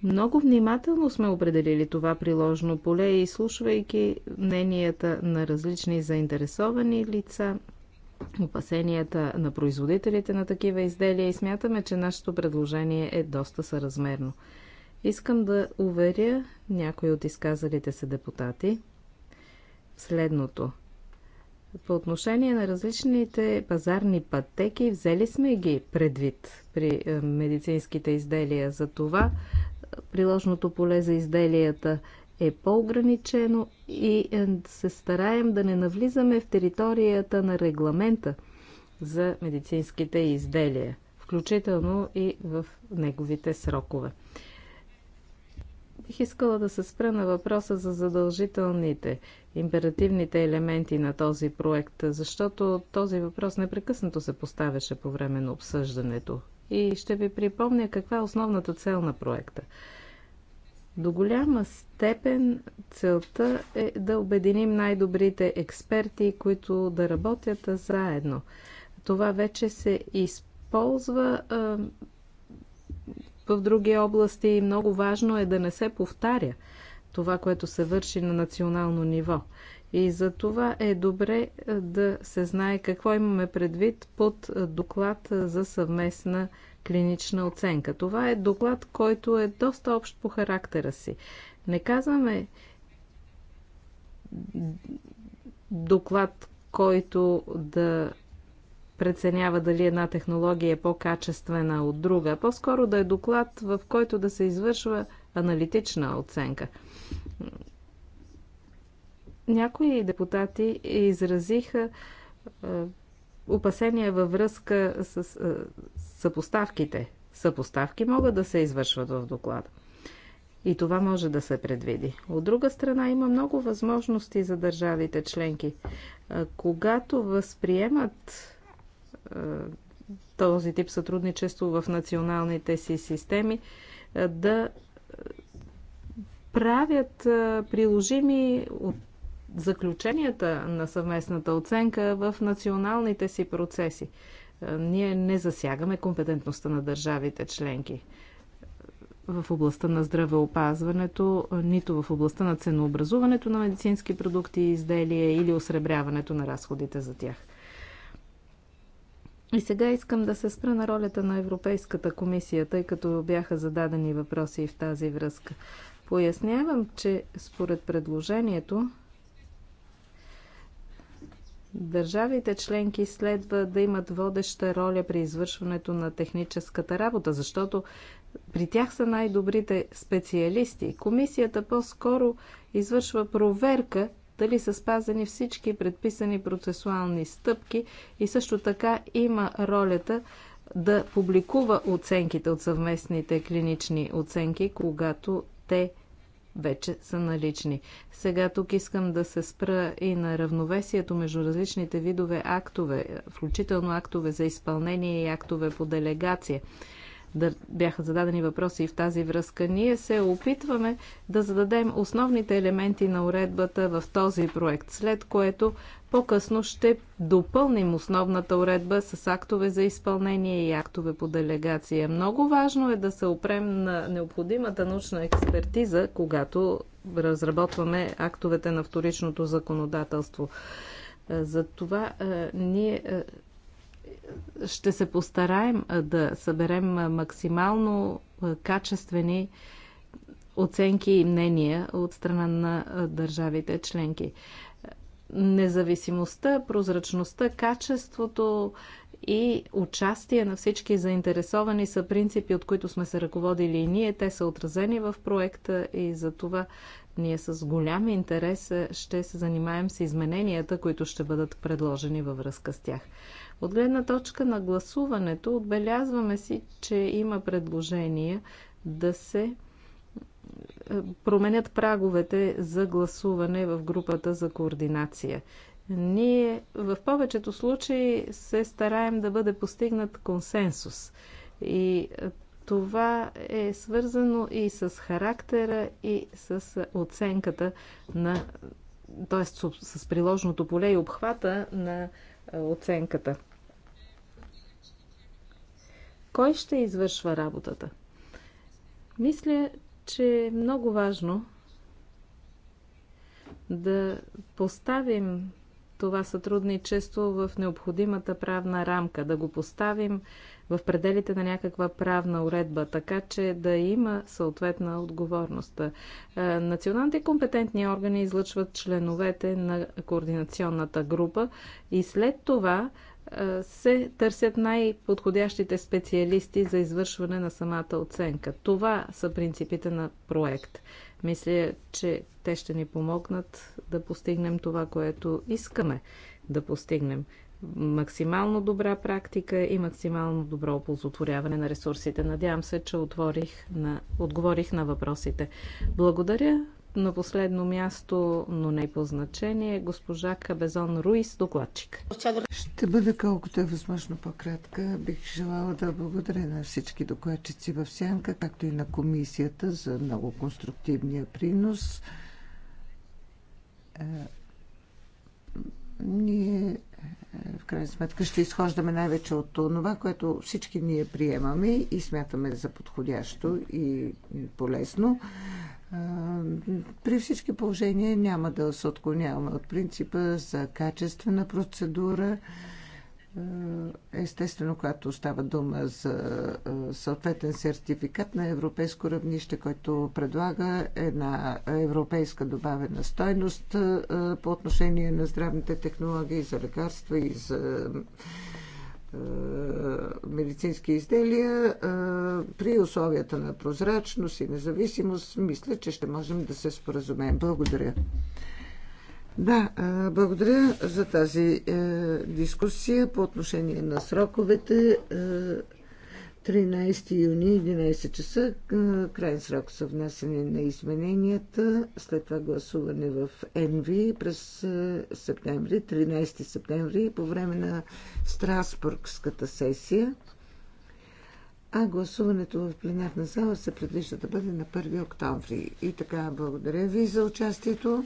C: Много внимателно сме определили това приложно поле и слушвайки мненията на различни заинтересовани лица, опасенията на производителите на такива изделия и смятаме, че нашето предложение е доста съразмерно. Искам да уверя някои от изказалите се депутати следното. По отношение на различните пазарни пътеки, взели сме ги предвид при е, медицинските изделия. За това приложното поле за изделията е по-ограничено и е, се стараем да не навлизаме в територията на регламента за медицинските изделия, включително и в неговите срокове. Бих искала да се спра на въпроса за задължителните, императивните елементи на този проект, защото този въпрос непрекъснато се поставяше по време на обсъждането и ще ви припомня каква е основната цел на проекта. До голяма степен целта е да обединим най-добрите експерти, които да работят заедно. Това вече се използва а, в други области и много важно е да не се повтаря това, което се върши на национално ниво. И за това е добре е, да се знае какво имаме предвид под е, доклад е, за съвместна клинична оценка. Това е доклад, който е доста общ по характера си. Не казваме доклад, който да преценява дали една технология е по-качествена от друга, по-скоро да е доклад, в който да се извършва аналитична оценка. Някои депутати изразиха опасения във връзка с съпоставките. Съпоставки могат да се извършват в доклада. И това може да се предвиди. От друга страна, има много възможности за държавите членки. Когато възприемат този тип сътрудничество в националните си системи, да правят приложими от заключенията на съвместната оценка в националните си процеси. Е, ние не засягаме компетентността на държавите членки в областта на здравеопазването, е, нито в областта на ценообразуването на медицински продукти и изделия или осребряването на разходите за тях. И сега искам да се спра на ролята на Европейската комисия, тъй като бяха зададени въпроси в тази връзка. Пояснявам, че според предложението Държавите членки следва да имат водеща роля при извършването на техническата работа, защото при тях са най-добрите специалисти. Комисията по-скоро извършва проверка дали са спазени всички предписани процесуални стъпки и също така има ролята да публикува оценките от съвместните клинични оценки, когато те вече са налични. Сега тук искам да се спра и на равновесието между различните видове актове, включително актове за изпълнение и актове по делегация да бяха зададени въпроси и в тази връзка. Ние се опитваме да зададем основните елементи на уредбата в този проект, след което по-късно ще допълним основната уредба с актове за изпълнение и актове по делегация. Много важно е да се опрем на необходимата научна експертиза, когато разработваме актовете на вторичното законодателство. За това е, ние е, ще се постараем да съберем максимално качествени оценки и мнения от страна на държавите членки. Независимостта, прозрачността, качеството и участие на всички заинтересовани са принципи, от които сме се ръководили и ние. Те са отразени в проекта и за това ние с голям интерес ще се занимаем с измененията, които ще бъдат предложени във връзка с тях. От гледна точка на гласуването отбелязваме си, че има предложения да се е, променят праговете за гласуване в групата за координация. Ние в повечето случаи се стараем да бъде постигнат консенсус. И е, това е свързано и с характера, и с оценката на т.е. с приложното поле и обхвата на е, оценката. Кой ще извършва работата? Мисля, че е много важно да поставим това сътрудничество в необходимата правна рамка, да го поставим в пределите на някаква правна уредба, така че да има съответна отговорност. Е, националните компетентни органи излъчват членовете на координационната група и след това се търсят най-подходящите специалисти за извършване на самата оценка. Това са принципите на проект. Мисля, че те ще ни помогнат да постигнем това, което искаме да постигнем. Максимално добра практика и максимално добро оползотворяване на ресурсите. Надявам се, че отворих на... отговорих на въпросите. Благодаря на последно място, но не по значение, госпожа Кабезон Руис, докладчик.
A: Ще бъда колкото е възможно по-кратка. Бих желала да благодаря на всички докладчици в Сянка, както и на комисията за много конструктивния принос. Е, ние е, в крайна сметка ще изхождаме най-вече от това, което всички ние приемаме и смятаме за подходящо и полезно. При всички положения няма да се отклоняваме от принципа за качествена процедура. Естествено, когато става дума за съответен сертификат на европейско равнище, който предлага една европейска добавена стойност по отношение на здравните технологии за лекарства и за е, медицински изделия е, при условията на прозрачност и независимост, мисля, че ще можем да се споразумеем. Благодаря. Да, е, благодаря за тази дискусия по отношение на сроковете. 13 юни, 11 часа, крайен срок са внасяне на измененията, след това гласуване в ЕНВИ през септември, 13 септември, по време на Страсбургската сесия. А гласуването в пленарна зала се предвижда да бъде на 1 октомври. И така, благодаря ви за участието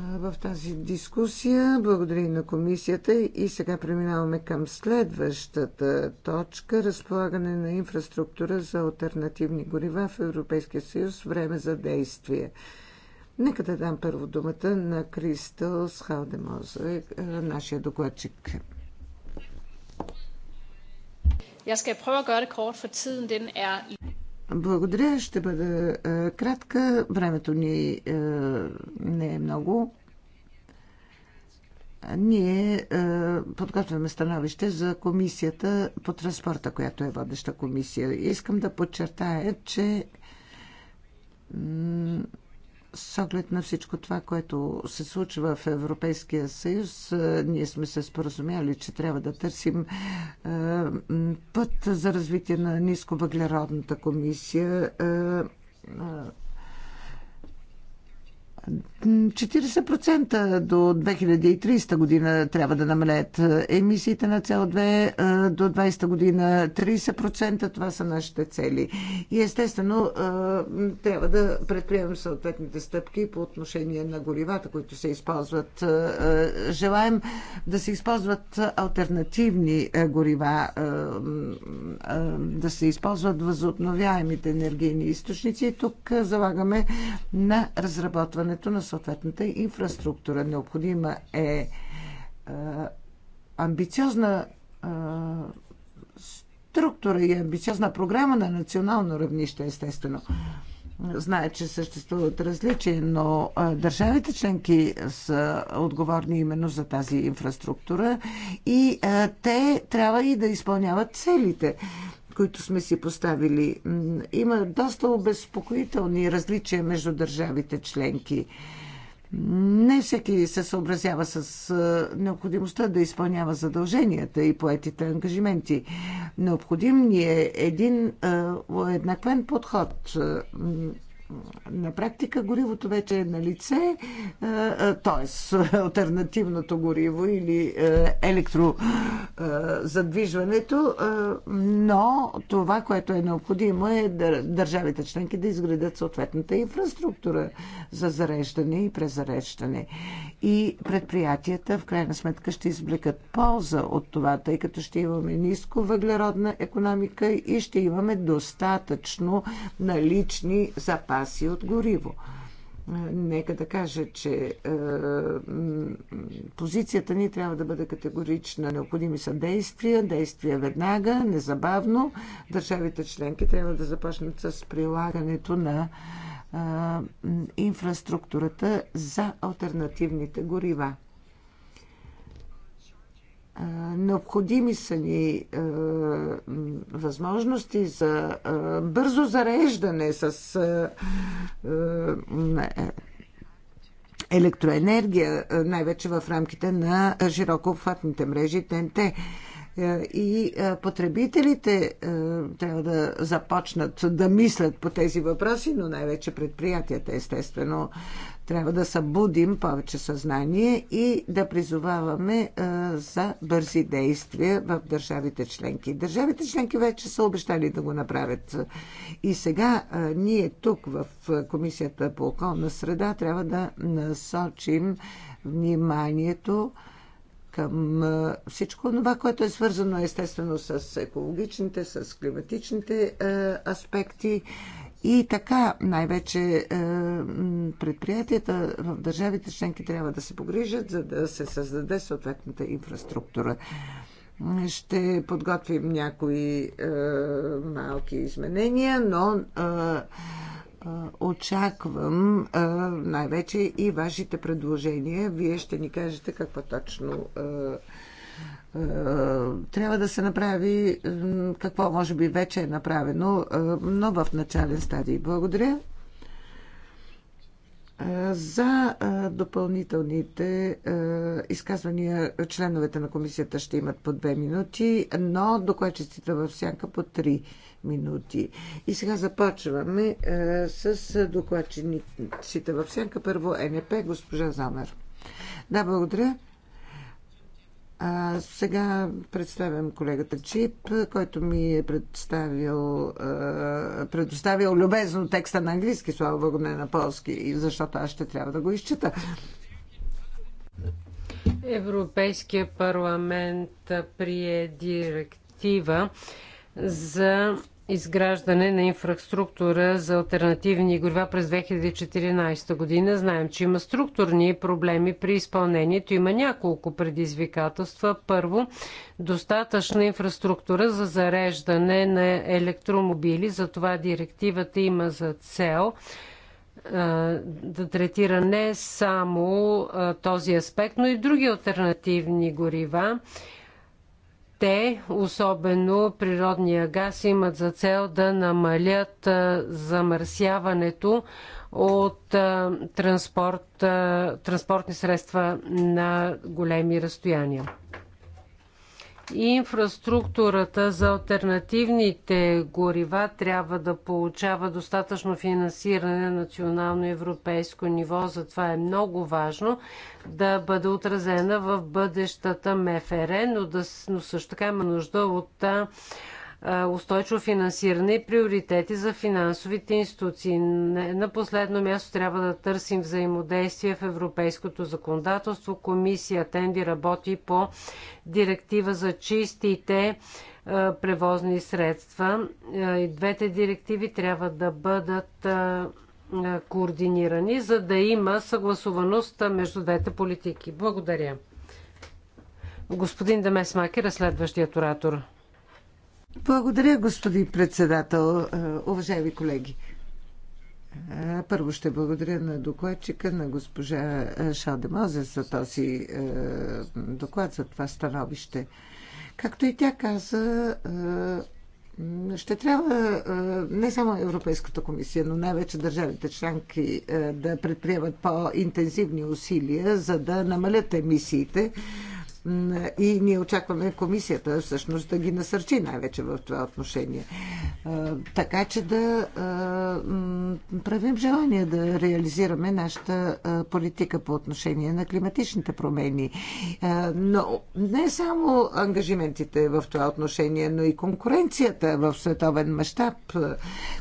A: в тази дискусия. Благодаря и на комисията. И сега преминаваме към следващата точка. Разполагане на инфраструктура за альтернативни горива в Европейския съюз. Време за действие. Нека да дам първо думата на Кристал Схалдемоза, е, е, нашия докладчик.
C: Я skal prøve at gøre det kort, for tiden den er...
A: Благодаря, ще бъда е, кратка. Времето ни е, не е много. Ние е, подготвяме становище за комисията по транспорта, която е водеща комисия. Искам да подчертая, че с оглед на всичко това, което се случва в Европейския съюз, е, ние сме се споразумяли, че трябва да търсим е, път за развитие на нисковъглеродната комисия е, 40% до 2030 година трябва да намалят е, емисиите на CO2 е, до 20 година. 30% това са нашите цели. И естествено е, трябва да предприемем съответните стъпки по отношение на горивата, които се използват. Желаем да се използват альтернативни горива, да се използват възобновяемите енергийни източници. И тук залагаме на разработването изграждането на съответната инфраструктура. Необходима е, е амбициозна е, структура и амбициозна програма на национално равнище, естествено. Знае, че съществуват различия, но е, държавите членки са отговорни именно за тази инфраструктура и те трябва и да изпълняват целите които сме си поставили. Има доста обезпокоителни различия между държавите членки. Не всеки се съобразява с необходимостта да изпълнява задълженията и поетите ангажименти. Необходим ни е един уеднаквен подход на практика горивото вече е на лице, е, е, т.е. альтернативното гориво или е, електрозадвижването, но това, което е необходимо е държавите членки да изградят съответната инфраструктура за зареждане и презареждане. И предприятията в крайна сметка ще извлекат полза от това, тъй като ще имаме ниско въглеродна економика и ще имаме достатъчно налични запаси запаси от гориво. Нека да кажа, че е, позицията ни трябва да бъде категорична. Необходими са действия, действия веднага, незабавно. Държавите членки трябва да започнат с прилагането на е, инфраструктурата за альтернативните горива. Необходими са ни е, възможности за е, бързо зареждане с е, е електроенергия, е, най-вече в рамките на широкообхватните мрежи ТНТ. Е, и е, потребителите е, трябва да започнат да мислят по тези въпроси, но най-вече предприятията, естествено, трябва да събудим повече съзнание и да призоваваме за бързи действия в държавите членки. Държавите членки вече са обещали да го направят. И сега ние тук в Комисията по околна среда трябва да насочим вниманието към всичко това, което е свързано естествено с екологичните, с климатичните аспекти. И така, най-вече предприятията в държавите членки трябва да се погрижат, за да се създаде съответната инфраструктура. Ще подготвим някои е, малки изменения, но очаквам най-вече и вашите предложения. Вие ще ни кажете какво точно трябва да се направи, какво може би вече е направено, но в начален стадий. Благодаря. За допълнителните изказвания членовете на комисията ще имат по две минути, но докладчиците в сянка по три минути. И сега започваме с докладчиците в сянка. Първо е НП, госпожа Замер. Да, благодаря. А сега представям колегата Чип, който ми е представил, предоставил любезно текста на английски, слава богу, не на полски, защото аз ще трябва да го изчита.
B: Европейския парламент прие директива за изграждане на инфраструктура за альтернативни горива през 2014 година. Знаем, че има структурни проблеми при изпълнението. Има няколко предизвикателства. Първо, достатъчна инфраструктура за зареждане на електромобили. Затова директивата има за цел да третира не само този аспект, но и други альтернативни горива те, особено природния газ, имат за цел да намалят замърсяването от транспорт, транспортни средства на големи разстояния. Инфраструктурата за альтернативните горива трябва да получава достатъчно финансиране на национално и европейско ниво. Затова е много важно да бъде отразена в бъдещата МФР, но, да, но също така има нужда от устойчиво финансиране и приоритети за финансовите институции. На последно място трябва да търсим взаимодействие в европейското законодателство. Комисия тенди работи по директива за чистите превозни средства. И двете директиви трябва да бъдат координирани, за да има съгласуваност между двете политики. Благодаря. Господин Демес Макер е следващият оратор.
A: Благодаря, господин председател, е, уважаеми колеги. Е, първо ще благодаря на докладчика, на госпожа е, Шалдемозе за този доклад, за това становище. Както и тя каза, ще трябва не само Европейската комисия, но най-вече държавите членки да предприемат по-интензивни усилия, за да намалят емисиите и ние очакваме комисията всъщност да ги насърчи най-вече в това отношение. Така че да правим желание да реализираме нашата политика по отношение на климатичните промени. Но не само ангажиментите в това отношение, но и конкуренцията в световен мащаб.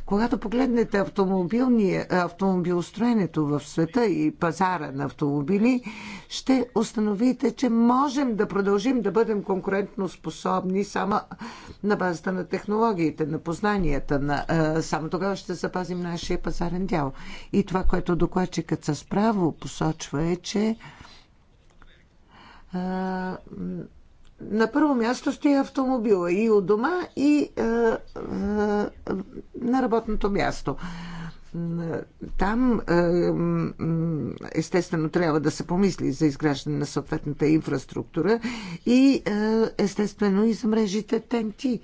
A: Когато погледнете автомобилостроенето в света и пазара на автомобили, ще установите, че можем да продължим да бъдем конкурентно способни само на базата на технологиите, на познанията. На, е, само тогава ще запазим нашия пазарен дял. И това, което докладчикът с право посочва е, че е, на първо място стои автомобила и у дома, и а, е, а, на работното място. Там е, естествено трябва да се помисли за изграждане на съответната инфраструктура и е, естествено и за мрежите ТНТ. Е,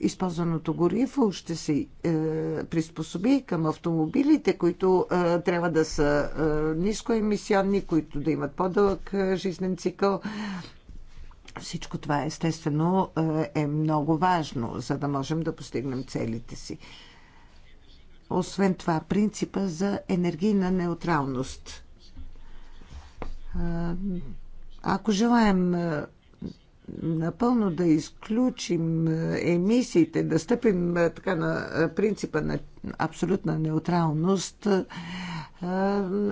A: използваното гориво ще се приспособи към автомобилите, които трябва да са нискоемисионни, които да имат по-дълъг жизнен цикъл всичко това естествено е, е много важно, за да можем да постигнем целите си. Освен това, принципа за енергийна неутралност. Ако желаем напълно да изключим емисиите, да стъпим така на принципа на абсолютна неутралност,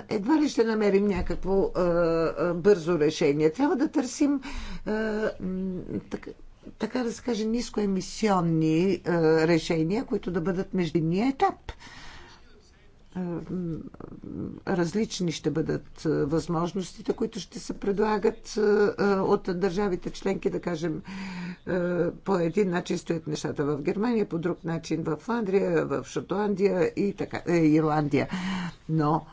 A: едва ли ще намерим някакво бързо решение. Трябва да търсим така, така да се каже, нискоемисионни решения, които да бъдат междинния етап – е, различни ще бъдат е, възможностите, които ще се предлагат е, от държавите членки, да кажем, по един начин стоят нещата в Германия, по друг начин в Фландрия, в Шотландия и така, Ирландия. Но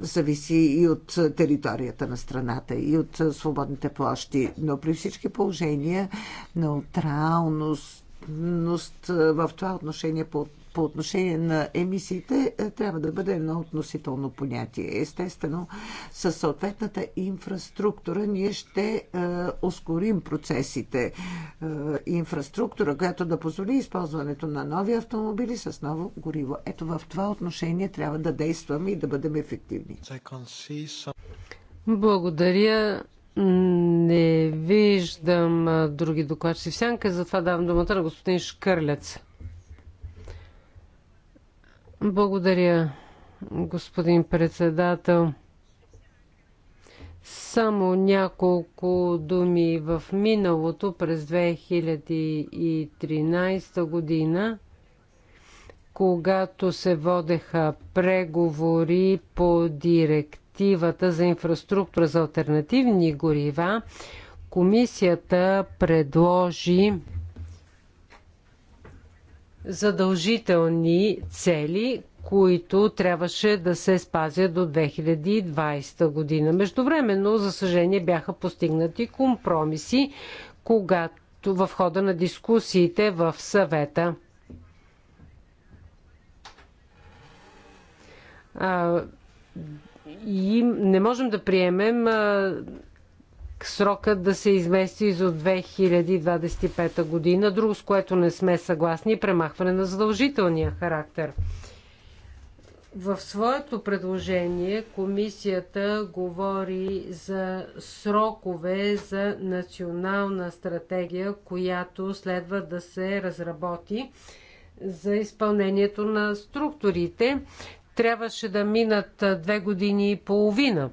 A: зависи и от територията на страната, и от свободните площи. Но при всички положения неутралност отговорност в това отношение по, по отношение на емисиите трябва да бъде едно относително понятие. Естествено, със съответната инфраструктура ние ще е, ускорим процесите. Е, инфраструктура, която да позволи използването на нови автомобили с ново гориво. Ето в това отношение трябва да действаме и да бъдем ефективни.
B: Благодаря. Не виждам други докладчици в сянка, затова давам думата на господин Шкърлец. Благодаря, господин председател. Само няколко думи в миналото през 2013 година, когато се водеха преговори по директ директивата за инфраструктура за альтернативни горива, комисията предложи задължителни цели, които трябваше да се спазят до 2020 година. Междувременно, за съжаление, бяха постигнати компромиси, когато в хода на дискусиите в съвета и не можем да приемем срокът да се измести за 2025 година. Друго, с което не сме съгласни, е премахване на задължителния характер. В своето предложение комисията говори за срокове за национална стратегия, която следва да се разработи за изпълнението на структурите трябваше да минат две години и половина.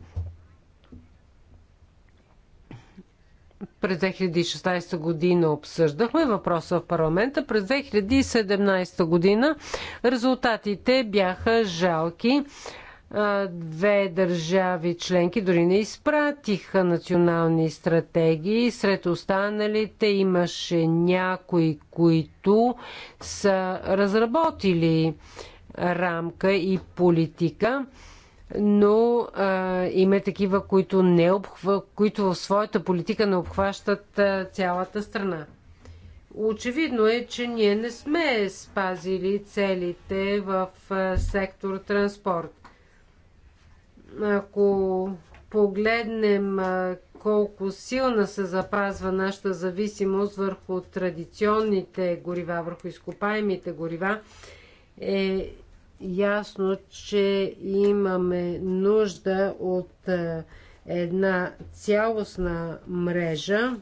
B: През 2016 година обсъждахме въпроса в парламента. През 2017 година резултатите бяха жалки. Две държави членки дори не изпратиха национални стратегии. Сред останалите имаше някои, които са разработили рамка и политика, но а, има такива, които, не обхва, които в своята политика не обхващат а, цялата страна. Очевидно е, че ние не сме спазили целите в а, сектор транспорт. Ако погледнем а, колко силна се запазва нашата зависимост върху традиционните горива, върху изкопаемите горива, е ясно, че имаме нужда от е, една цялостна мрежа,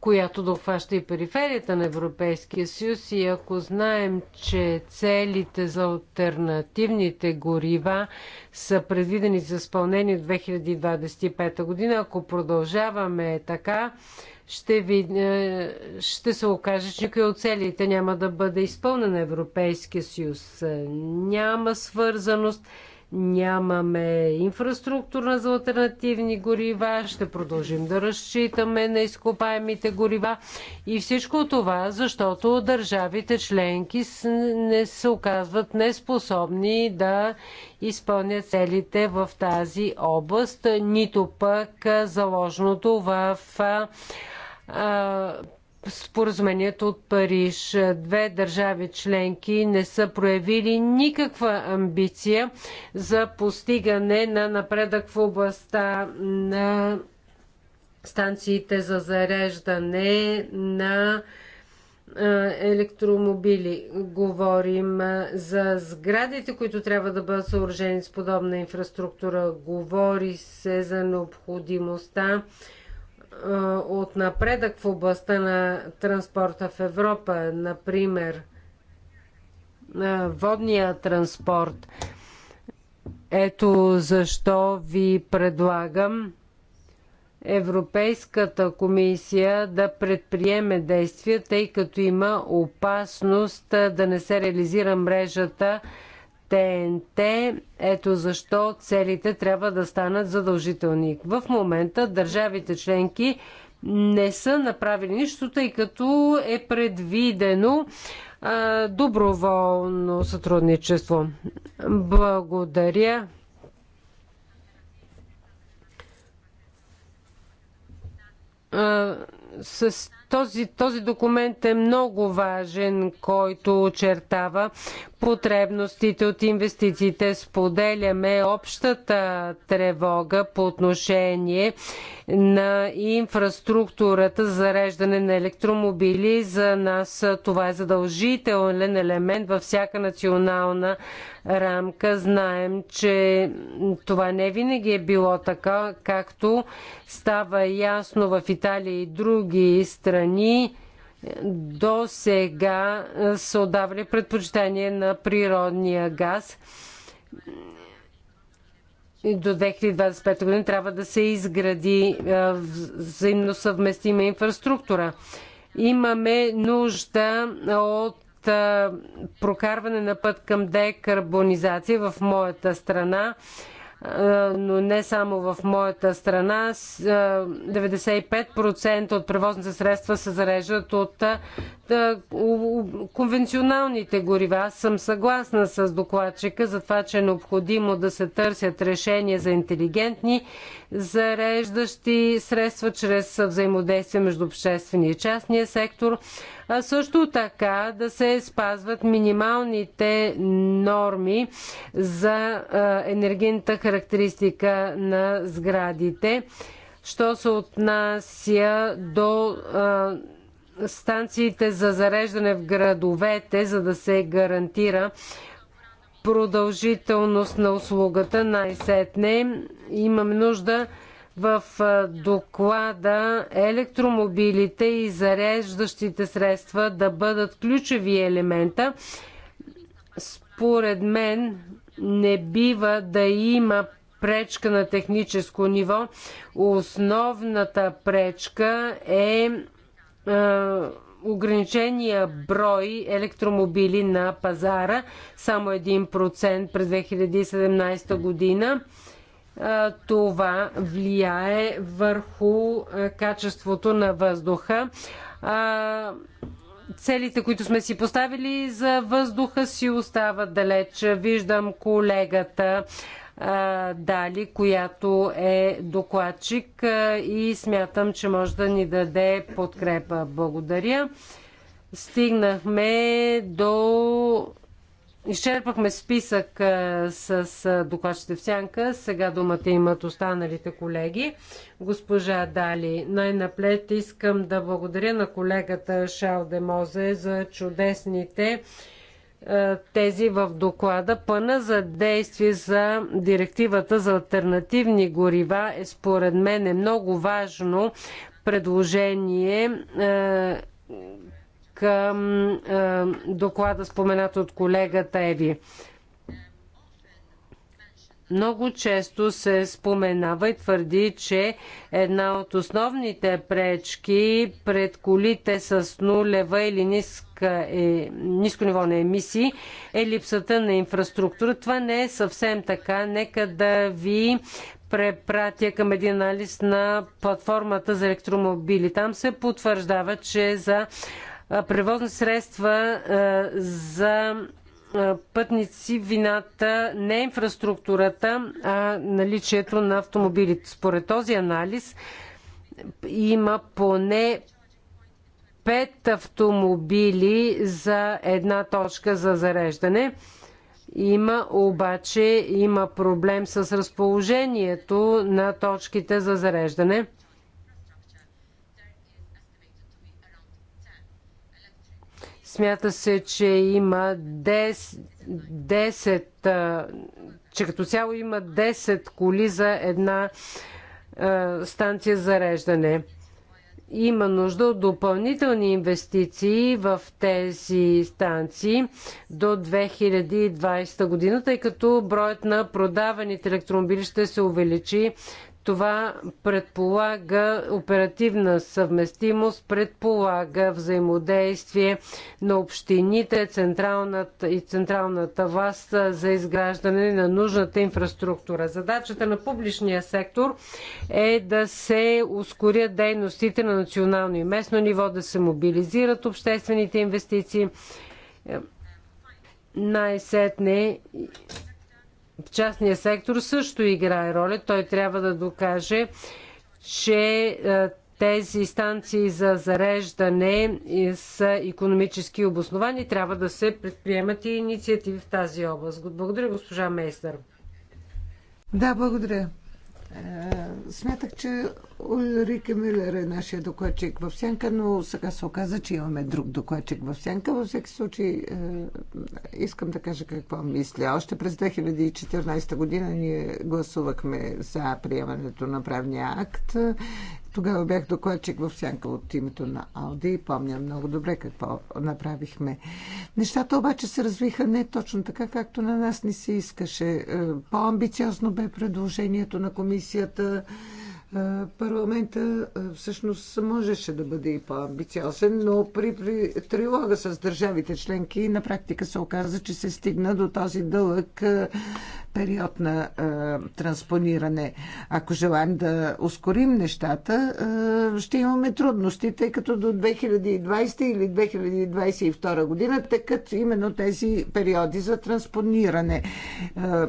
B: която да обхваща и периферията на Европейския съюз и ако знаем, че целите за альтернативните горива са предвидени за изпълнение 2025 година, ако продължаваме така, ще, ви, е, ще се окаже, че никой от целите няма да бъде изпълнен Европейския съюз. Няма свързаност, нямаме инфраструктура за альтернативни горива, ще продължим да разчитаме на изкопаемите горива и всичко това, защото държавите членки не се оказват неспособни да изпълнят целите в тази област, нито пък заложеното в споразумението от Париж. Две държави членки не са проявили никаква амбиция за постигане на напредък в областта на станциите за зареждане на електромобили. Говорим за сградите, които трябва да бъдат съоръжени с подобна инфраструктура. Говори се за необходимостта е, от напредък в областта на транспорта в Европа, например е, водния транспорт. Ето защо ви предлагам Европейската комисия да предприеме действия, тъй като има опасност е, да не се реализира мрежата ТНТ. Ето защо целите трябва да станат задължителни. В момента държавите членки не са направили нищо, тъй като е предвидено а, доброволно сътрудничество. Благодаря. с този, този документ е много важен, който очертава потребностите от инвестициите. Споделяме общата тревога по отношение на инфраструктурата за зареждане на електромобили. За нас това е задължителен елемент във всяка национална рамка. Знаем, че това не винаги е било така, както става ясно в Италия и други страни страни до сега е, са отдавали предпочитание на природния газ. До 2025 година трябва да се изгради е, взаимно съвместима инфраструктура. Имаме нужда от е, прокарване на път към декарбонизация в моята страна е, но не само в моята страна. 95% е, от превозните средства се зареждат от е, конвенционалните горива. Аз съм съгласна с докладчика за това, че е необходимо да се търсят решения за интелигентни зареждащи средства чрез взаимодействие между обществения и частния сектор а също така да се спазват минималните норми за енергийната характеристика на сградите. Що се отнася до станциите за зареждане в градовете, за да се гарантира продължителност на услугата най-сетне. Имаме нужда в доклада електромобилите и зареждащите средства да бъдат ключови елемента. Според мен не бива да има пречка на техническо ниво. Основната пречка е, е ограничения брой електромобили на пазара, само 1% през 2017 година това влияе върху качеството на въздуха. Целите, които сме си поставили за въздуха, си остават далеч. Виждам колегата Дали, която е докладчик и смятам, че може да ни даде подкрепа. Благодаря. Стигнахме до Изчерпахме списък с докладчите в сянка. Сега думата имат останалите колеги. Госпожа Дали, най-наплед искам да благодаря на колегата Шал Демозе за чудесните тези в доклада. Пъна за действие за директивата за альтернативни горива е според мен е много важно предложение към е, доклада споменат от колегата Еви. Много често се споменава и твърди, че една от основните пречки пред колите с нулева или ниска, е, ниско ниво на емисии е липсата на инфраструктура. Това не е съвсем така. Нека да ви препратя към един анализ на платформата за електромобили. Там се потвърждава, че за превозни средства за пътници вината не инфраструктурата, а наличието на автомобилите. Според този анализ има поне пет автомобили за една точка за зареждане. Има обаче има проблем с разположението на точките за зареждане. Смята се, че има 10, 10 че като цяло има 10 коли за една станция станция реждане. Има нужда от допълнителни инвестиции в тези станции до 2020 година, тъй като броят на продаваните електромобили ще се увеличи това предполага оперативна съвместимост, предполага взаимодействие на общините централната и централната власт за изграждане на нужната инфраструктура. Задачата на публичния сектор е да се ускорят дейностите на национално и местно ниво, да се мобилизират обществените инвестиции. Най-сетне частния сектор също играе роля. Той трябва да докаже, че е, тези станции за зареждане е, са економически обосновани. Трябва да се предприемат и инициативи в тази област. Благодаря, госпожа Мейстър.
A: Да, благодаря. Е, смятах, че Рике Мюллер е нашия докладчик в сянка, но сега се оказа, че имаме друг докладчик в сянка. Във всеки случай е, искам да кажа какво мисля. Още през 2014 година ние гласувахме за приемането на правния акт тогава бях докладчик в сянка от името на Ауди и помня много добре какво направихме. Нещата обаче се развиха не точно така, както на нас ни се искаше. Е, по-амбициозно бе предложението на комисията. Е, парламента е, всъщност можеше да бъде и по-амбициозен, но при, при трилога с държавите членки на практика се оказа, че се стигна до този дълъг период на а, е, транспониране. Ако желаем да ускорим нещата, а, е, ще имаме трудности, тъй като до 2020 или 2022 година тъкат именно тези периоди за транспониране. А, е,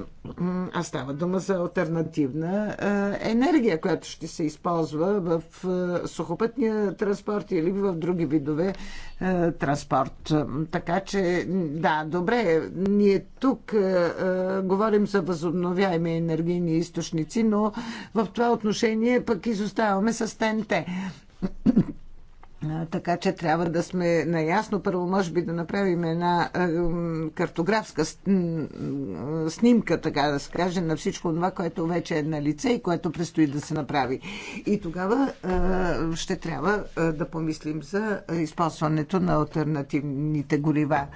A: а става дума за альтернативна а, енергия, която ще се използва в а, сухопътния транспорт или в други видове а, транспорт. Така че, да, добре, ние тук а, а, говорим за за възобновяеми енергийни източници, но в това отношение пък изоставаме с ТНТ. Така че трябва да сме наясно. Първо, може би да направим една картографска снимка, така да се каже, на всичко това, което вече е на лице и което предстои да се направи. И тогава ще трябва е, да помислим за използването на альтернативните горива.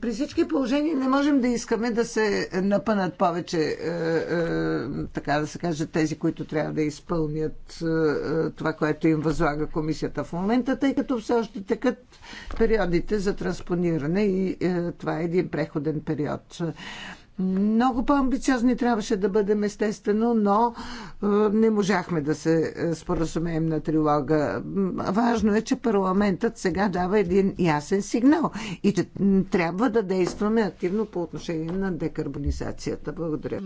A: При всички положения не можем да искаме да се напънат повече, е, е, така да се каже, тези, които трябва да изпълнят е, това, което им възлага комисията в момента, тъй като все още текат периодите за транспониране и това е един преходен период. Много по-амбициозни трябваше да бъдем, естествено, но е, не можахме да се е, споразумеем на трилога. Важно е, че парламентът сега дава един ясен сигнал и че трябва да действаме активно по отношение на декарбонизацията. Благодаря.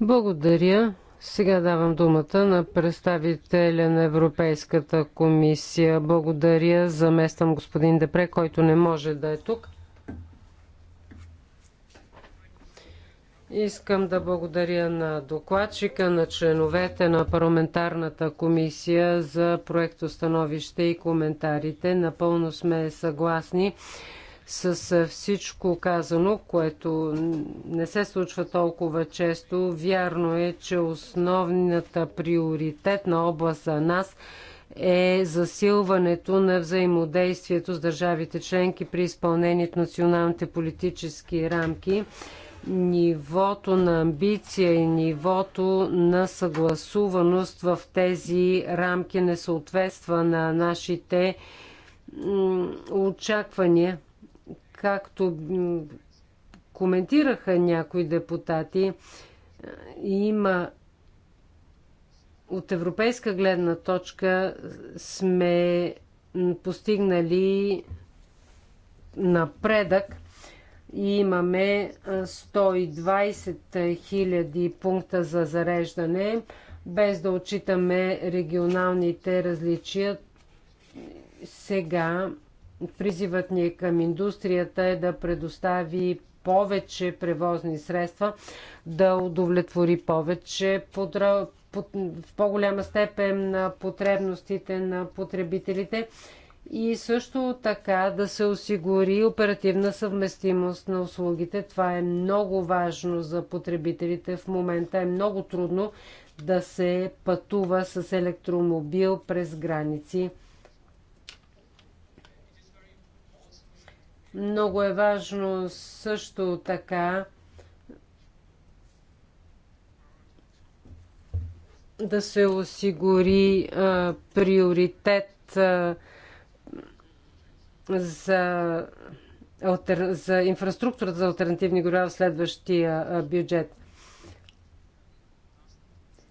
A: Благодаря. Сега давам
B: думата на представителя на Европейската комисия. Благодаря. Заместам господин Депре, който не може да е тук. Искам да благодаря на докладчика, на членовете на парламентарната комисия за проектостановище и коментарите. Напълно сме съгласни с всичко казано, което не се случва толкова често. Вярно е, че основната приоритет на област за нас е засилването на взаимодействието с държавите членки при изпълнението на националните политически рамки нивото на амбиция и нивото на съгласуваност в тези рамки не съответства на нашите очаквания. Както коментираха някои депутати, има от европейска гледна точка сме постигнали напредък – имаме 120 000 пункта за зареждане, без да отчитаме регионалните различия. Сега призивът ни е към индустрията е да предостави повече превозни средства, да удовлетвори повече подра... под... в по-голяма степен на потребностите на потребителите и също така да се осигури оперативна съвместимост на услугите. Това е много важно за потребителите. В момента е много трудно да се пътува с електромобил през граници. Много е важно също така да се осигури а, приоритет а, за, за инфраструктурата за альтернативни горива в следващия бюджет.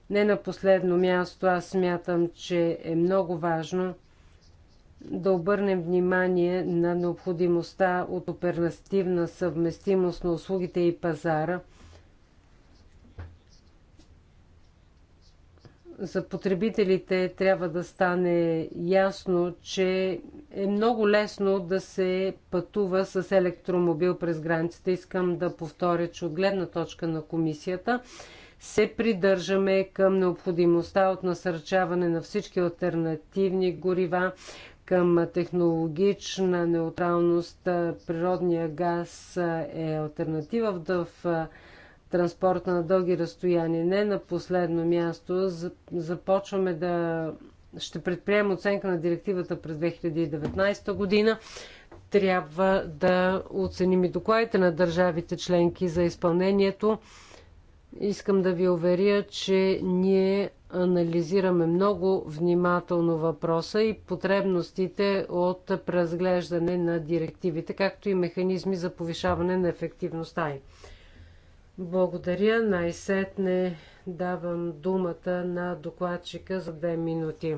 B: Не на последно място, аз смятам, че е много важно да обърнем внимание на необходимостта от оперативна съвместимост на услугите и пазара – за потребителите трябва да стане ясно, че е много лесно да се пътува с електромобил през границата. Искам да повторя, че от гледна точка на комисията се придържаме към необходимостта от насърчаване на всички альтернативни горива, към технологична неутралност. Природния газ е альтернатива в транспорта на дълги разстояния. Не на последно място започваме да ще предприемем оценка на директивата през 2019 година. Трябва да оценим и докладите на държавите членки за изпълнението. Искам да ви уверя, че ние анализираме много внимателно въпроса и потребностите от преразглеждане на директивите, както и механизми за повишаване на ефективността им. Благодаря. Най-сетне давам думата на докладчика за две минути.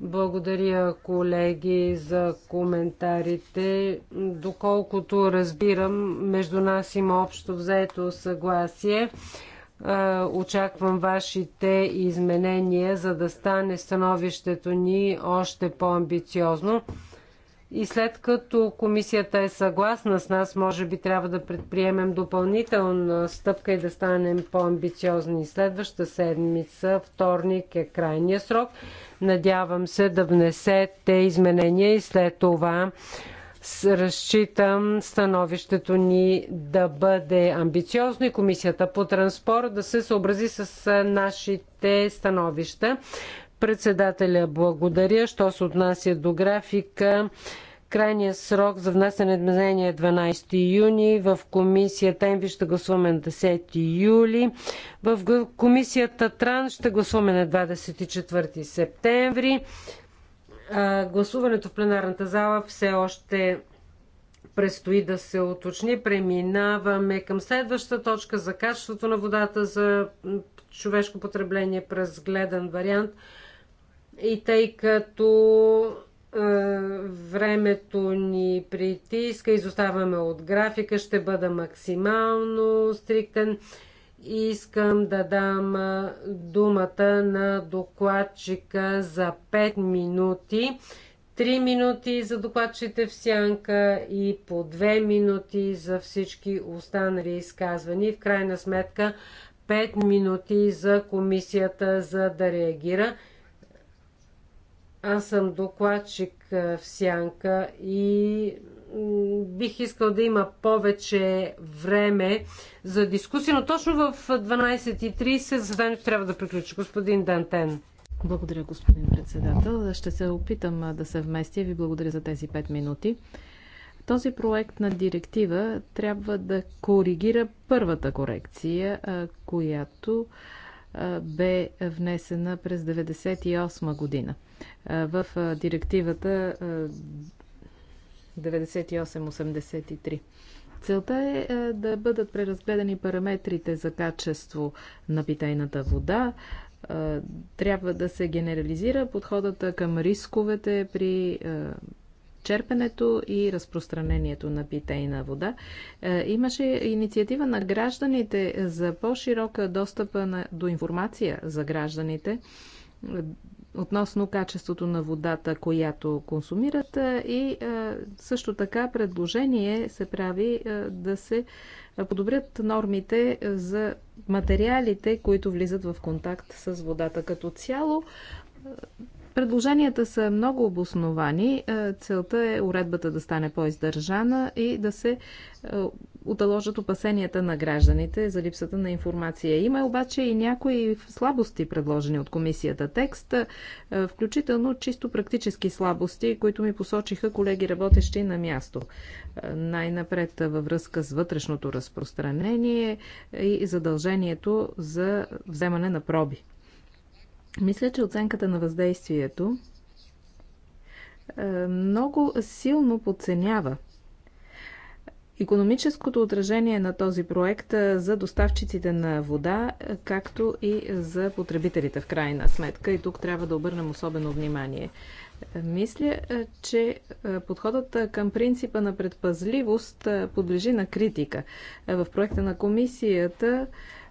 B: Благодаря, колеги, за коментарите. Доколкото разбирам, между нас има общо взето съгласие. Очаквам вашите изменения, за да стане становището ни още по-амбициозно. И след като комисията е съгласна с нас, може би трябва да предприемем допълнителна стъпка и да станем по-амбициозни. Следваща седмица, вторник е крайния срок. Надявам се да внесете изменения и след това разчитам становището ни да бъде амбициозно и комисията по транспорт да се съобрази с нашите становища. Председателя благодаря. Що се отнася до графика, Крайният срок за внасяне изменения е 12 юни. В комисията МВ ще гласуваме на 10 юли. В комисията Тран ще гласуваме на 24 септември. Гласуването в пленарната зала все още предстои да се уточни. Преминаваме към следваща точка за качеството на водата за човешко потребление през гледан вариант. И тъй като е, времето ни притиска, изоставаме от графика, ще бъда максимално стриктен. Искам да дам е, думата на докладчика за 5 минути. 3 минути за докладчите в сянка и по 2 минути за всички останали изказвани. В крайна сметка 5 минути за комисията за да реагира. Аз съм докладчик в Сянка и бих искал да има повече време за дискусия, но точно в 12.30 заданието трябва
C: да приключи. Господин Дантен. Благодаря, господин председател. Ще се опитам да се вместя. Ви благодаря за тези 5 минути. Този проект на директива трябва да коригира първата корекция, която бе внесена през 1998 година в директивата 9883. Целта е да бъдат преразгледани параметрите за качество на питейната вода. Трябва да се генерализира подходата към рисковете при черпенето и разпространението на питейна вода. Имаше инициатива на гражданите за по-широка достъпа на, до информация за гражданите относно качеството на водата, която консумират и също така предложение се прави да се подобрят нормите за материалите, които влизат в контакт с водата като цяло. Предложенията са много обосновани. Целта е уредбата да стане по-издържана и да се Удаложат опасенията на гражданите за липсата на информация. Има обаче и някои слабости, предложени от комисията текст, включително чисто практически слабости, които ми посочиха колеги работещи на място. Най-напред във връзка с вътрешното разпространение и задължението за вземане на проби. Мисля, че оценката на въздействието много силно подценява Економическото отражение на този проект за доставчиците на вода, както и за потребителите в крайна сметка. И тук трябва да обърнем особено внимание. Мисля, че подходът към принципа на предпазливост подлежи на критика. В проекта на комисията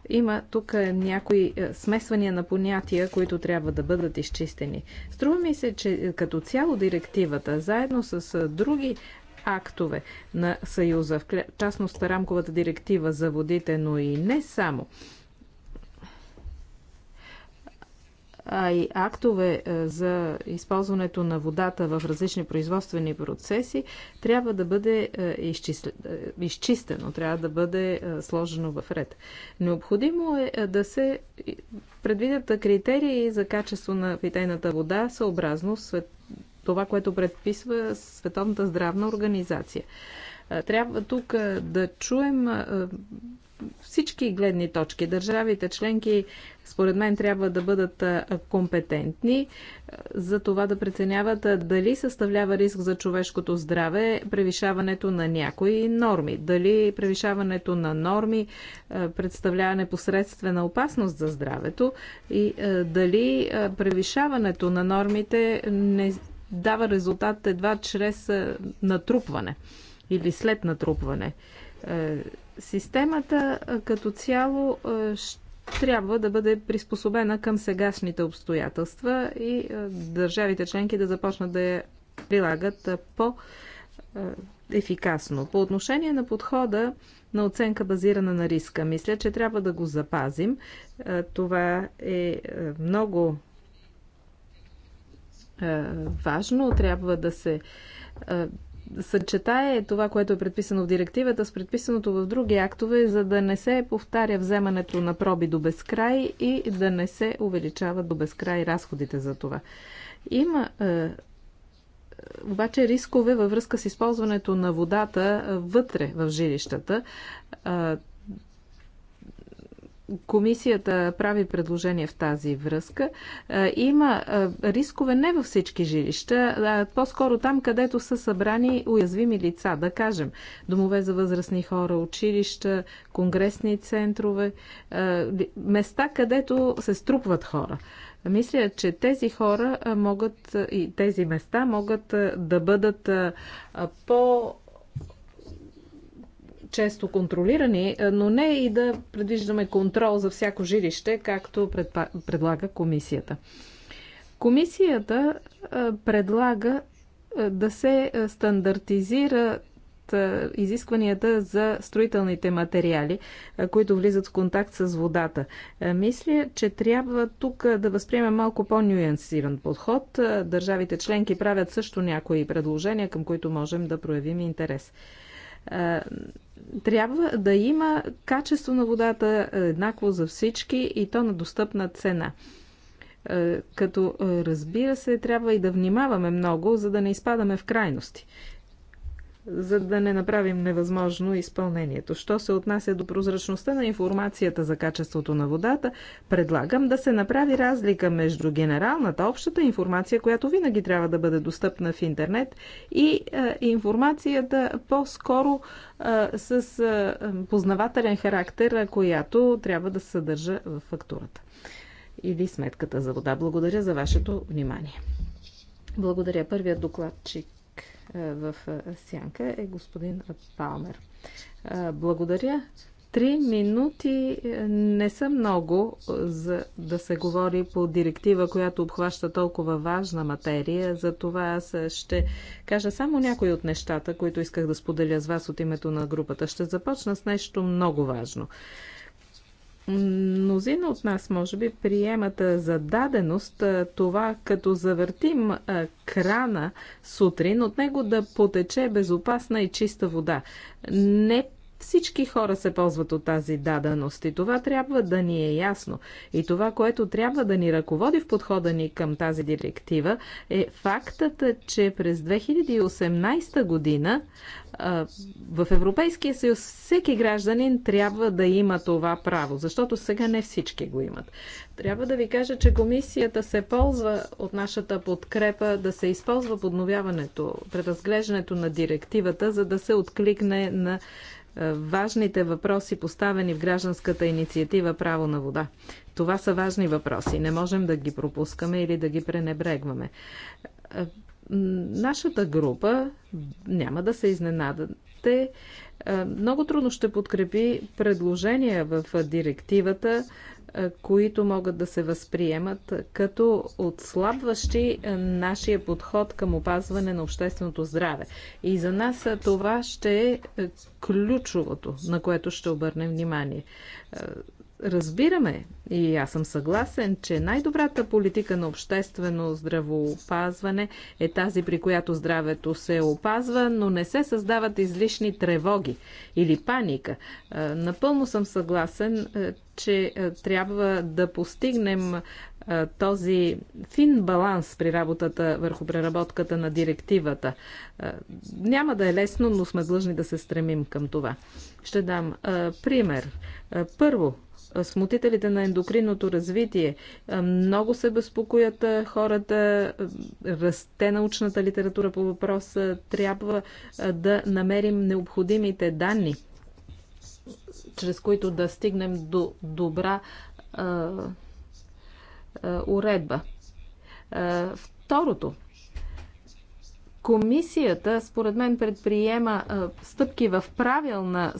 C: има тук някои смесвания на понятия, които трябва да бъдат изчистени. Струва ми се, че като цяло директивата, заедно с други актове на Съюза, в частност рамковата директива за водите, но и не само. а и актове е, за използването на водата в различни производствени процеси трябва да бъде е, е, изчистено, трябва да бъде сложено в ред. Необходимо е да се предвидят критерии за качество на питейната вода съобразно това, което предписва Световната здравна организация. Трябва тук да чуем всички гледни точки. Държавите членки, според мен, трябва да бъдат компетентни за това да преценяват дали съставлява риск за човешкото здраве превишаването на някои норми, дали превишаването на норми представлява непосредствена опасност за здравето и дали превишаването на нормите не дава резултат едва чрез натрупване или след натрупване. Е, системата като цяло е, трябва да бъде приспособена към сегашните обстоятелства и държавите членки да започнат да я прилагат по ефикасно. По отношение на подхода на оценка базирана на риска, мисля, че трябва да го запазим. Това е много е, важно. Трябва да се е, съчетае това, което е предписано в директивата с предписаното в други актове, за да не се повтаря вземането на проби до безкрай и да не се увеличават до безкрай разходите за това. Има е, обаче рискове във връзка с използването на водата вътре в жилищата. Комисията прави предложение в тази връзка. Има рискове не във всички жилища, а по-скоро там, където са събрани уязвими лица, да кажем, домове за възрастни хора, училища, конгресни центрове, места, където се струпват хора. Мисля, че тези хора могат и тези места могат да бъдат по често контролирани, е, но не и да предвиждаме контрол за всяко жилище, както предпа... предлага комисията. Комисията е, предлага е, да се стандартизира изискванията за строителните материали, които влизат в контакт с водата. Мисля, че трябва тук да възприемем малко по-нюансиран подход. Държавите членки правят също някои предложения, към които можем да проявим интерес. Е, трябва да има качество на водата еднакво за всички и то на достъпна цена. Е, като е, разбира се, трябва и да внимаваме много, за да не изпадаме в крайности за да не направим невъзможно изпълнението. Що се отнася до прозрачността на информацията за качеството на водата, предлагам да се направи разлика между генералната, общата информация, която винаги трябва да бъде достъпна в интернет, и е, информацията по-скоро е, с е, познавателен характер, която трябва да се съдържа в фактурата или сметката за вода. Благодаря за вашето внимание. Благодаря. Първият докладчик е, в е, сянка е господин Палмер. Е, благодаря. Три минути не са много за да се говори по директива, която обхваща толкова важна материя. За това аз ще кажа само някои от нещата, които исках да споделя с вас от името на групата. Ще започна с нещо много важно. Мнозина от нас, може би, приемат за даденост това, като завъртим крана сутрин, от него да потече безопасна и чиста вода. Не всички хора се ползват от тази даденост и това трябва да ни е ясно. И това, което трябва да ни ръководи в подхода ни към тази директива е фактът, че през 2018 година в Европейския съюз всеки гражданин трябва да има това право, защото сега не всички го имат. Трябва да ви кажа, че комисията се ползва от нашата подкрепа да се използва подновяването, преразглеждането на директивата, за да се откликне на важните въпроси, поставени в гражданската инициатива Право на вода. Това са важни въпроси. Не можем да ги пропускаме или да ги пренебрегваме. Е, нашата група, няма да се изненадате, е, много трудно ще подкрепи предложения в директивата които могат да се възприемат като отслабващи нашия подход към опазване на общественото здраве. И за нас това ще е ключовото, на което ще обърнем внимание. Разбираме и аз съм съгласен, че най-добрата политика на обществено здравоопазване е тази, при която здравето се опазва, но не се създават излишни тревоги или паника. Напълно съм съгласен, че е, трябва да постигнем е, този фин баланс при работата върху преработката на директивата. Е, няма да е лесно, но сме длъжни да се стремим към това. Ще дам пример. Първо, смутителите на ендокринното развитие. Много се безпокоят хората, расте научната литература по въпроса. Трябва да намерим необходимите данни чрез които да стигнем до добра а, а, уредба. А, второто. Комисията, според мен, предприема а, стъпки в правилна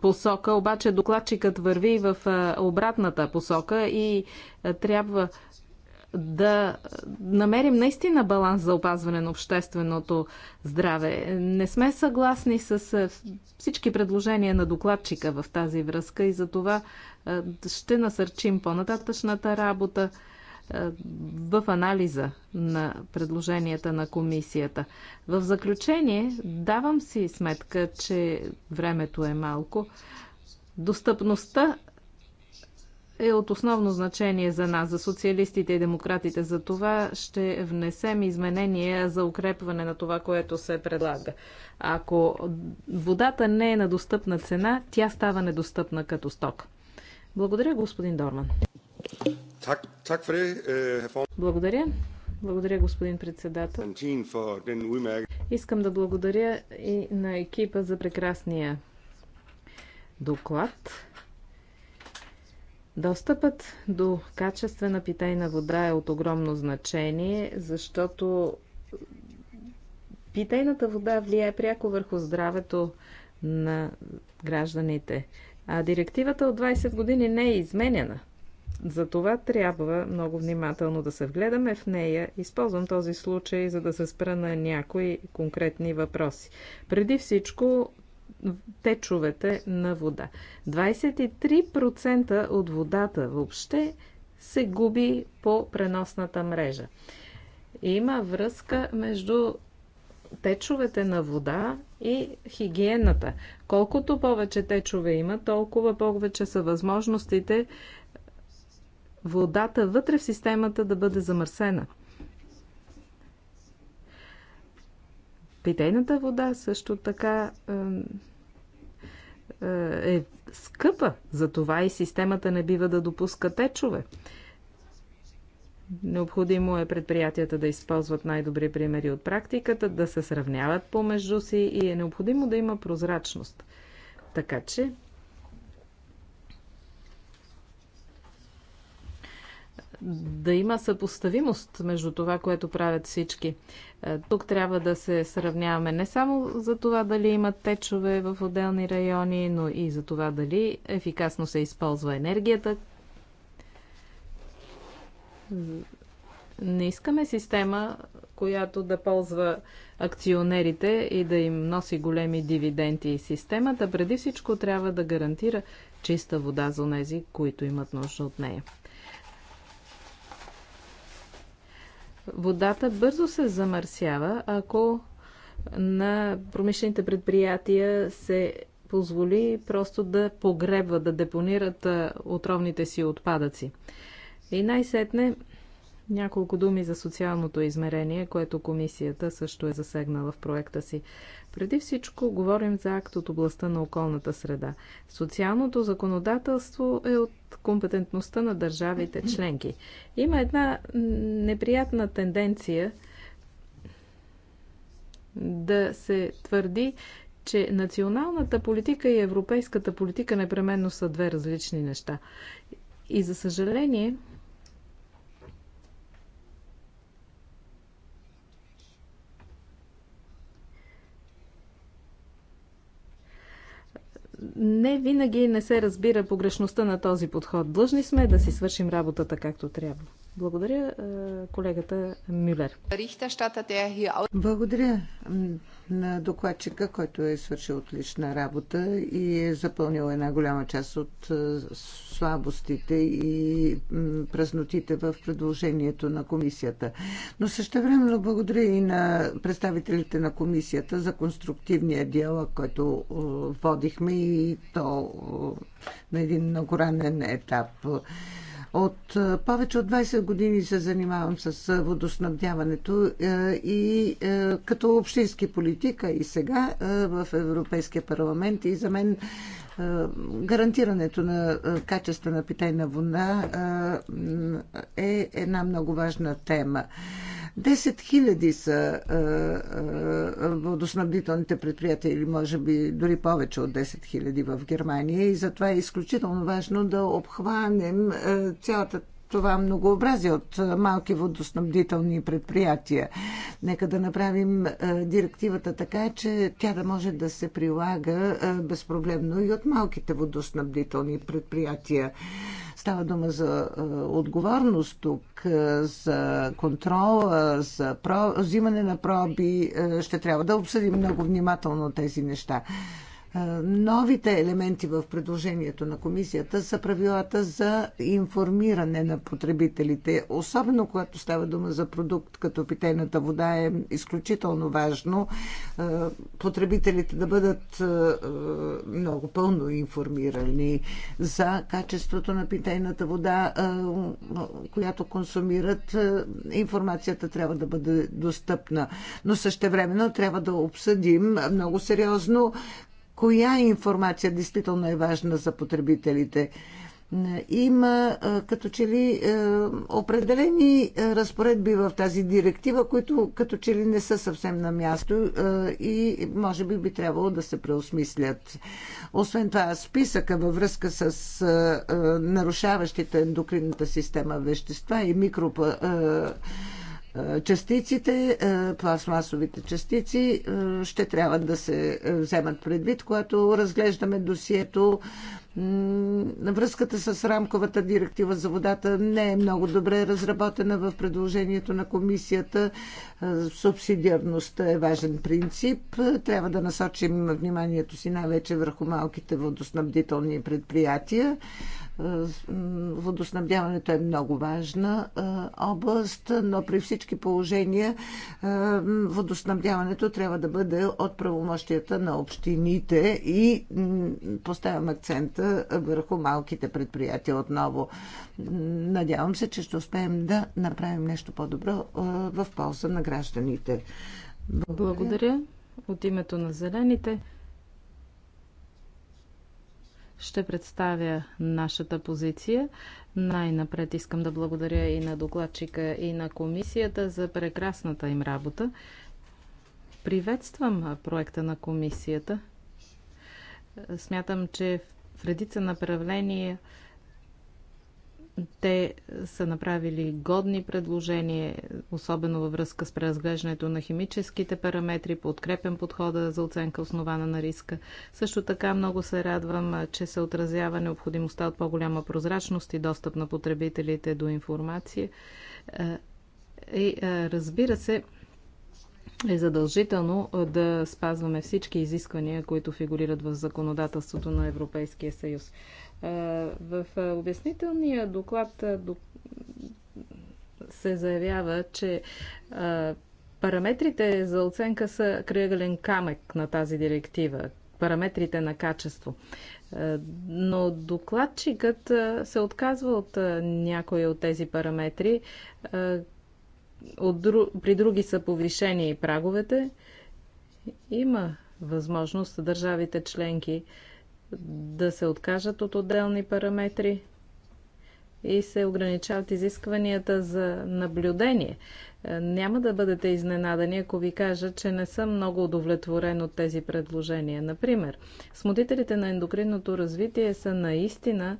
C: посока, обаче докладчикът върви в а, обратната посока и а, трябва да намерим наистина баланс за опазване на общественото здраве. Не сме съгласни с е, всички предложения на докладчика в тази връзка и за това е, ще насърчим по-нататъчната работа е, в анализа на предложенията на комисията. В заключение давам си сметка, че времето е малко. Достъпността е от основно значение за нас, за социалистите и демократите. За това ще внесем изменения за укрепване на това, което се предлага. Ако водата не е на достъпна цена, тя става недостъпна като сток. Благодаря, господин Дорман.
D: Е, благодаря.
C: Благодаря, господин председател. Искам да благодаря и на екипа за прекрасния доклад. Достъпът до качествена питейна вода е от огромно значение, защото питейната вода влияе пряко върху здравето на гражданите. А директивата от 20 години не е изменена. Затова трябва много внимателно да се вгледаме в нея. Използвам този случай, за да се спра на някои конкретни въпроси. Преди всичко, течовете на вода. 23% от водата въобще се губи по преносната мрежа. Има връзка между течовете на вода и хигиената. Колкото повече течове има, толкова повече са възможностите водата вътре в системата да бъде замърсена. Питейната вода също така е, е скъпа, затова и системата не бива да допуска течове. Необходимо е предприятията да използват най-добри примери от практиката, да се сравняват помежду си и е необходимо да има прозрачност. Така че да има съпоставимост между това, което правят всички. Е, тук трябва да се сравняваме не само за това дали има течове в отделни райони, но и за това дали ефикасно се използва енергията. Не искаме система, която да ползва акционерите и да им носи големи дивиденти. Системата преди всичко трябва да гарантира чиста вода за тези, които имат нужда от нея. водата бързо се замърсява, ако на промишлените предприятия се позволи просто да погребват, да депонират отровните си отпадъци. И най-сетне няколко думи за социалното измерение, което комисията също е засегнала в проекта си. Преди всичко говорим за акт от областта на околната среда. Социалното законодателство е от компетентността на държавите членки. Има една неприятна тенденция да се твърди, че националната политика и европейската политика непременно са две различни неща. И за съжаление, не винаги не се разбира погрешността на този подход. Длъжни сме да си свършим работата както трябва. Благодаря е, колегата
A: Мюлер. Благодаря на докладчика, който е свършил отлична работа и е запълнил една голяма част от е, слабостите и празнотите в предложението на комисията. Но също времено благодаря и на представителите на комисията за конструктивния диалог, който е, водихме и то е, на един много ранен етап. От е, повече от 20 години се занимавам с е, водоснабдяването е, и като общински политика и сега в Европейския парламент и за мен е, гарантирането на е, качество на питейна вода е, е една много важна тема. 10 хиляди са водоснабдителните предприятия или може би дори повече от 10 хиляди в Германия и затова е изключително важно да обхванем цялата това многообразие от малки водоснабдителни предприятия. Нека да направим директивата така, че тя да може да се прилага безпроблемно и от малките водоснабдителни предприятия. Става дума за отговорност тук, за контрол, за про... взимане на проби. Ще трябва да обсъдим много внимателно тези неща. Е, новите елементи в предложението на комисията са правилата за информиране на потребителите. Особено когато става дума за продукт като питейната вода е изключително важно е, потребителите да бъдат е, много пълно информирани за качеството на питейната вода, която консумират. Информацията трябва да бъде достъпна. Но същевременно трябва да обсъдим много сериозно коя информация действително е важна за потребителите. Има като че ли определени разпоредби в тази директива, които като че ли не са съвсем на място и може би би трябвало да се преосмислят. Освен това, списъка във връзка с нарушаващите ендокринната система вещества и микро е, частиците, е, пластмасовите частици е, ще трябва да се вземат предвид, когато разглеждаме досието. Връзката с рамковата директива за водата не е много добре разработена в предложението на комисията. Субсидиарността е важен принцип. Трябва да насочим вниманието си най-вече върху малките водоснабдителни предприятия. Е, водоснабдяването е много важна е, област, но при всички положения е, водоснабдяването трябва да бъде от правомощията на общините и поставям акцента върху малките предприятия отново. Надявам се, че ще успеем да направим нещо по-добро в полза на гражданите. Благодаря. Благодаря.
C: От името на зелените ще представя нашата позиция. Най-напред искам да благодаря и на докладчика, и на комисията за прекрасната им работа. Приветствам проекта на комисията. Смятам, че в редица направления те са направили годни предложения, особено във връзка с преразглеждането на химическите параметри, подкрепен подхода за оценка основана на риска. Също така много се радвам, че се отразява необходимостта от по-голяма прозрачност и достъп на потребителите до информация. Е, и е, разбира се, е задължително е, да спазваме всички изисквания, които фигурират в законодателството на Европейския съюз. В обяснителния доклад се заявява, че параметрите за оценка са кръгълен камък на тази директива, параметрите на качество. Но докладчикът се отказва от някои от тези параметри. От дру... При други са повишени и праговете. Има възможност държавите членки да се откажат от отделни параметри и се ограничават изискванията за наблюдение. Е, няма да бъдете изненадани, ако ви кажа, че не съм много удовлетворен от тези предложения. Например, смутителите на ендокринното развитие са наистина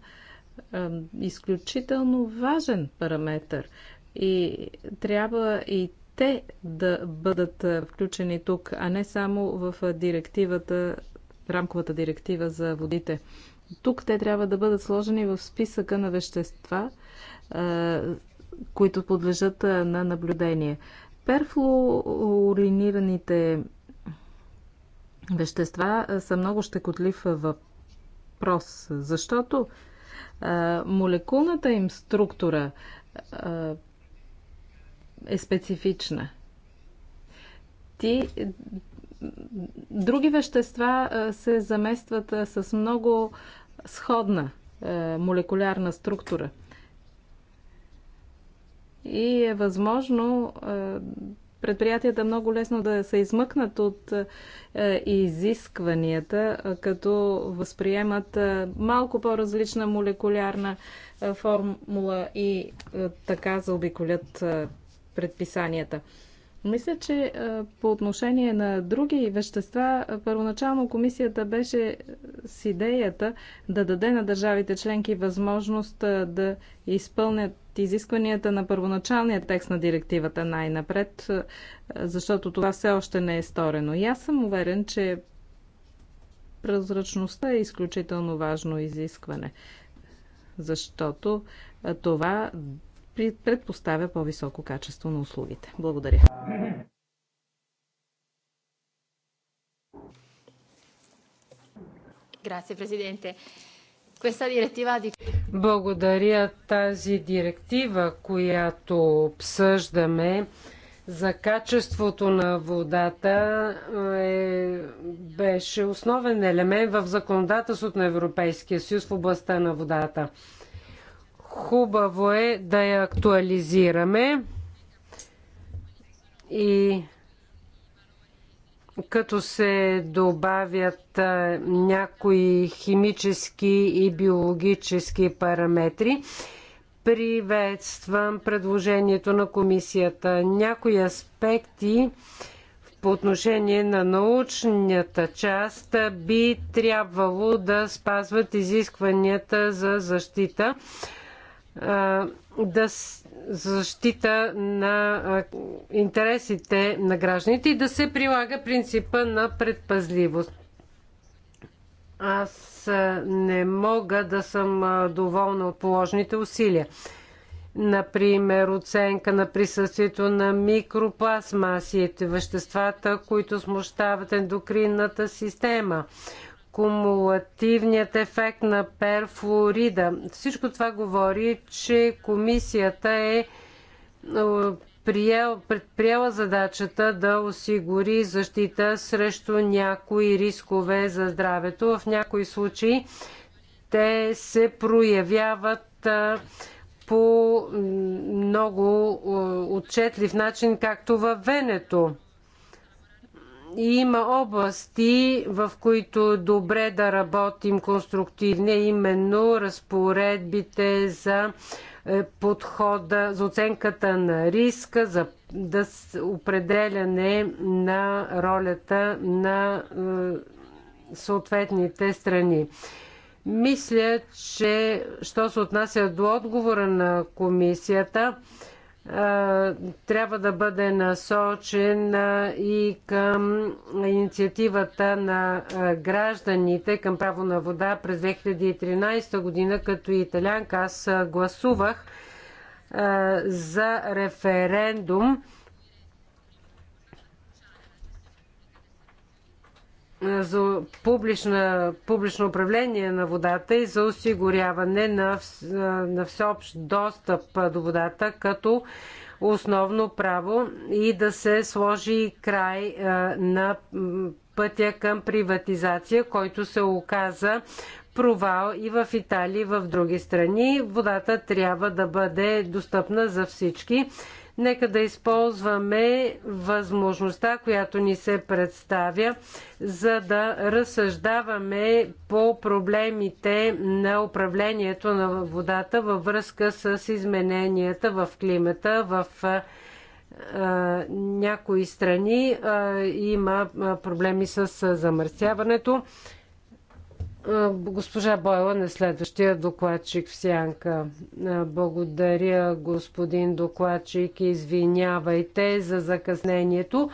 C: е, изключително важен параметр и трябва и те да бъдат е, включени тук, а не само в е, директивата рамковата директива за водите. Тук те трябва да бъдат сложени в списъка на вещества, които подлежат на наблюдение. Перфлоуринираните вещества са много щекотлив въпрос, защото молекулната им структура е специфична. Ти други вещества се заместват с много сходна молекулярна структура. И е възможно предприятията много лесно да се измъкнат от изискванията, като възприемат малко по-различна молекулярна формула и така заобиколят предписанията. Мисля, че по отношение на други вещества, първоначално комисията беше с идеята да даде на държавите членки възможност да изпълнят изискванията на първоначалния текст на директивата най-напред, защото това все още не е сторено. И аз съм уверен, че прозрачността е изключително важно изискване, защото това предпоставя по-високо качество на услугите. Благодаря. Grazie Presidente. Questa
A: direttiva di...
B: Благодаря тази директива, която обсъждаме за качеството на водата е, беше основен елемент в законодателството на Европейския съюз в областта на водата. Хубаво е да я актуализираме и като се добавят някои химически и биологически параметри. Приветствам предложението на комисията. Някои аспекти по отношение на научната част би трябвало да спазват изискванията за защита да защита на интересите на гражданите и да се прилага принципа на предпазливост. Аз не мога да съм доволна от положените усилия. Например, оценка на присъствието на микропластмасиите, веществата, които смущават ендокринната система, кумулативният ефект на перфлорида. Всичко това говори, че комисията е, е приел, предприела задачата да осигури защита срещу някои рискове за здравето. В някои случаи те се проявяват е, по много е, отчетлив начин, както във Венето има области, в които е добре да работим конструктивно, именно разпоредбите за е, подхода, за оценката на риска, за да определяне на ролята на е, съответните страни. Мисля, че що се отнася до отговора на комисията, трябва да бъде насочен и към инициативата на гражданите към право на вода през 2013 година. Като италянка аз гласувах за референдум за публична, публично управление на водата и за осигуряване на, на всеобщ достъп до водата като основно право и да се сложи край е, на пътя към приватизация, който се оказа провал и в Италия, и в други страни. Водата трябва да бъде достъпна за всички. Нека да използваме възможността, която ни се представя, за да разсъждаваме по проблемите на управлението на водата във връзка с измененията в климата, в някои страни има проблеми с замърсяването. Госпожа Бойла, на следващия докладчик в сянка. Благодаря, господин докладчик. Извинявайте за закъснението.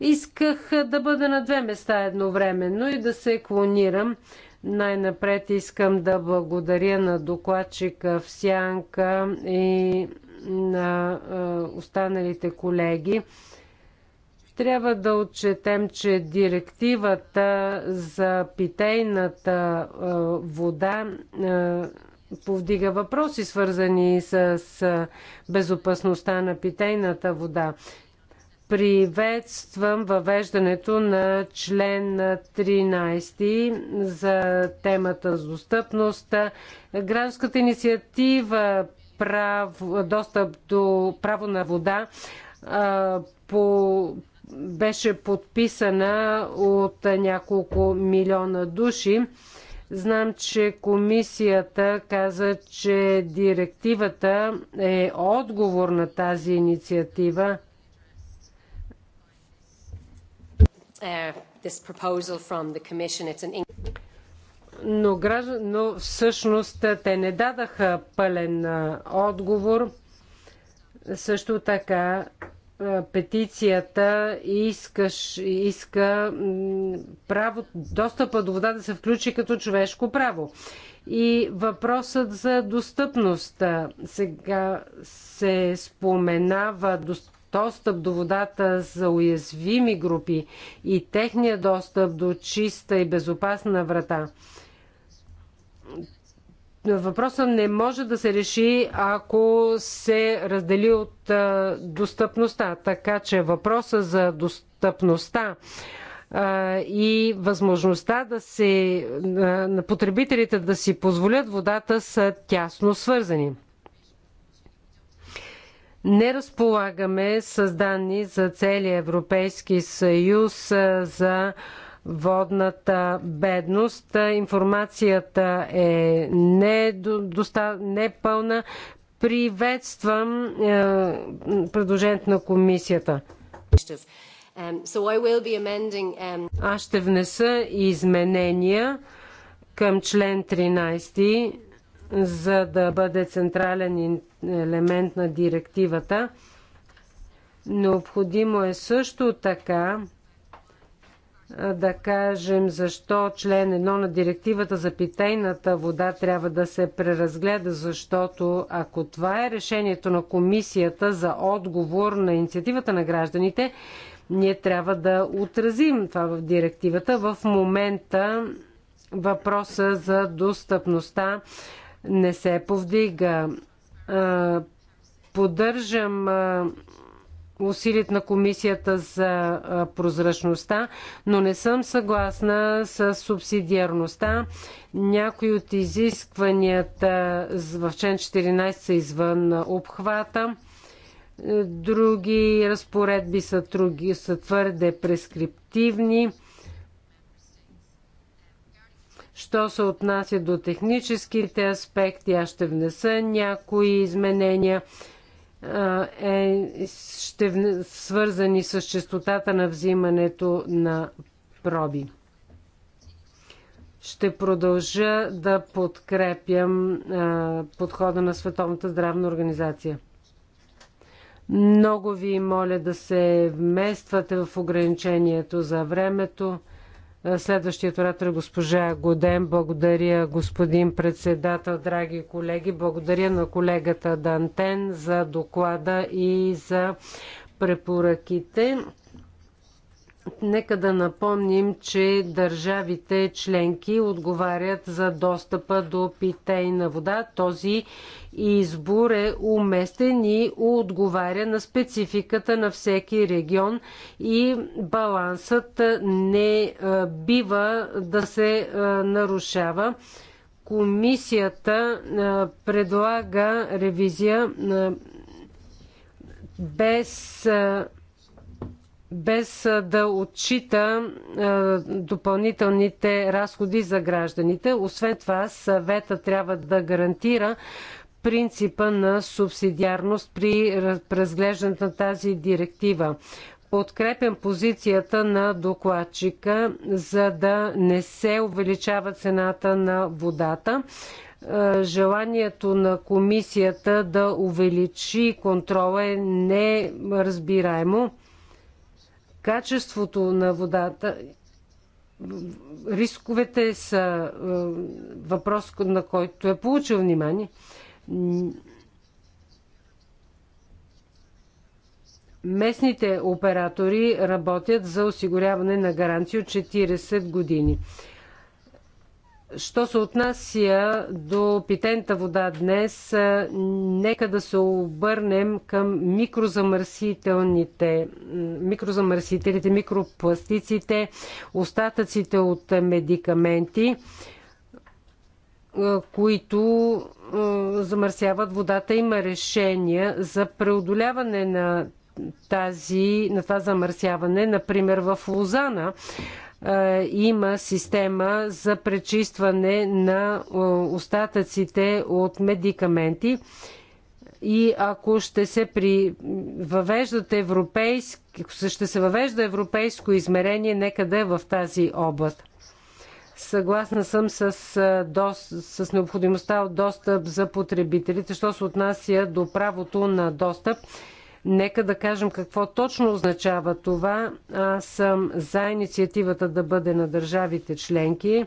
B: Исках да бъда на две места едновременно и да се клонирам. Най-напред искам да благодаря на докладчика в сянка и на останалите колеги. Трябва да отчетем, че директивата за питейната вода повдига въпроси, свързани с безопасността на питейната вода. Приветствам въвеждането на член 13 за темата с достъпност. Гражданската инициатива прав, достъп до право на вода по, беше подписана от няколко милиона души. Знам, че комисията каза, че директивата е отговор на тази инициатива. Uh, но, граждан, но всъщност те не дадаха пълен отговор. Също така петицията искаш, иска право, достъпа до вода да се включи като човешко право. И въпросът за достъпност. Сега се споменава достъп до водата за уязвими групи и техния достъп до чиста и безопасна врата въпросът не може да се реши, ако се раздели от достъпността. Така че въпроса за достъпността и възможността да се, на потребителите да си позволят водата са тясно свързани. Не разполагаме с данни за целия Европейски съюз за водната бедност. Информацията е непълна. Приветствам е, предложението на комисията. Аз ще внеса изменения към член 13, за да бъде централен елемент на директивата. Необходимо е също така да кажем защо член 1 на директивата за питейната вода трябва да се преразгледа, защото ако това е решението на комисията за отговор на инициативата на гражданите, ние трябва да отразим това в директивата. В момента въпроса за достъпността не се повдига. Поддържам усилият на комисията за прозрачността, но не съм съгласна с субсидиарността. Някои от изискванията в член 14 са извън обхвата. Е, други разпоредби са, други, са твърде прескриптивни. Що се отнася до техническите аспекти, аз ще внеса някои изменения е, е, ще свързани с частотата на взимането на проби. Ще продължа да подкрепям е, подхода на Световната здравна организация. Много ви моля да се вмествате в ограничението за времето. Е, следващият оратор е госпожа Годен. Благодаря, господин председател, драги колеги. Благодаря на колегата Дантен за доклада и за препоръките. Нека да напомним, че държавите членки отговарят за достъпа до питейна вода. Този избор е уместен и отговаря на спецификата на всеки регион и балансът не е, бива да се е, нарушава. Комисията е, предлага ревизия без без да отчита допълнителните разходи за гражданите. Освен това, съвета трябва да гарантира принципа на субсидиарност при разглеждането на тази директива. Подкрепям позицията на докладчика, за да не се увеличава цената на водата. Желанието на комисията да увеличи контрола е неразбираемо качеството на водата. Рисковете са е, въпрос, на който е получил внимание. Местните оператори работят за осигуряване на гаранции от 40 години. Що се отнася до питента вода днес, нека да се обърнем към микрозамърсителните, микрозамърсителите, микропластиците, остатъците от медикаменти, които замърсяват водата. Има решения за преодоляване на тази, на това замърсяване, например в Лозана е, има система за пречистване на е, остатъците от медикаменти. И ако ще се при... въвеждат европейски... ще се въвежда европейско измерение, нека да е в тази област. Съгласна съм с, е, дос... с необходимостта от достъп за потребителите, що се отнася до правото на достъп. Нека да кажем какво точно означава това. Аз съм за инициативата да бъде на държавите членки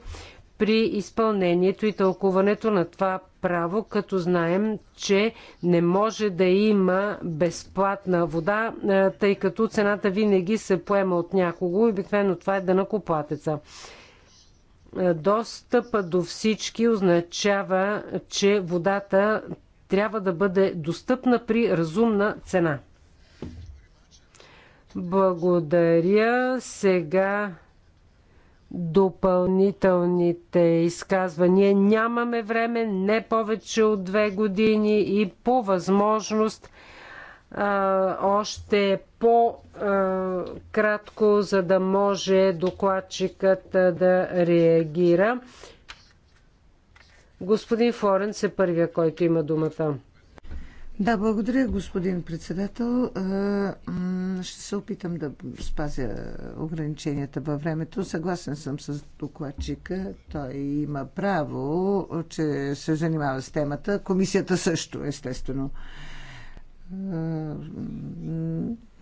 B: при изпълнението и тълкуването на това право, като знаем, че не може да има безплатна вода, е, тъй като цената винаги се поема от някого и обикновено това е дънакоплатеца. Е, достъпа до всички означава, че водата трябва да бъде достъпна при разумна цена. Благодаря. Сега допълнителните изказвания. Нямаме време, не повече от две години и по възможност а, още по-кратко, за да може докладчикът да реагира. Господин Флоренц е първия, който има думата.
A: Да, благодаря, господин председател. Ще се опитам да спазя ограниченията във времето. Съгласен съм с докладчика. Той има право, че се занимава с темата. Комисията също, естествено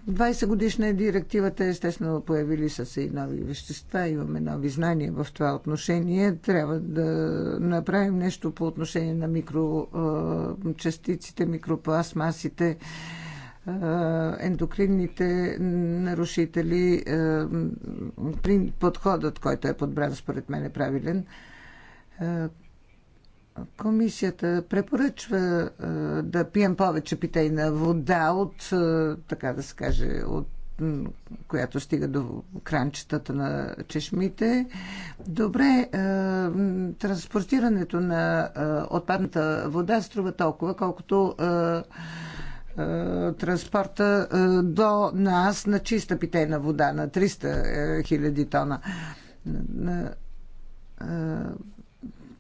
A: 20 годишна е директивата, естествено появили са се и нови вещества, имаме нови знания в това отношение. Трябва да направим нещо по отношение на микрочастиците, микропластмасите, ендокринните нарушители. Подходът, който е подбран според мен е правилен Комисията препоръчва да пием повече питейна вода от, така да се каже, от която стига до кранчетата на чешмите. Добре, транспортирането на отпадната вода струва толкова, колкото транспорта до нас на чиста питейна вода на 300 хиляди тона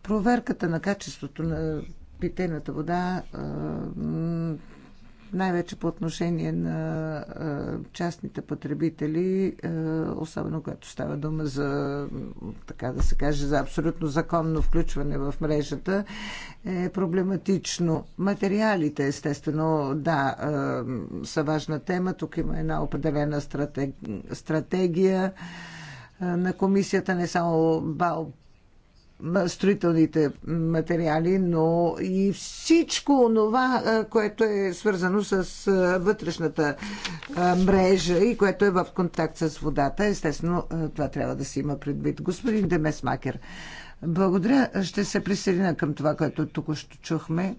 A: проверката на качеството на питейната вода, най-вече по отношение на частните потребители, особено когато става дума за, така да се каже, за абсолютно законно включване в мрежата, е проблематично. Материалите, естествено, да, са важна тема. Тук има една определена стратегия на комисията, не само БАО строителните материали, но и всичко това, което е свързано с вътрешната мрежа и което е в контакт с водата. Естествено, това трябва да се има предвид. Господин Демесмакер, благодаря. Ще се присъединя към това, което тук ще чухме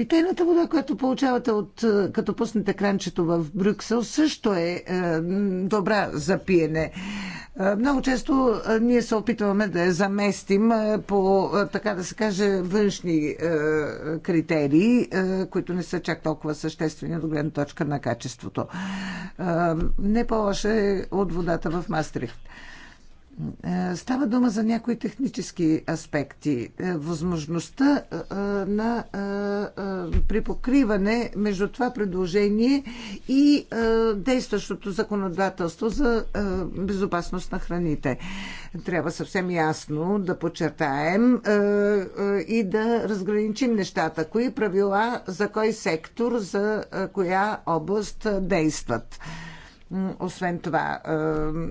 A: Питейната вода, която получавате от е, като пуснете кранчето в Брюксел, също е, е добра за пиене. Е, много често е, ние се опитваме да я заместим по, така да се каже, външни критерии, които не са чак толкова съществени от гледна точка на качеството. не по-лоше от водата в Мастрихт. Е, става дума за някои технически аспекти. Е, възможността е, на припокриване между това предложение и действащото законодателство за безопасност на храните. Трябва съвсем ясно да подчертаем и да разграничим нещата. Кои правила за кой сектор, за коя област действат. Освен това,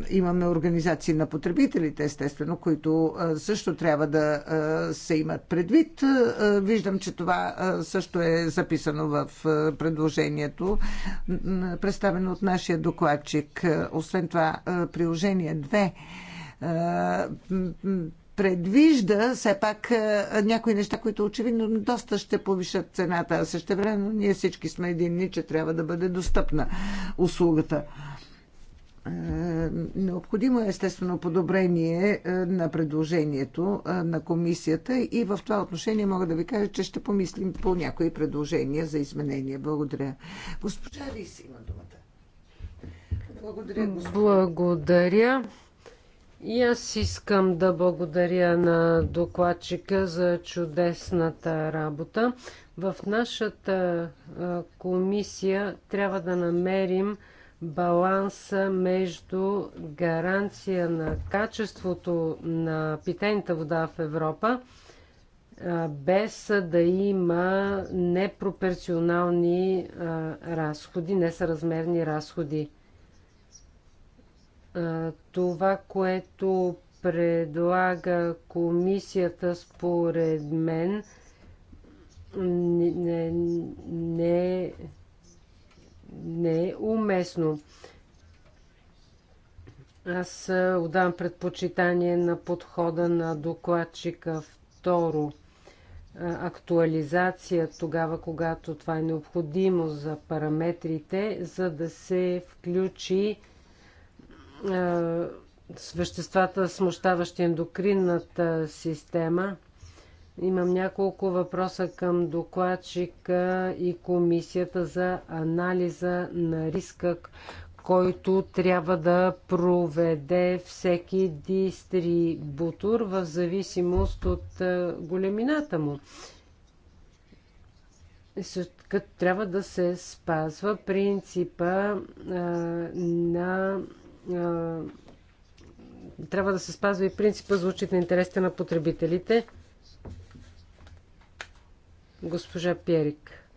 A: имаме организации на потребителите, естествено, които също трябва да се имат предвид. Виждам, че това също е записано в предложението, представено от нашия докладчик. Освен това, приложение 2 предвижда все пак е, някои неща, които очевидно доста ще повишат цената, а също време ние всички сме единни, че трябва да бъде достъпна услугата. Е, необходимо е естествено подобрение е, на предложението на комисията и в това отношение мога да ви кажа, че ще помислим по някои предложения за изменения. Благодаря. Госпожа Рис има думата. Благодаря. Госпожа. Благодаря. И
B: аз искам да благодаря на докладчика за чудесната работа. В нашата комисия трябва да намерим баланса между гаранция на качеството на питейната вода в Европа, без да има непропорционални разходи, несъразмерни разходи. Е, това, което предлага комисията, според мен, не, не, не е уместно. Аз е, отдам предпочитание на подхода на докладчика второ. Е, актуализация тогава, когато това е необходимо за параметрите, за да се включи е, с веществата, смущаващи ендокринната система. Имам няколко въпроса към докладчика и комисията за анализа на риска, който трябва да проведе всеки дистрибутор в зависимост от е, големината му. Трябва да се спазва принципа а, е, на трябва да се спазва и принципа за учит на интересите на потребителите. Госпожа Пьерик.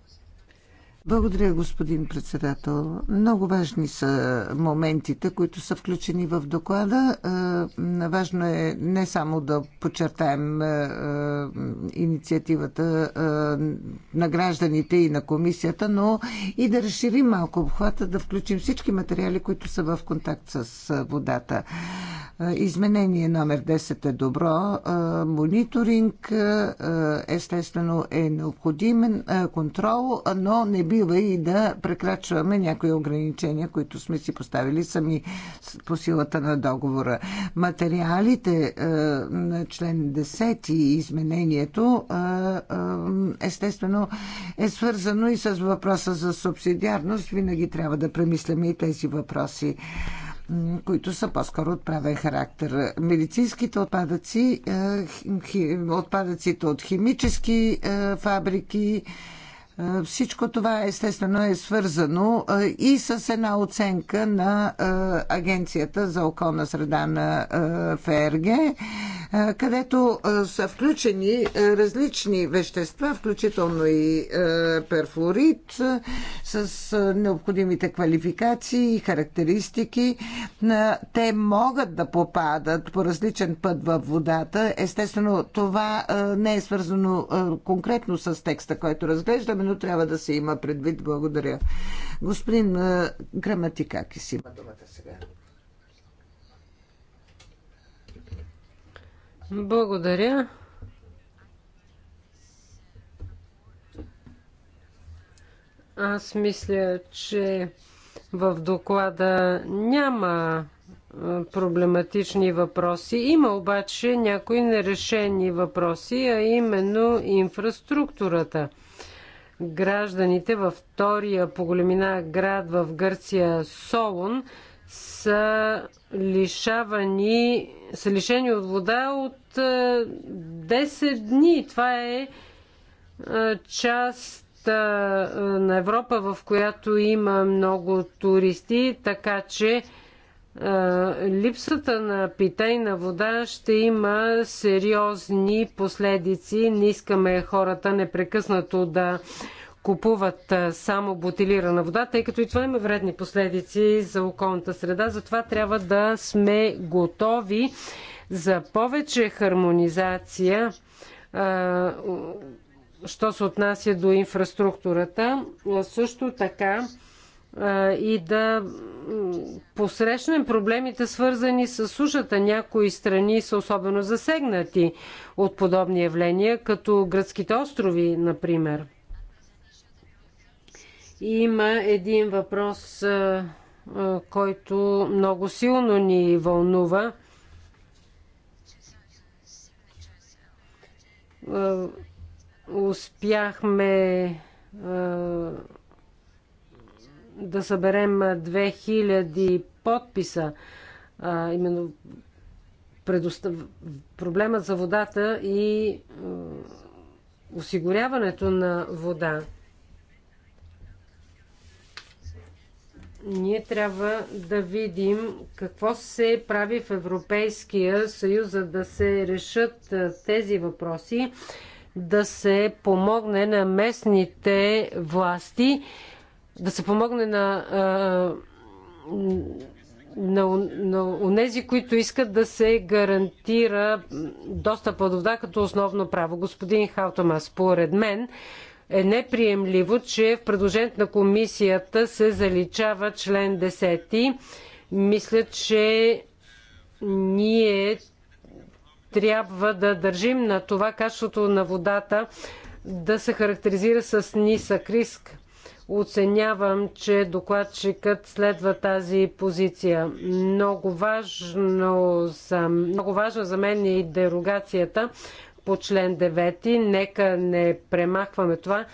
A: Благодаря, господин председател. Много важни са моментите, които са включени в доклада. Е, важно е не само да подчертаем е, е, инициативата на гражданите и на комисията, но и да разширим малко обхвата, да включим всички материали, които са в контакт с водата. Изменение номер 10 е добро. Мониторинг естествено е необходим контрол, но не би бива и да прекрачваме някои ограничения, които сме си поставили сами по силата на договора. Материалите е, на член 10 и изменението е, е, естествено е свързано и с въпроса за субсидиарност. Винаги трябва да премисляме и тези въпроси които са по-скоро отправен характер. Медицинските отпадъци, отпадъците от химически фабрики, е, всичко това естествено е свързано е, и с една оценка на е, Агенцията за околна среда на ФРГ, където са включени различни вещества, включително и перфлорид с необходимите квалификации и характеристики. Те могат да попадат по различен път във водата. Естествено, това не е свързано конкретно с текста, който разглеждаме, именно трябва да се има предвид. Благодаря. Господин си има думата сега. Благодаря.
B: Аз мисля, че в доклада няма проблематични въпроси. Има обаче някои нерешени въпроси, а именно инфраструктурата – гражданите във втория по големина град в Гърция Солон са лишавани, са лишени от вода от 10 е, дни. Това е, е част е, на Европа, в която има много туристи, така че липсата на питейна вода ще има сериозни последици. Не искаме хората непрекъснато да купуват само бутилирана вода, тъй като и това има вредни последици за околната среда. Затова трябва да сме готови за повече хармонизация, що се отнася до инфраструктурата. Също така, и да посрещнем проблемите, свързани с сушата. Някои страни са особено засегнати от подобни явления, като гръцките острови, например. Има един въпрос, който много силно ни вълнува. Успяхме да съберем 2000 подписа. А, именно предостав... проблемът за водата и а, осигуряването на вода. Ние трябва да видим какво се прави в Европейския съюз, за да се решат тези въпроси, да се помогне на местните власти да се помогне на, на, на унези, които искат да се гарантира доста до вода като основно право. Господин Халтомас, според мен е неприемливо, че в предложението на комисията се заличава член 10. Мисля, че ние трябва да държим на това качеството на водата да се характеризира с нисък риск. Оценявам, че докладчикът следва тази позиция. Много, важно за, много важна за мен е и дерогацията по член 9. Нека не премахваме това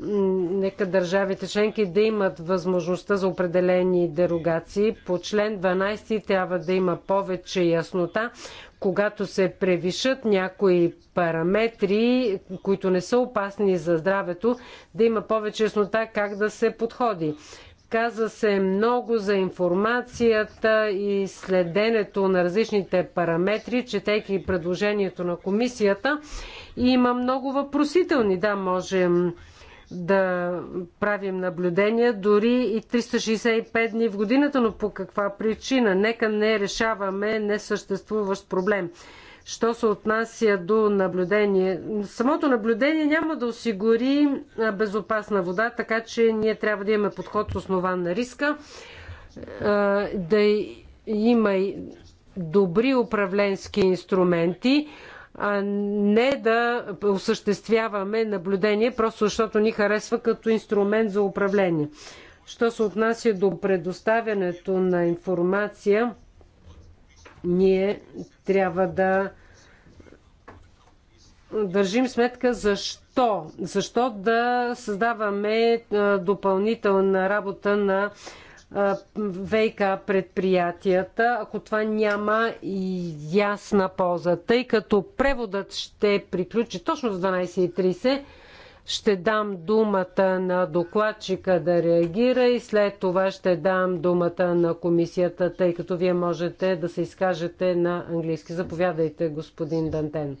B: нека държавите членки да имат възможността за определени дерогации. По член 12 трябва да има повече яснота, когато се превишат някои параметри, които не са опасни за здравето, да има повече яснота как да се подходи. Каза се много за информацията и следенето на различните параметри, четейки предложението на комисията. И има много въпросителни. Да, можем да правим наблюдения дори и 365 дни в годината, но по каква причина? Нека не решаваме несъществуващ проблем. Що се отнася до наблюдение? Самото наблюдение няма да осигури безопасна вода, така че ние трябва да имаме подход основан на риска, да има и добри управленски инструменти, а не да осъществяваме наблюдение, просто защото ни харесва като инструмент за управление. Що се отнася до предоставянето на информация, ние трябва да държим сметка защо. Защо да създаваме допълнителна работа на ВК предприятията, ако това няма и ясна полза. Тъй като преводът ще приключи точно в 12.30, ще дам думата на докладчика да реагира и след това ще дам думата на комисията, тъй като вие можете да се изкажете на английски.
C: Заповядайте, господин Дантен.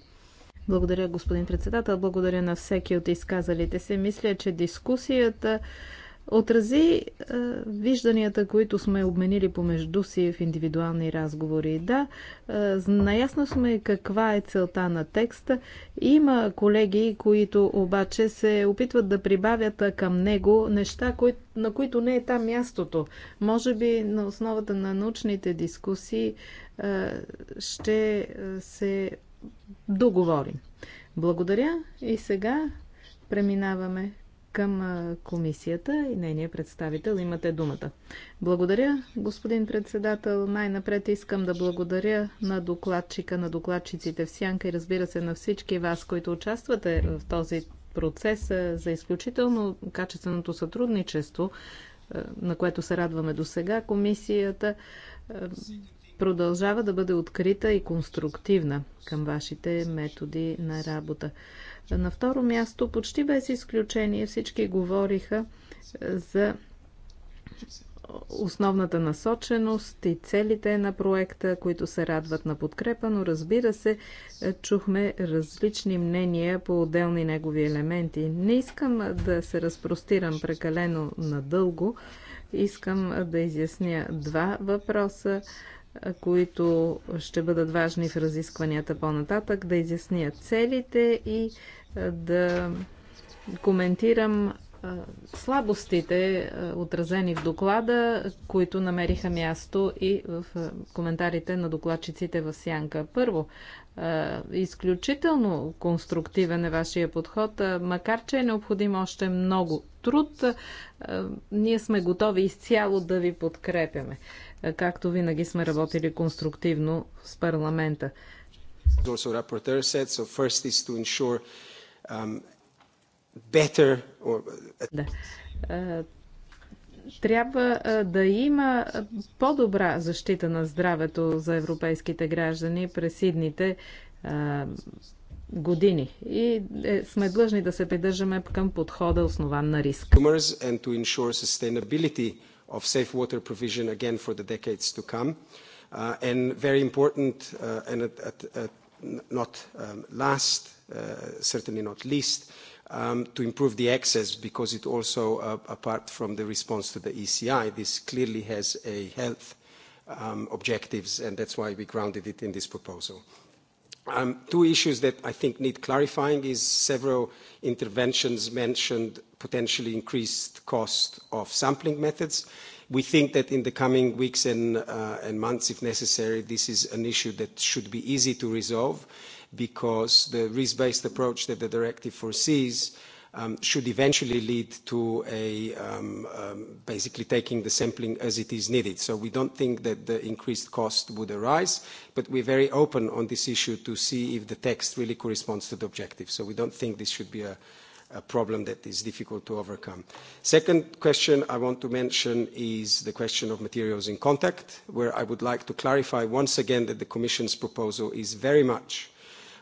C: Благодаря, господин председател. Благодаря на всеки от изказалите се. Мисля, че дискусията отрази е, вижданията, които сме обменили помежду си в индивидуални разговори. Да, е, наясно сме каква е целта на текста. Има колеги, които обаче се опитват да прибавят към него неща, кои, на които не е там мястото. Може би на основата на научните дискусии е, ще е, се договорим. Благодаря и сега преминаваме към комисията и нейния представител. Имате думата. Благодаря, господин председател. Най-напред искам да благодаря на докладчика, на докладчиците в Сянка и разбира се на всички вас, които участвате в този процес за изключително качественото сътрудничество, на което се радваме до сега. Комисията продължава да бъде открита и конструктивна към вашите методи на работа. На второ място, почти без изключение, всички говориха за основната насоченост и целите на проекта, които се радват на подкрепа, но разбира се, чухме различни мнения по отделни негови елементи. Не искам да се разпростирам прекалено надълго, искам да изясня два въпроса които ще бъдат важни в разискванията по-нататък, да изясня целите и да коментирам слабостите, отразени в доклада, които намериха място и в коментарите на докладчиците в Сянка. Първо, е, изключително конструктивен е вашия подход, е, макар че е необходим още много труд. Е, ние сме готови изцяло да ви подкрепяме, както винаги сме работили конструктивно с парламента. Um, да трябва да има по-добра защита на здравето за европейските граждани през идните години и е, сме длъжни да се придържаме към подхода основан на риск.
D: of safe water provision again for the decades to come. Uh, and very important, uh, and at, at, at not um, last, uh, certainly not least, to improve the access because it also, apart from the response to the ECI, this clearly has a health objectives, and that's why we grounded it in this proposal. two issues that I think need clarifying is several interventions mentioned potentially increased cost of sampling methods. We think that in the coming weeks and, months, if necessary, this is an issue that should be easy to resolve because the risk-based approach that the directive foresees should eventually lead to a basically taking the sampling as it is needed. So we don't think that the increased cost would arise, but we're very open on this issue to see if the text really corresponds to the objective. So we don't think this should be a, a problem that is difficult to overcome. Second question I want to mention is the question of materials in contact, where I would like to clarify once again that the Commission's proposal is very much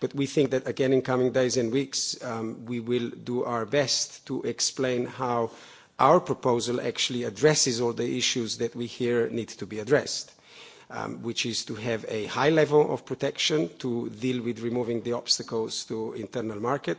D: But we think that, again, in coming days and weeks, we will do our best to explain how our proposal actually addresses all the issues that we hear need to be addressed, which is to have a high level of protection to deal with removing the obstacles to internal market,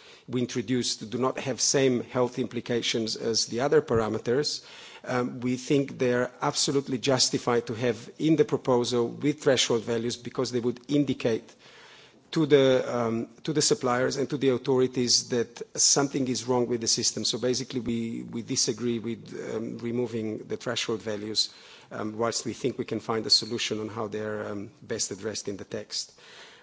D: we introduced do not have same health implications as the other parameters, we think they are absolutely justified to have in the proposal with threshold values because they would indicate to the to the suppliers and to the authorities that something is wrong with the system. So basically, we we disagree with removing the threshold values, whilst we think we can find a solution on how they are best addressed in the text.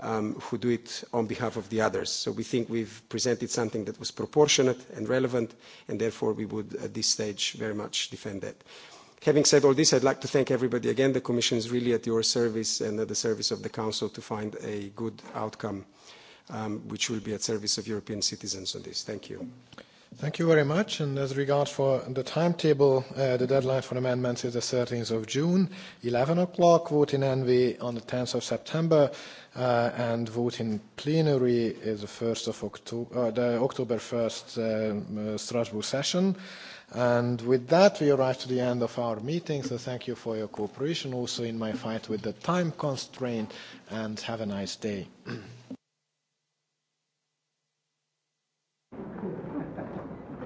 D: um, who do it on behalf of the others. So we think we've presented something that was proportionate and relevant, and therefore we would, at this stage, very much defend that. Having said all this, I'd like to thank everybody again. The Commission is really at your service and at the service of the Council to find a good outcome, um, which will be at service of European citizens on this. Thank you.
C: Thank you very much. And as regards for the timetable, uh, the deadline for amendments is the
D: 13th of June, 11 o'clock, vote in on the 10th of September uh, and vote in plenary is the first of October, uh, the October 1st um, uh, Strasbourg session. And with that, we arrive to the end of our meeting, so thank you for your cooperation also in my fight with the time constraint, and have a nice day.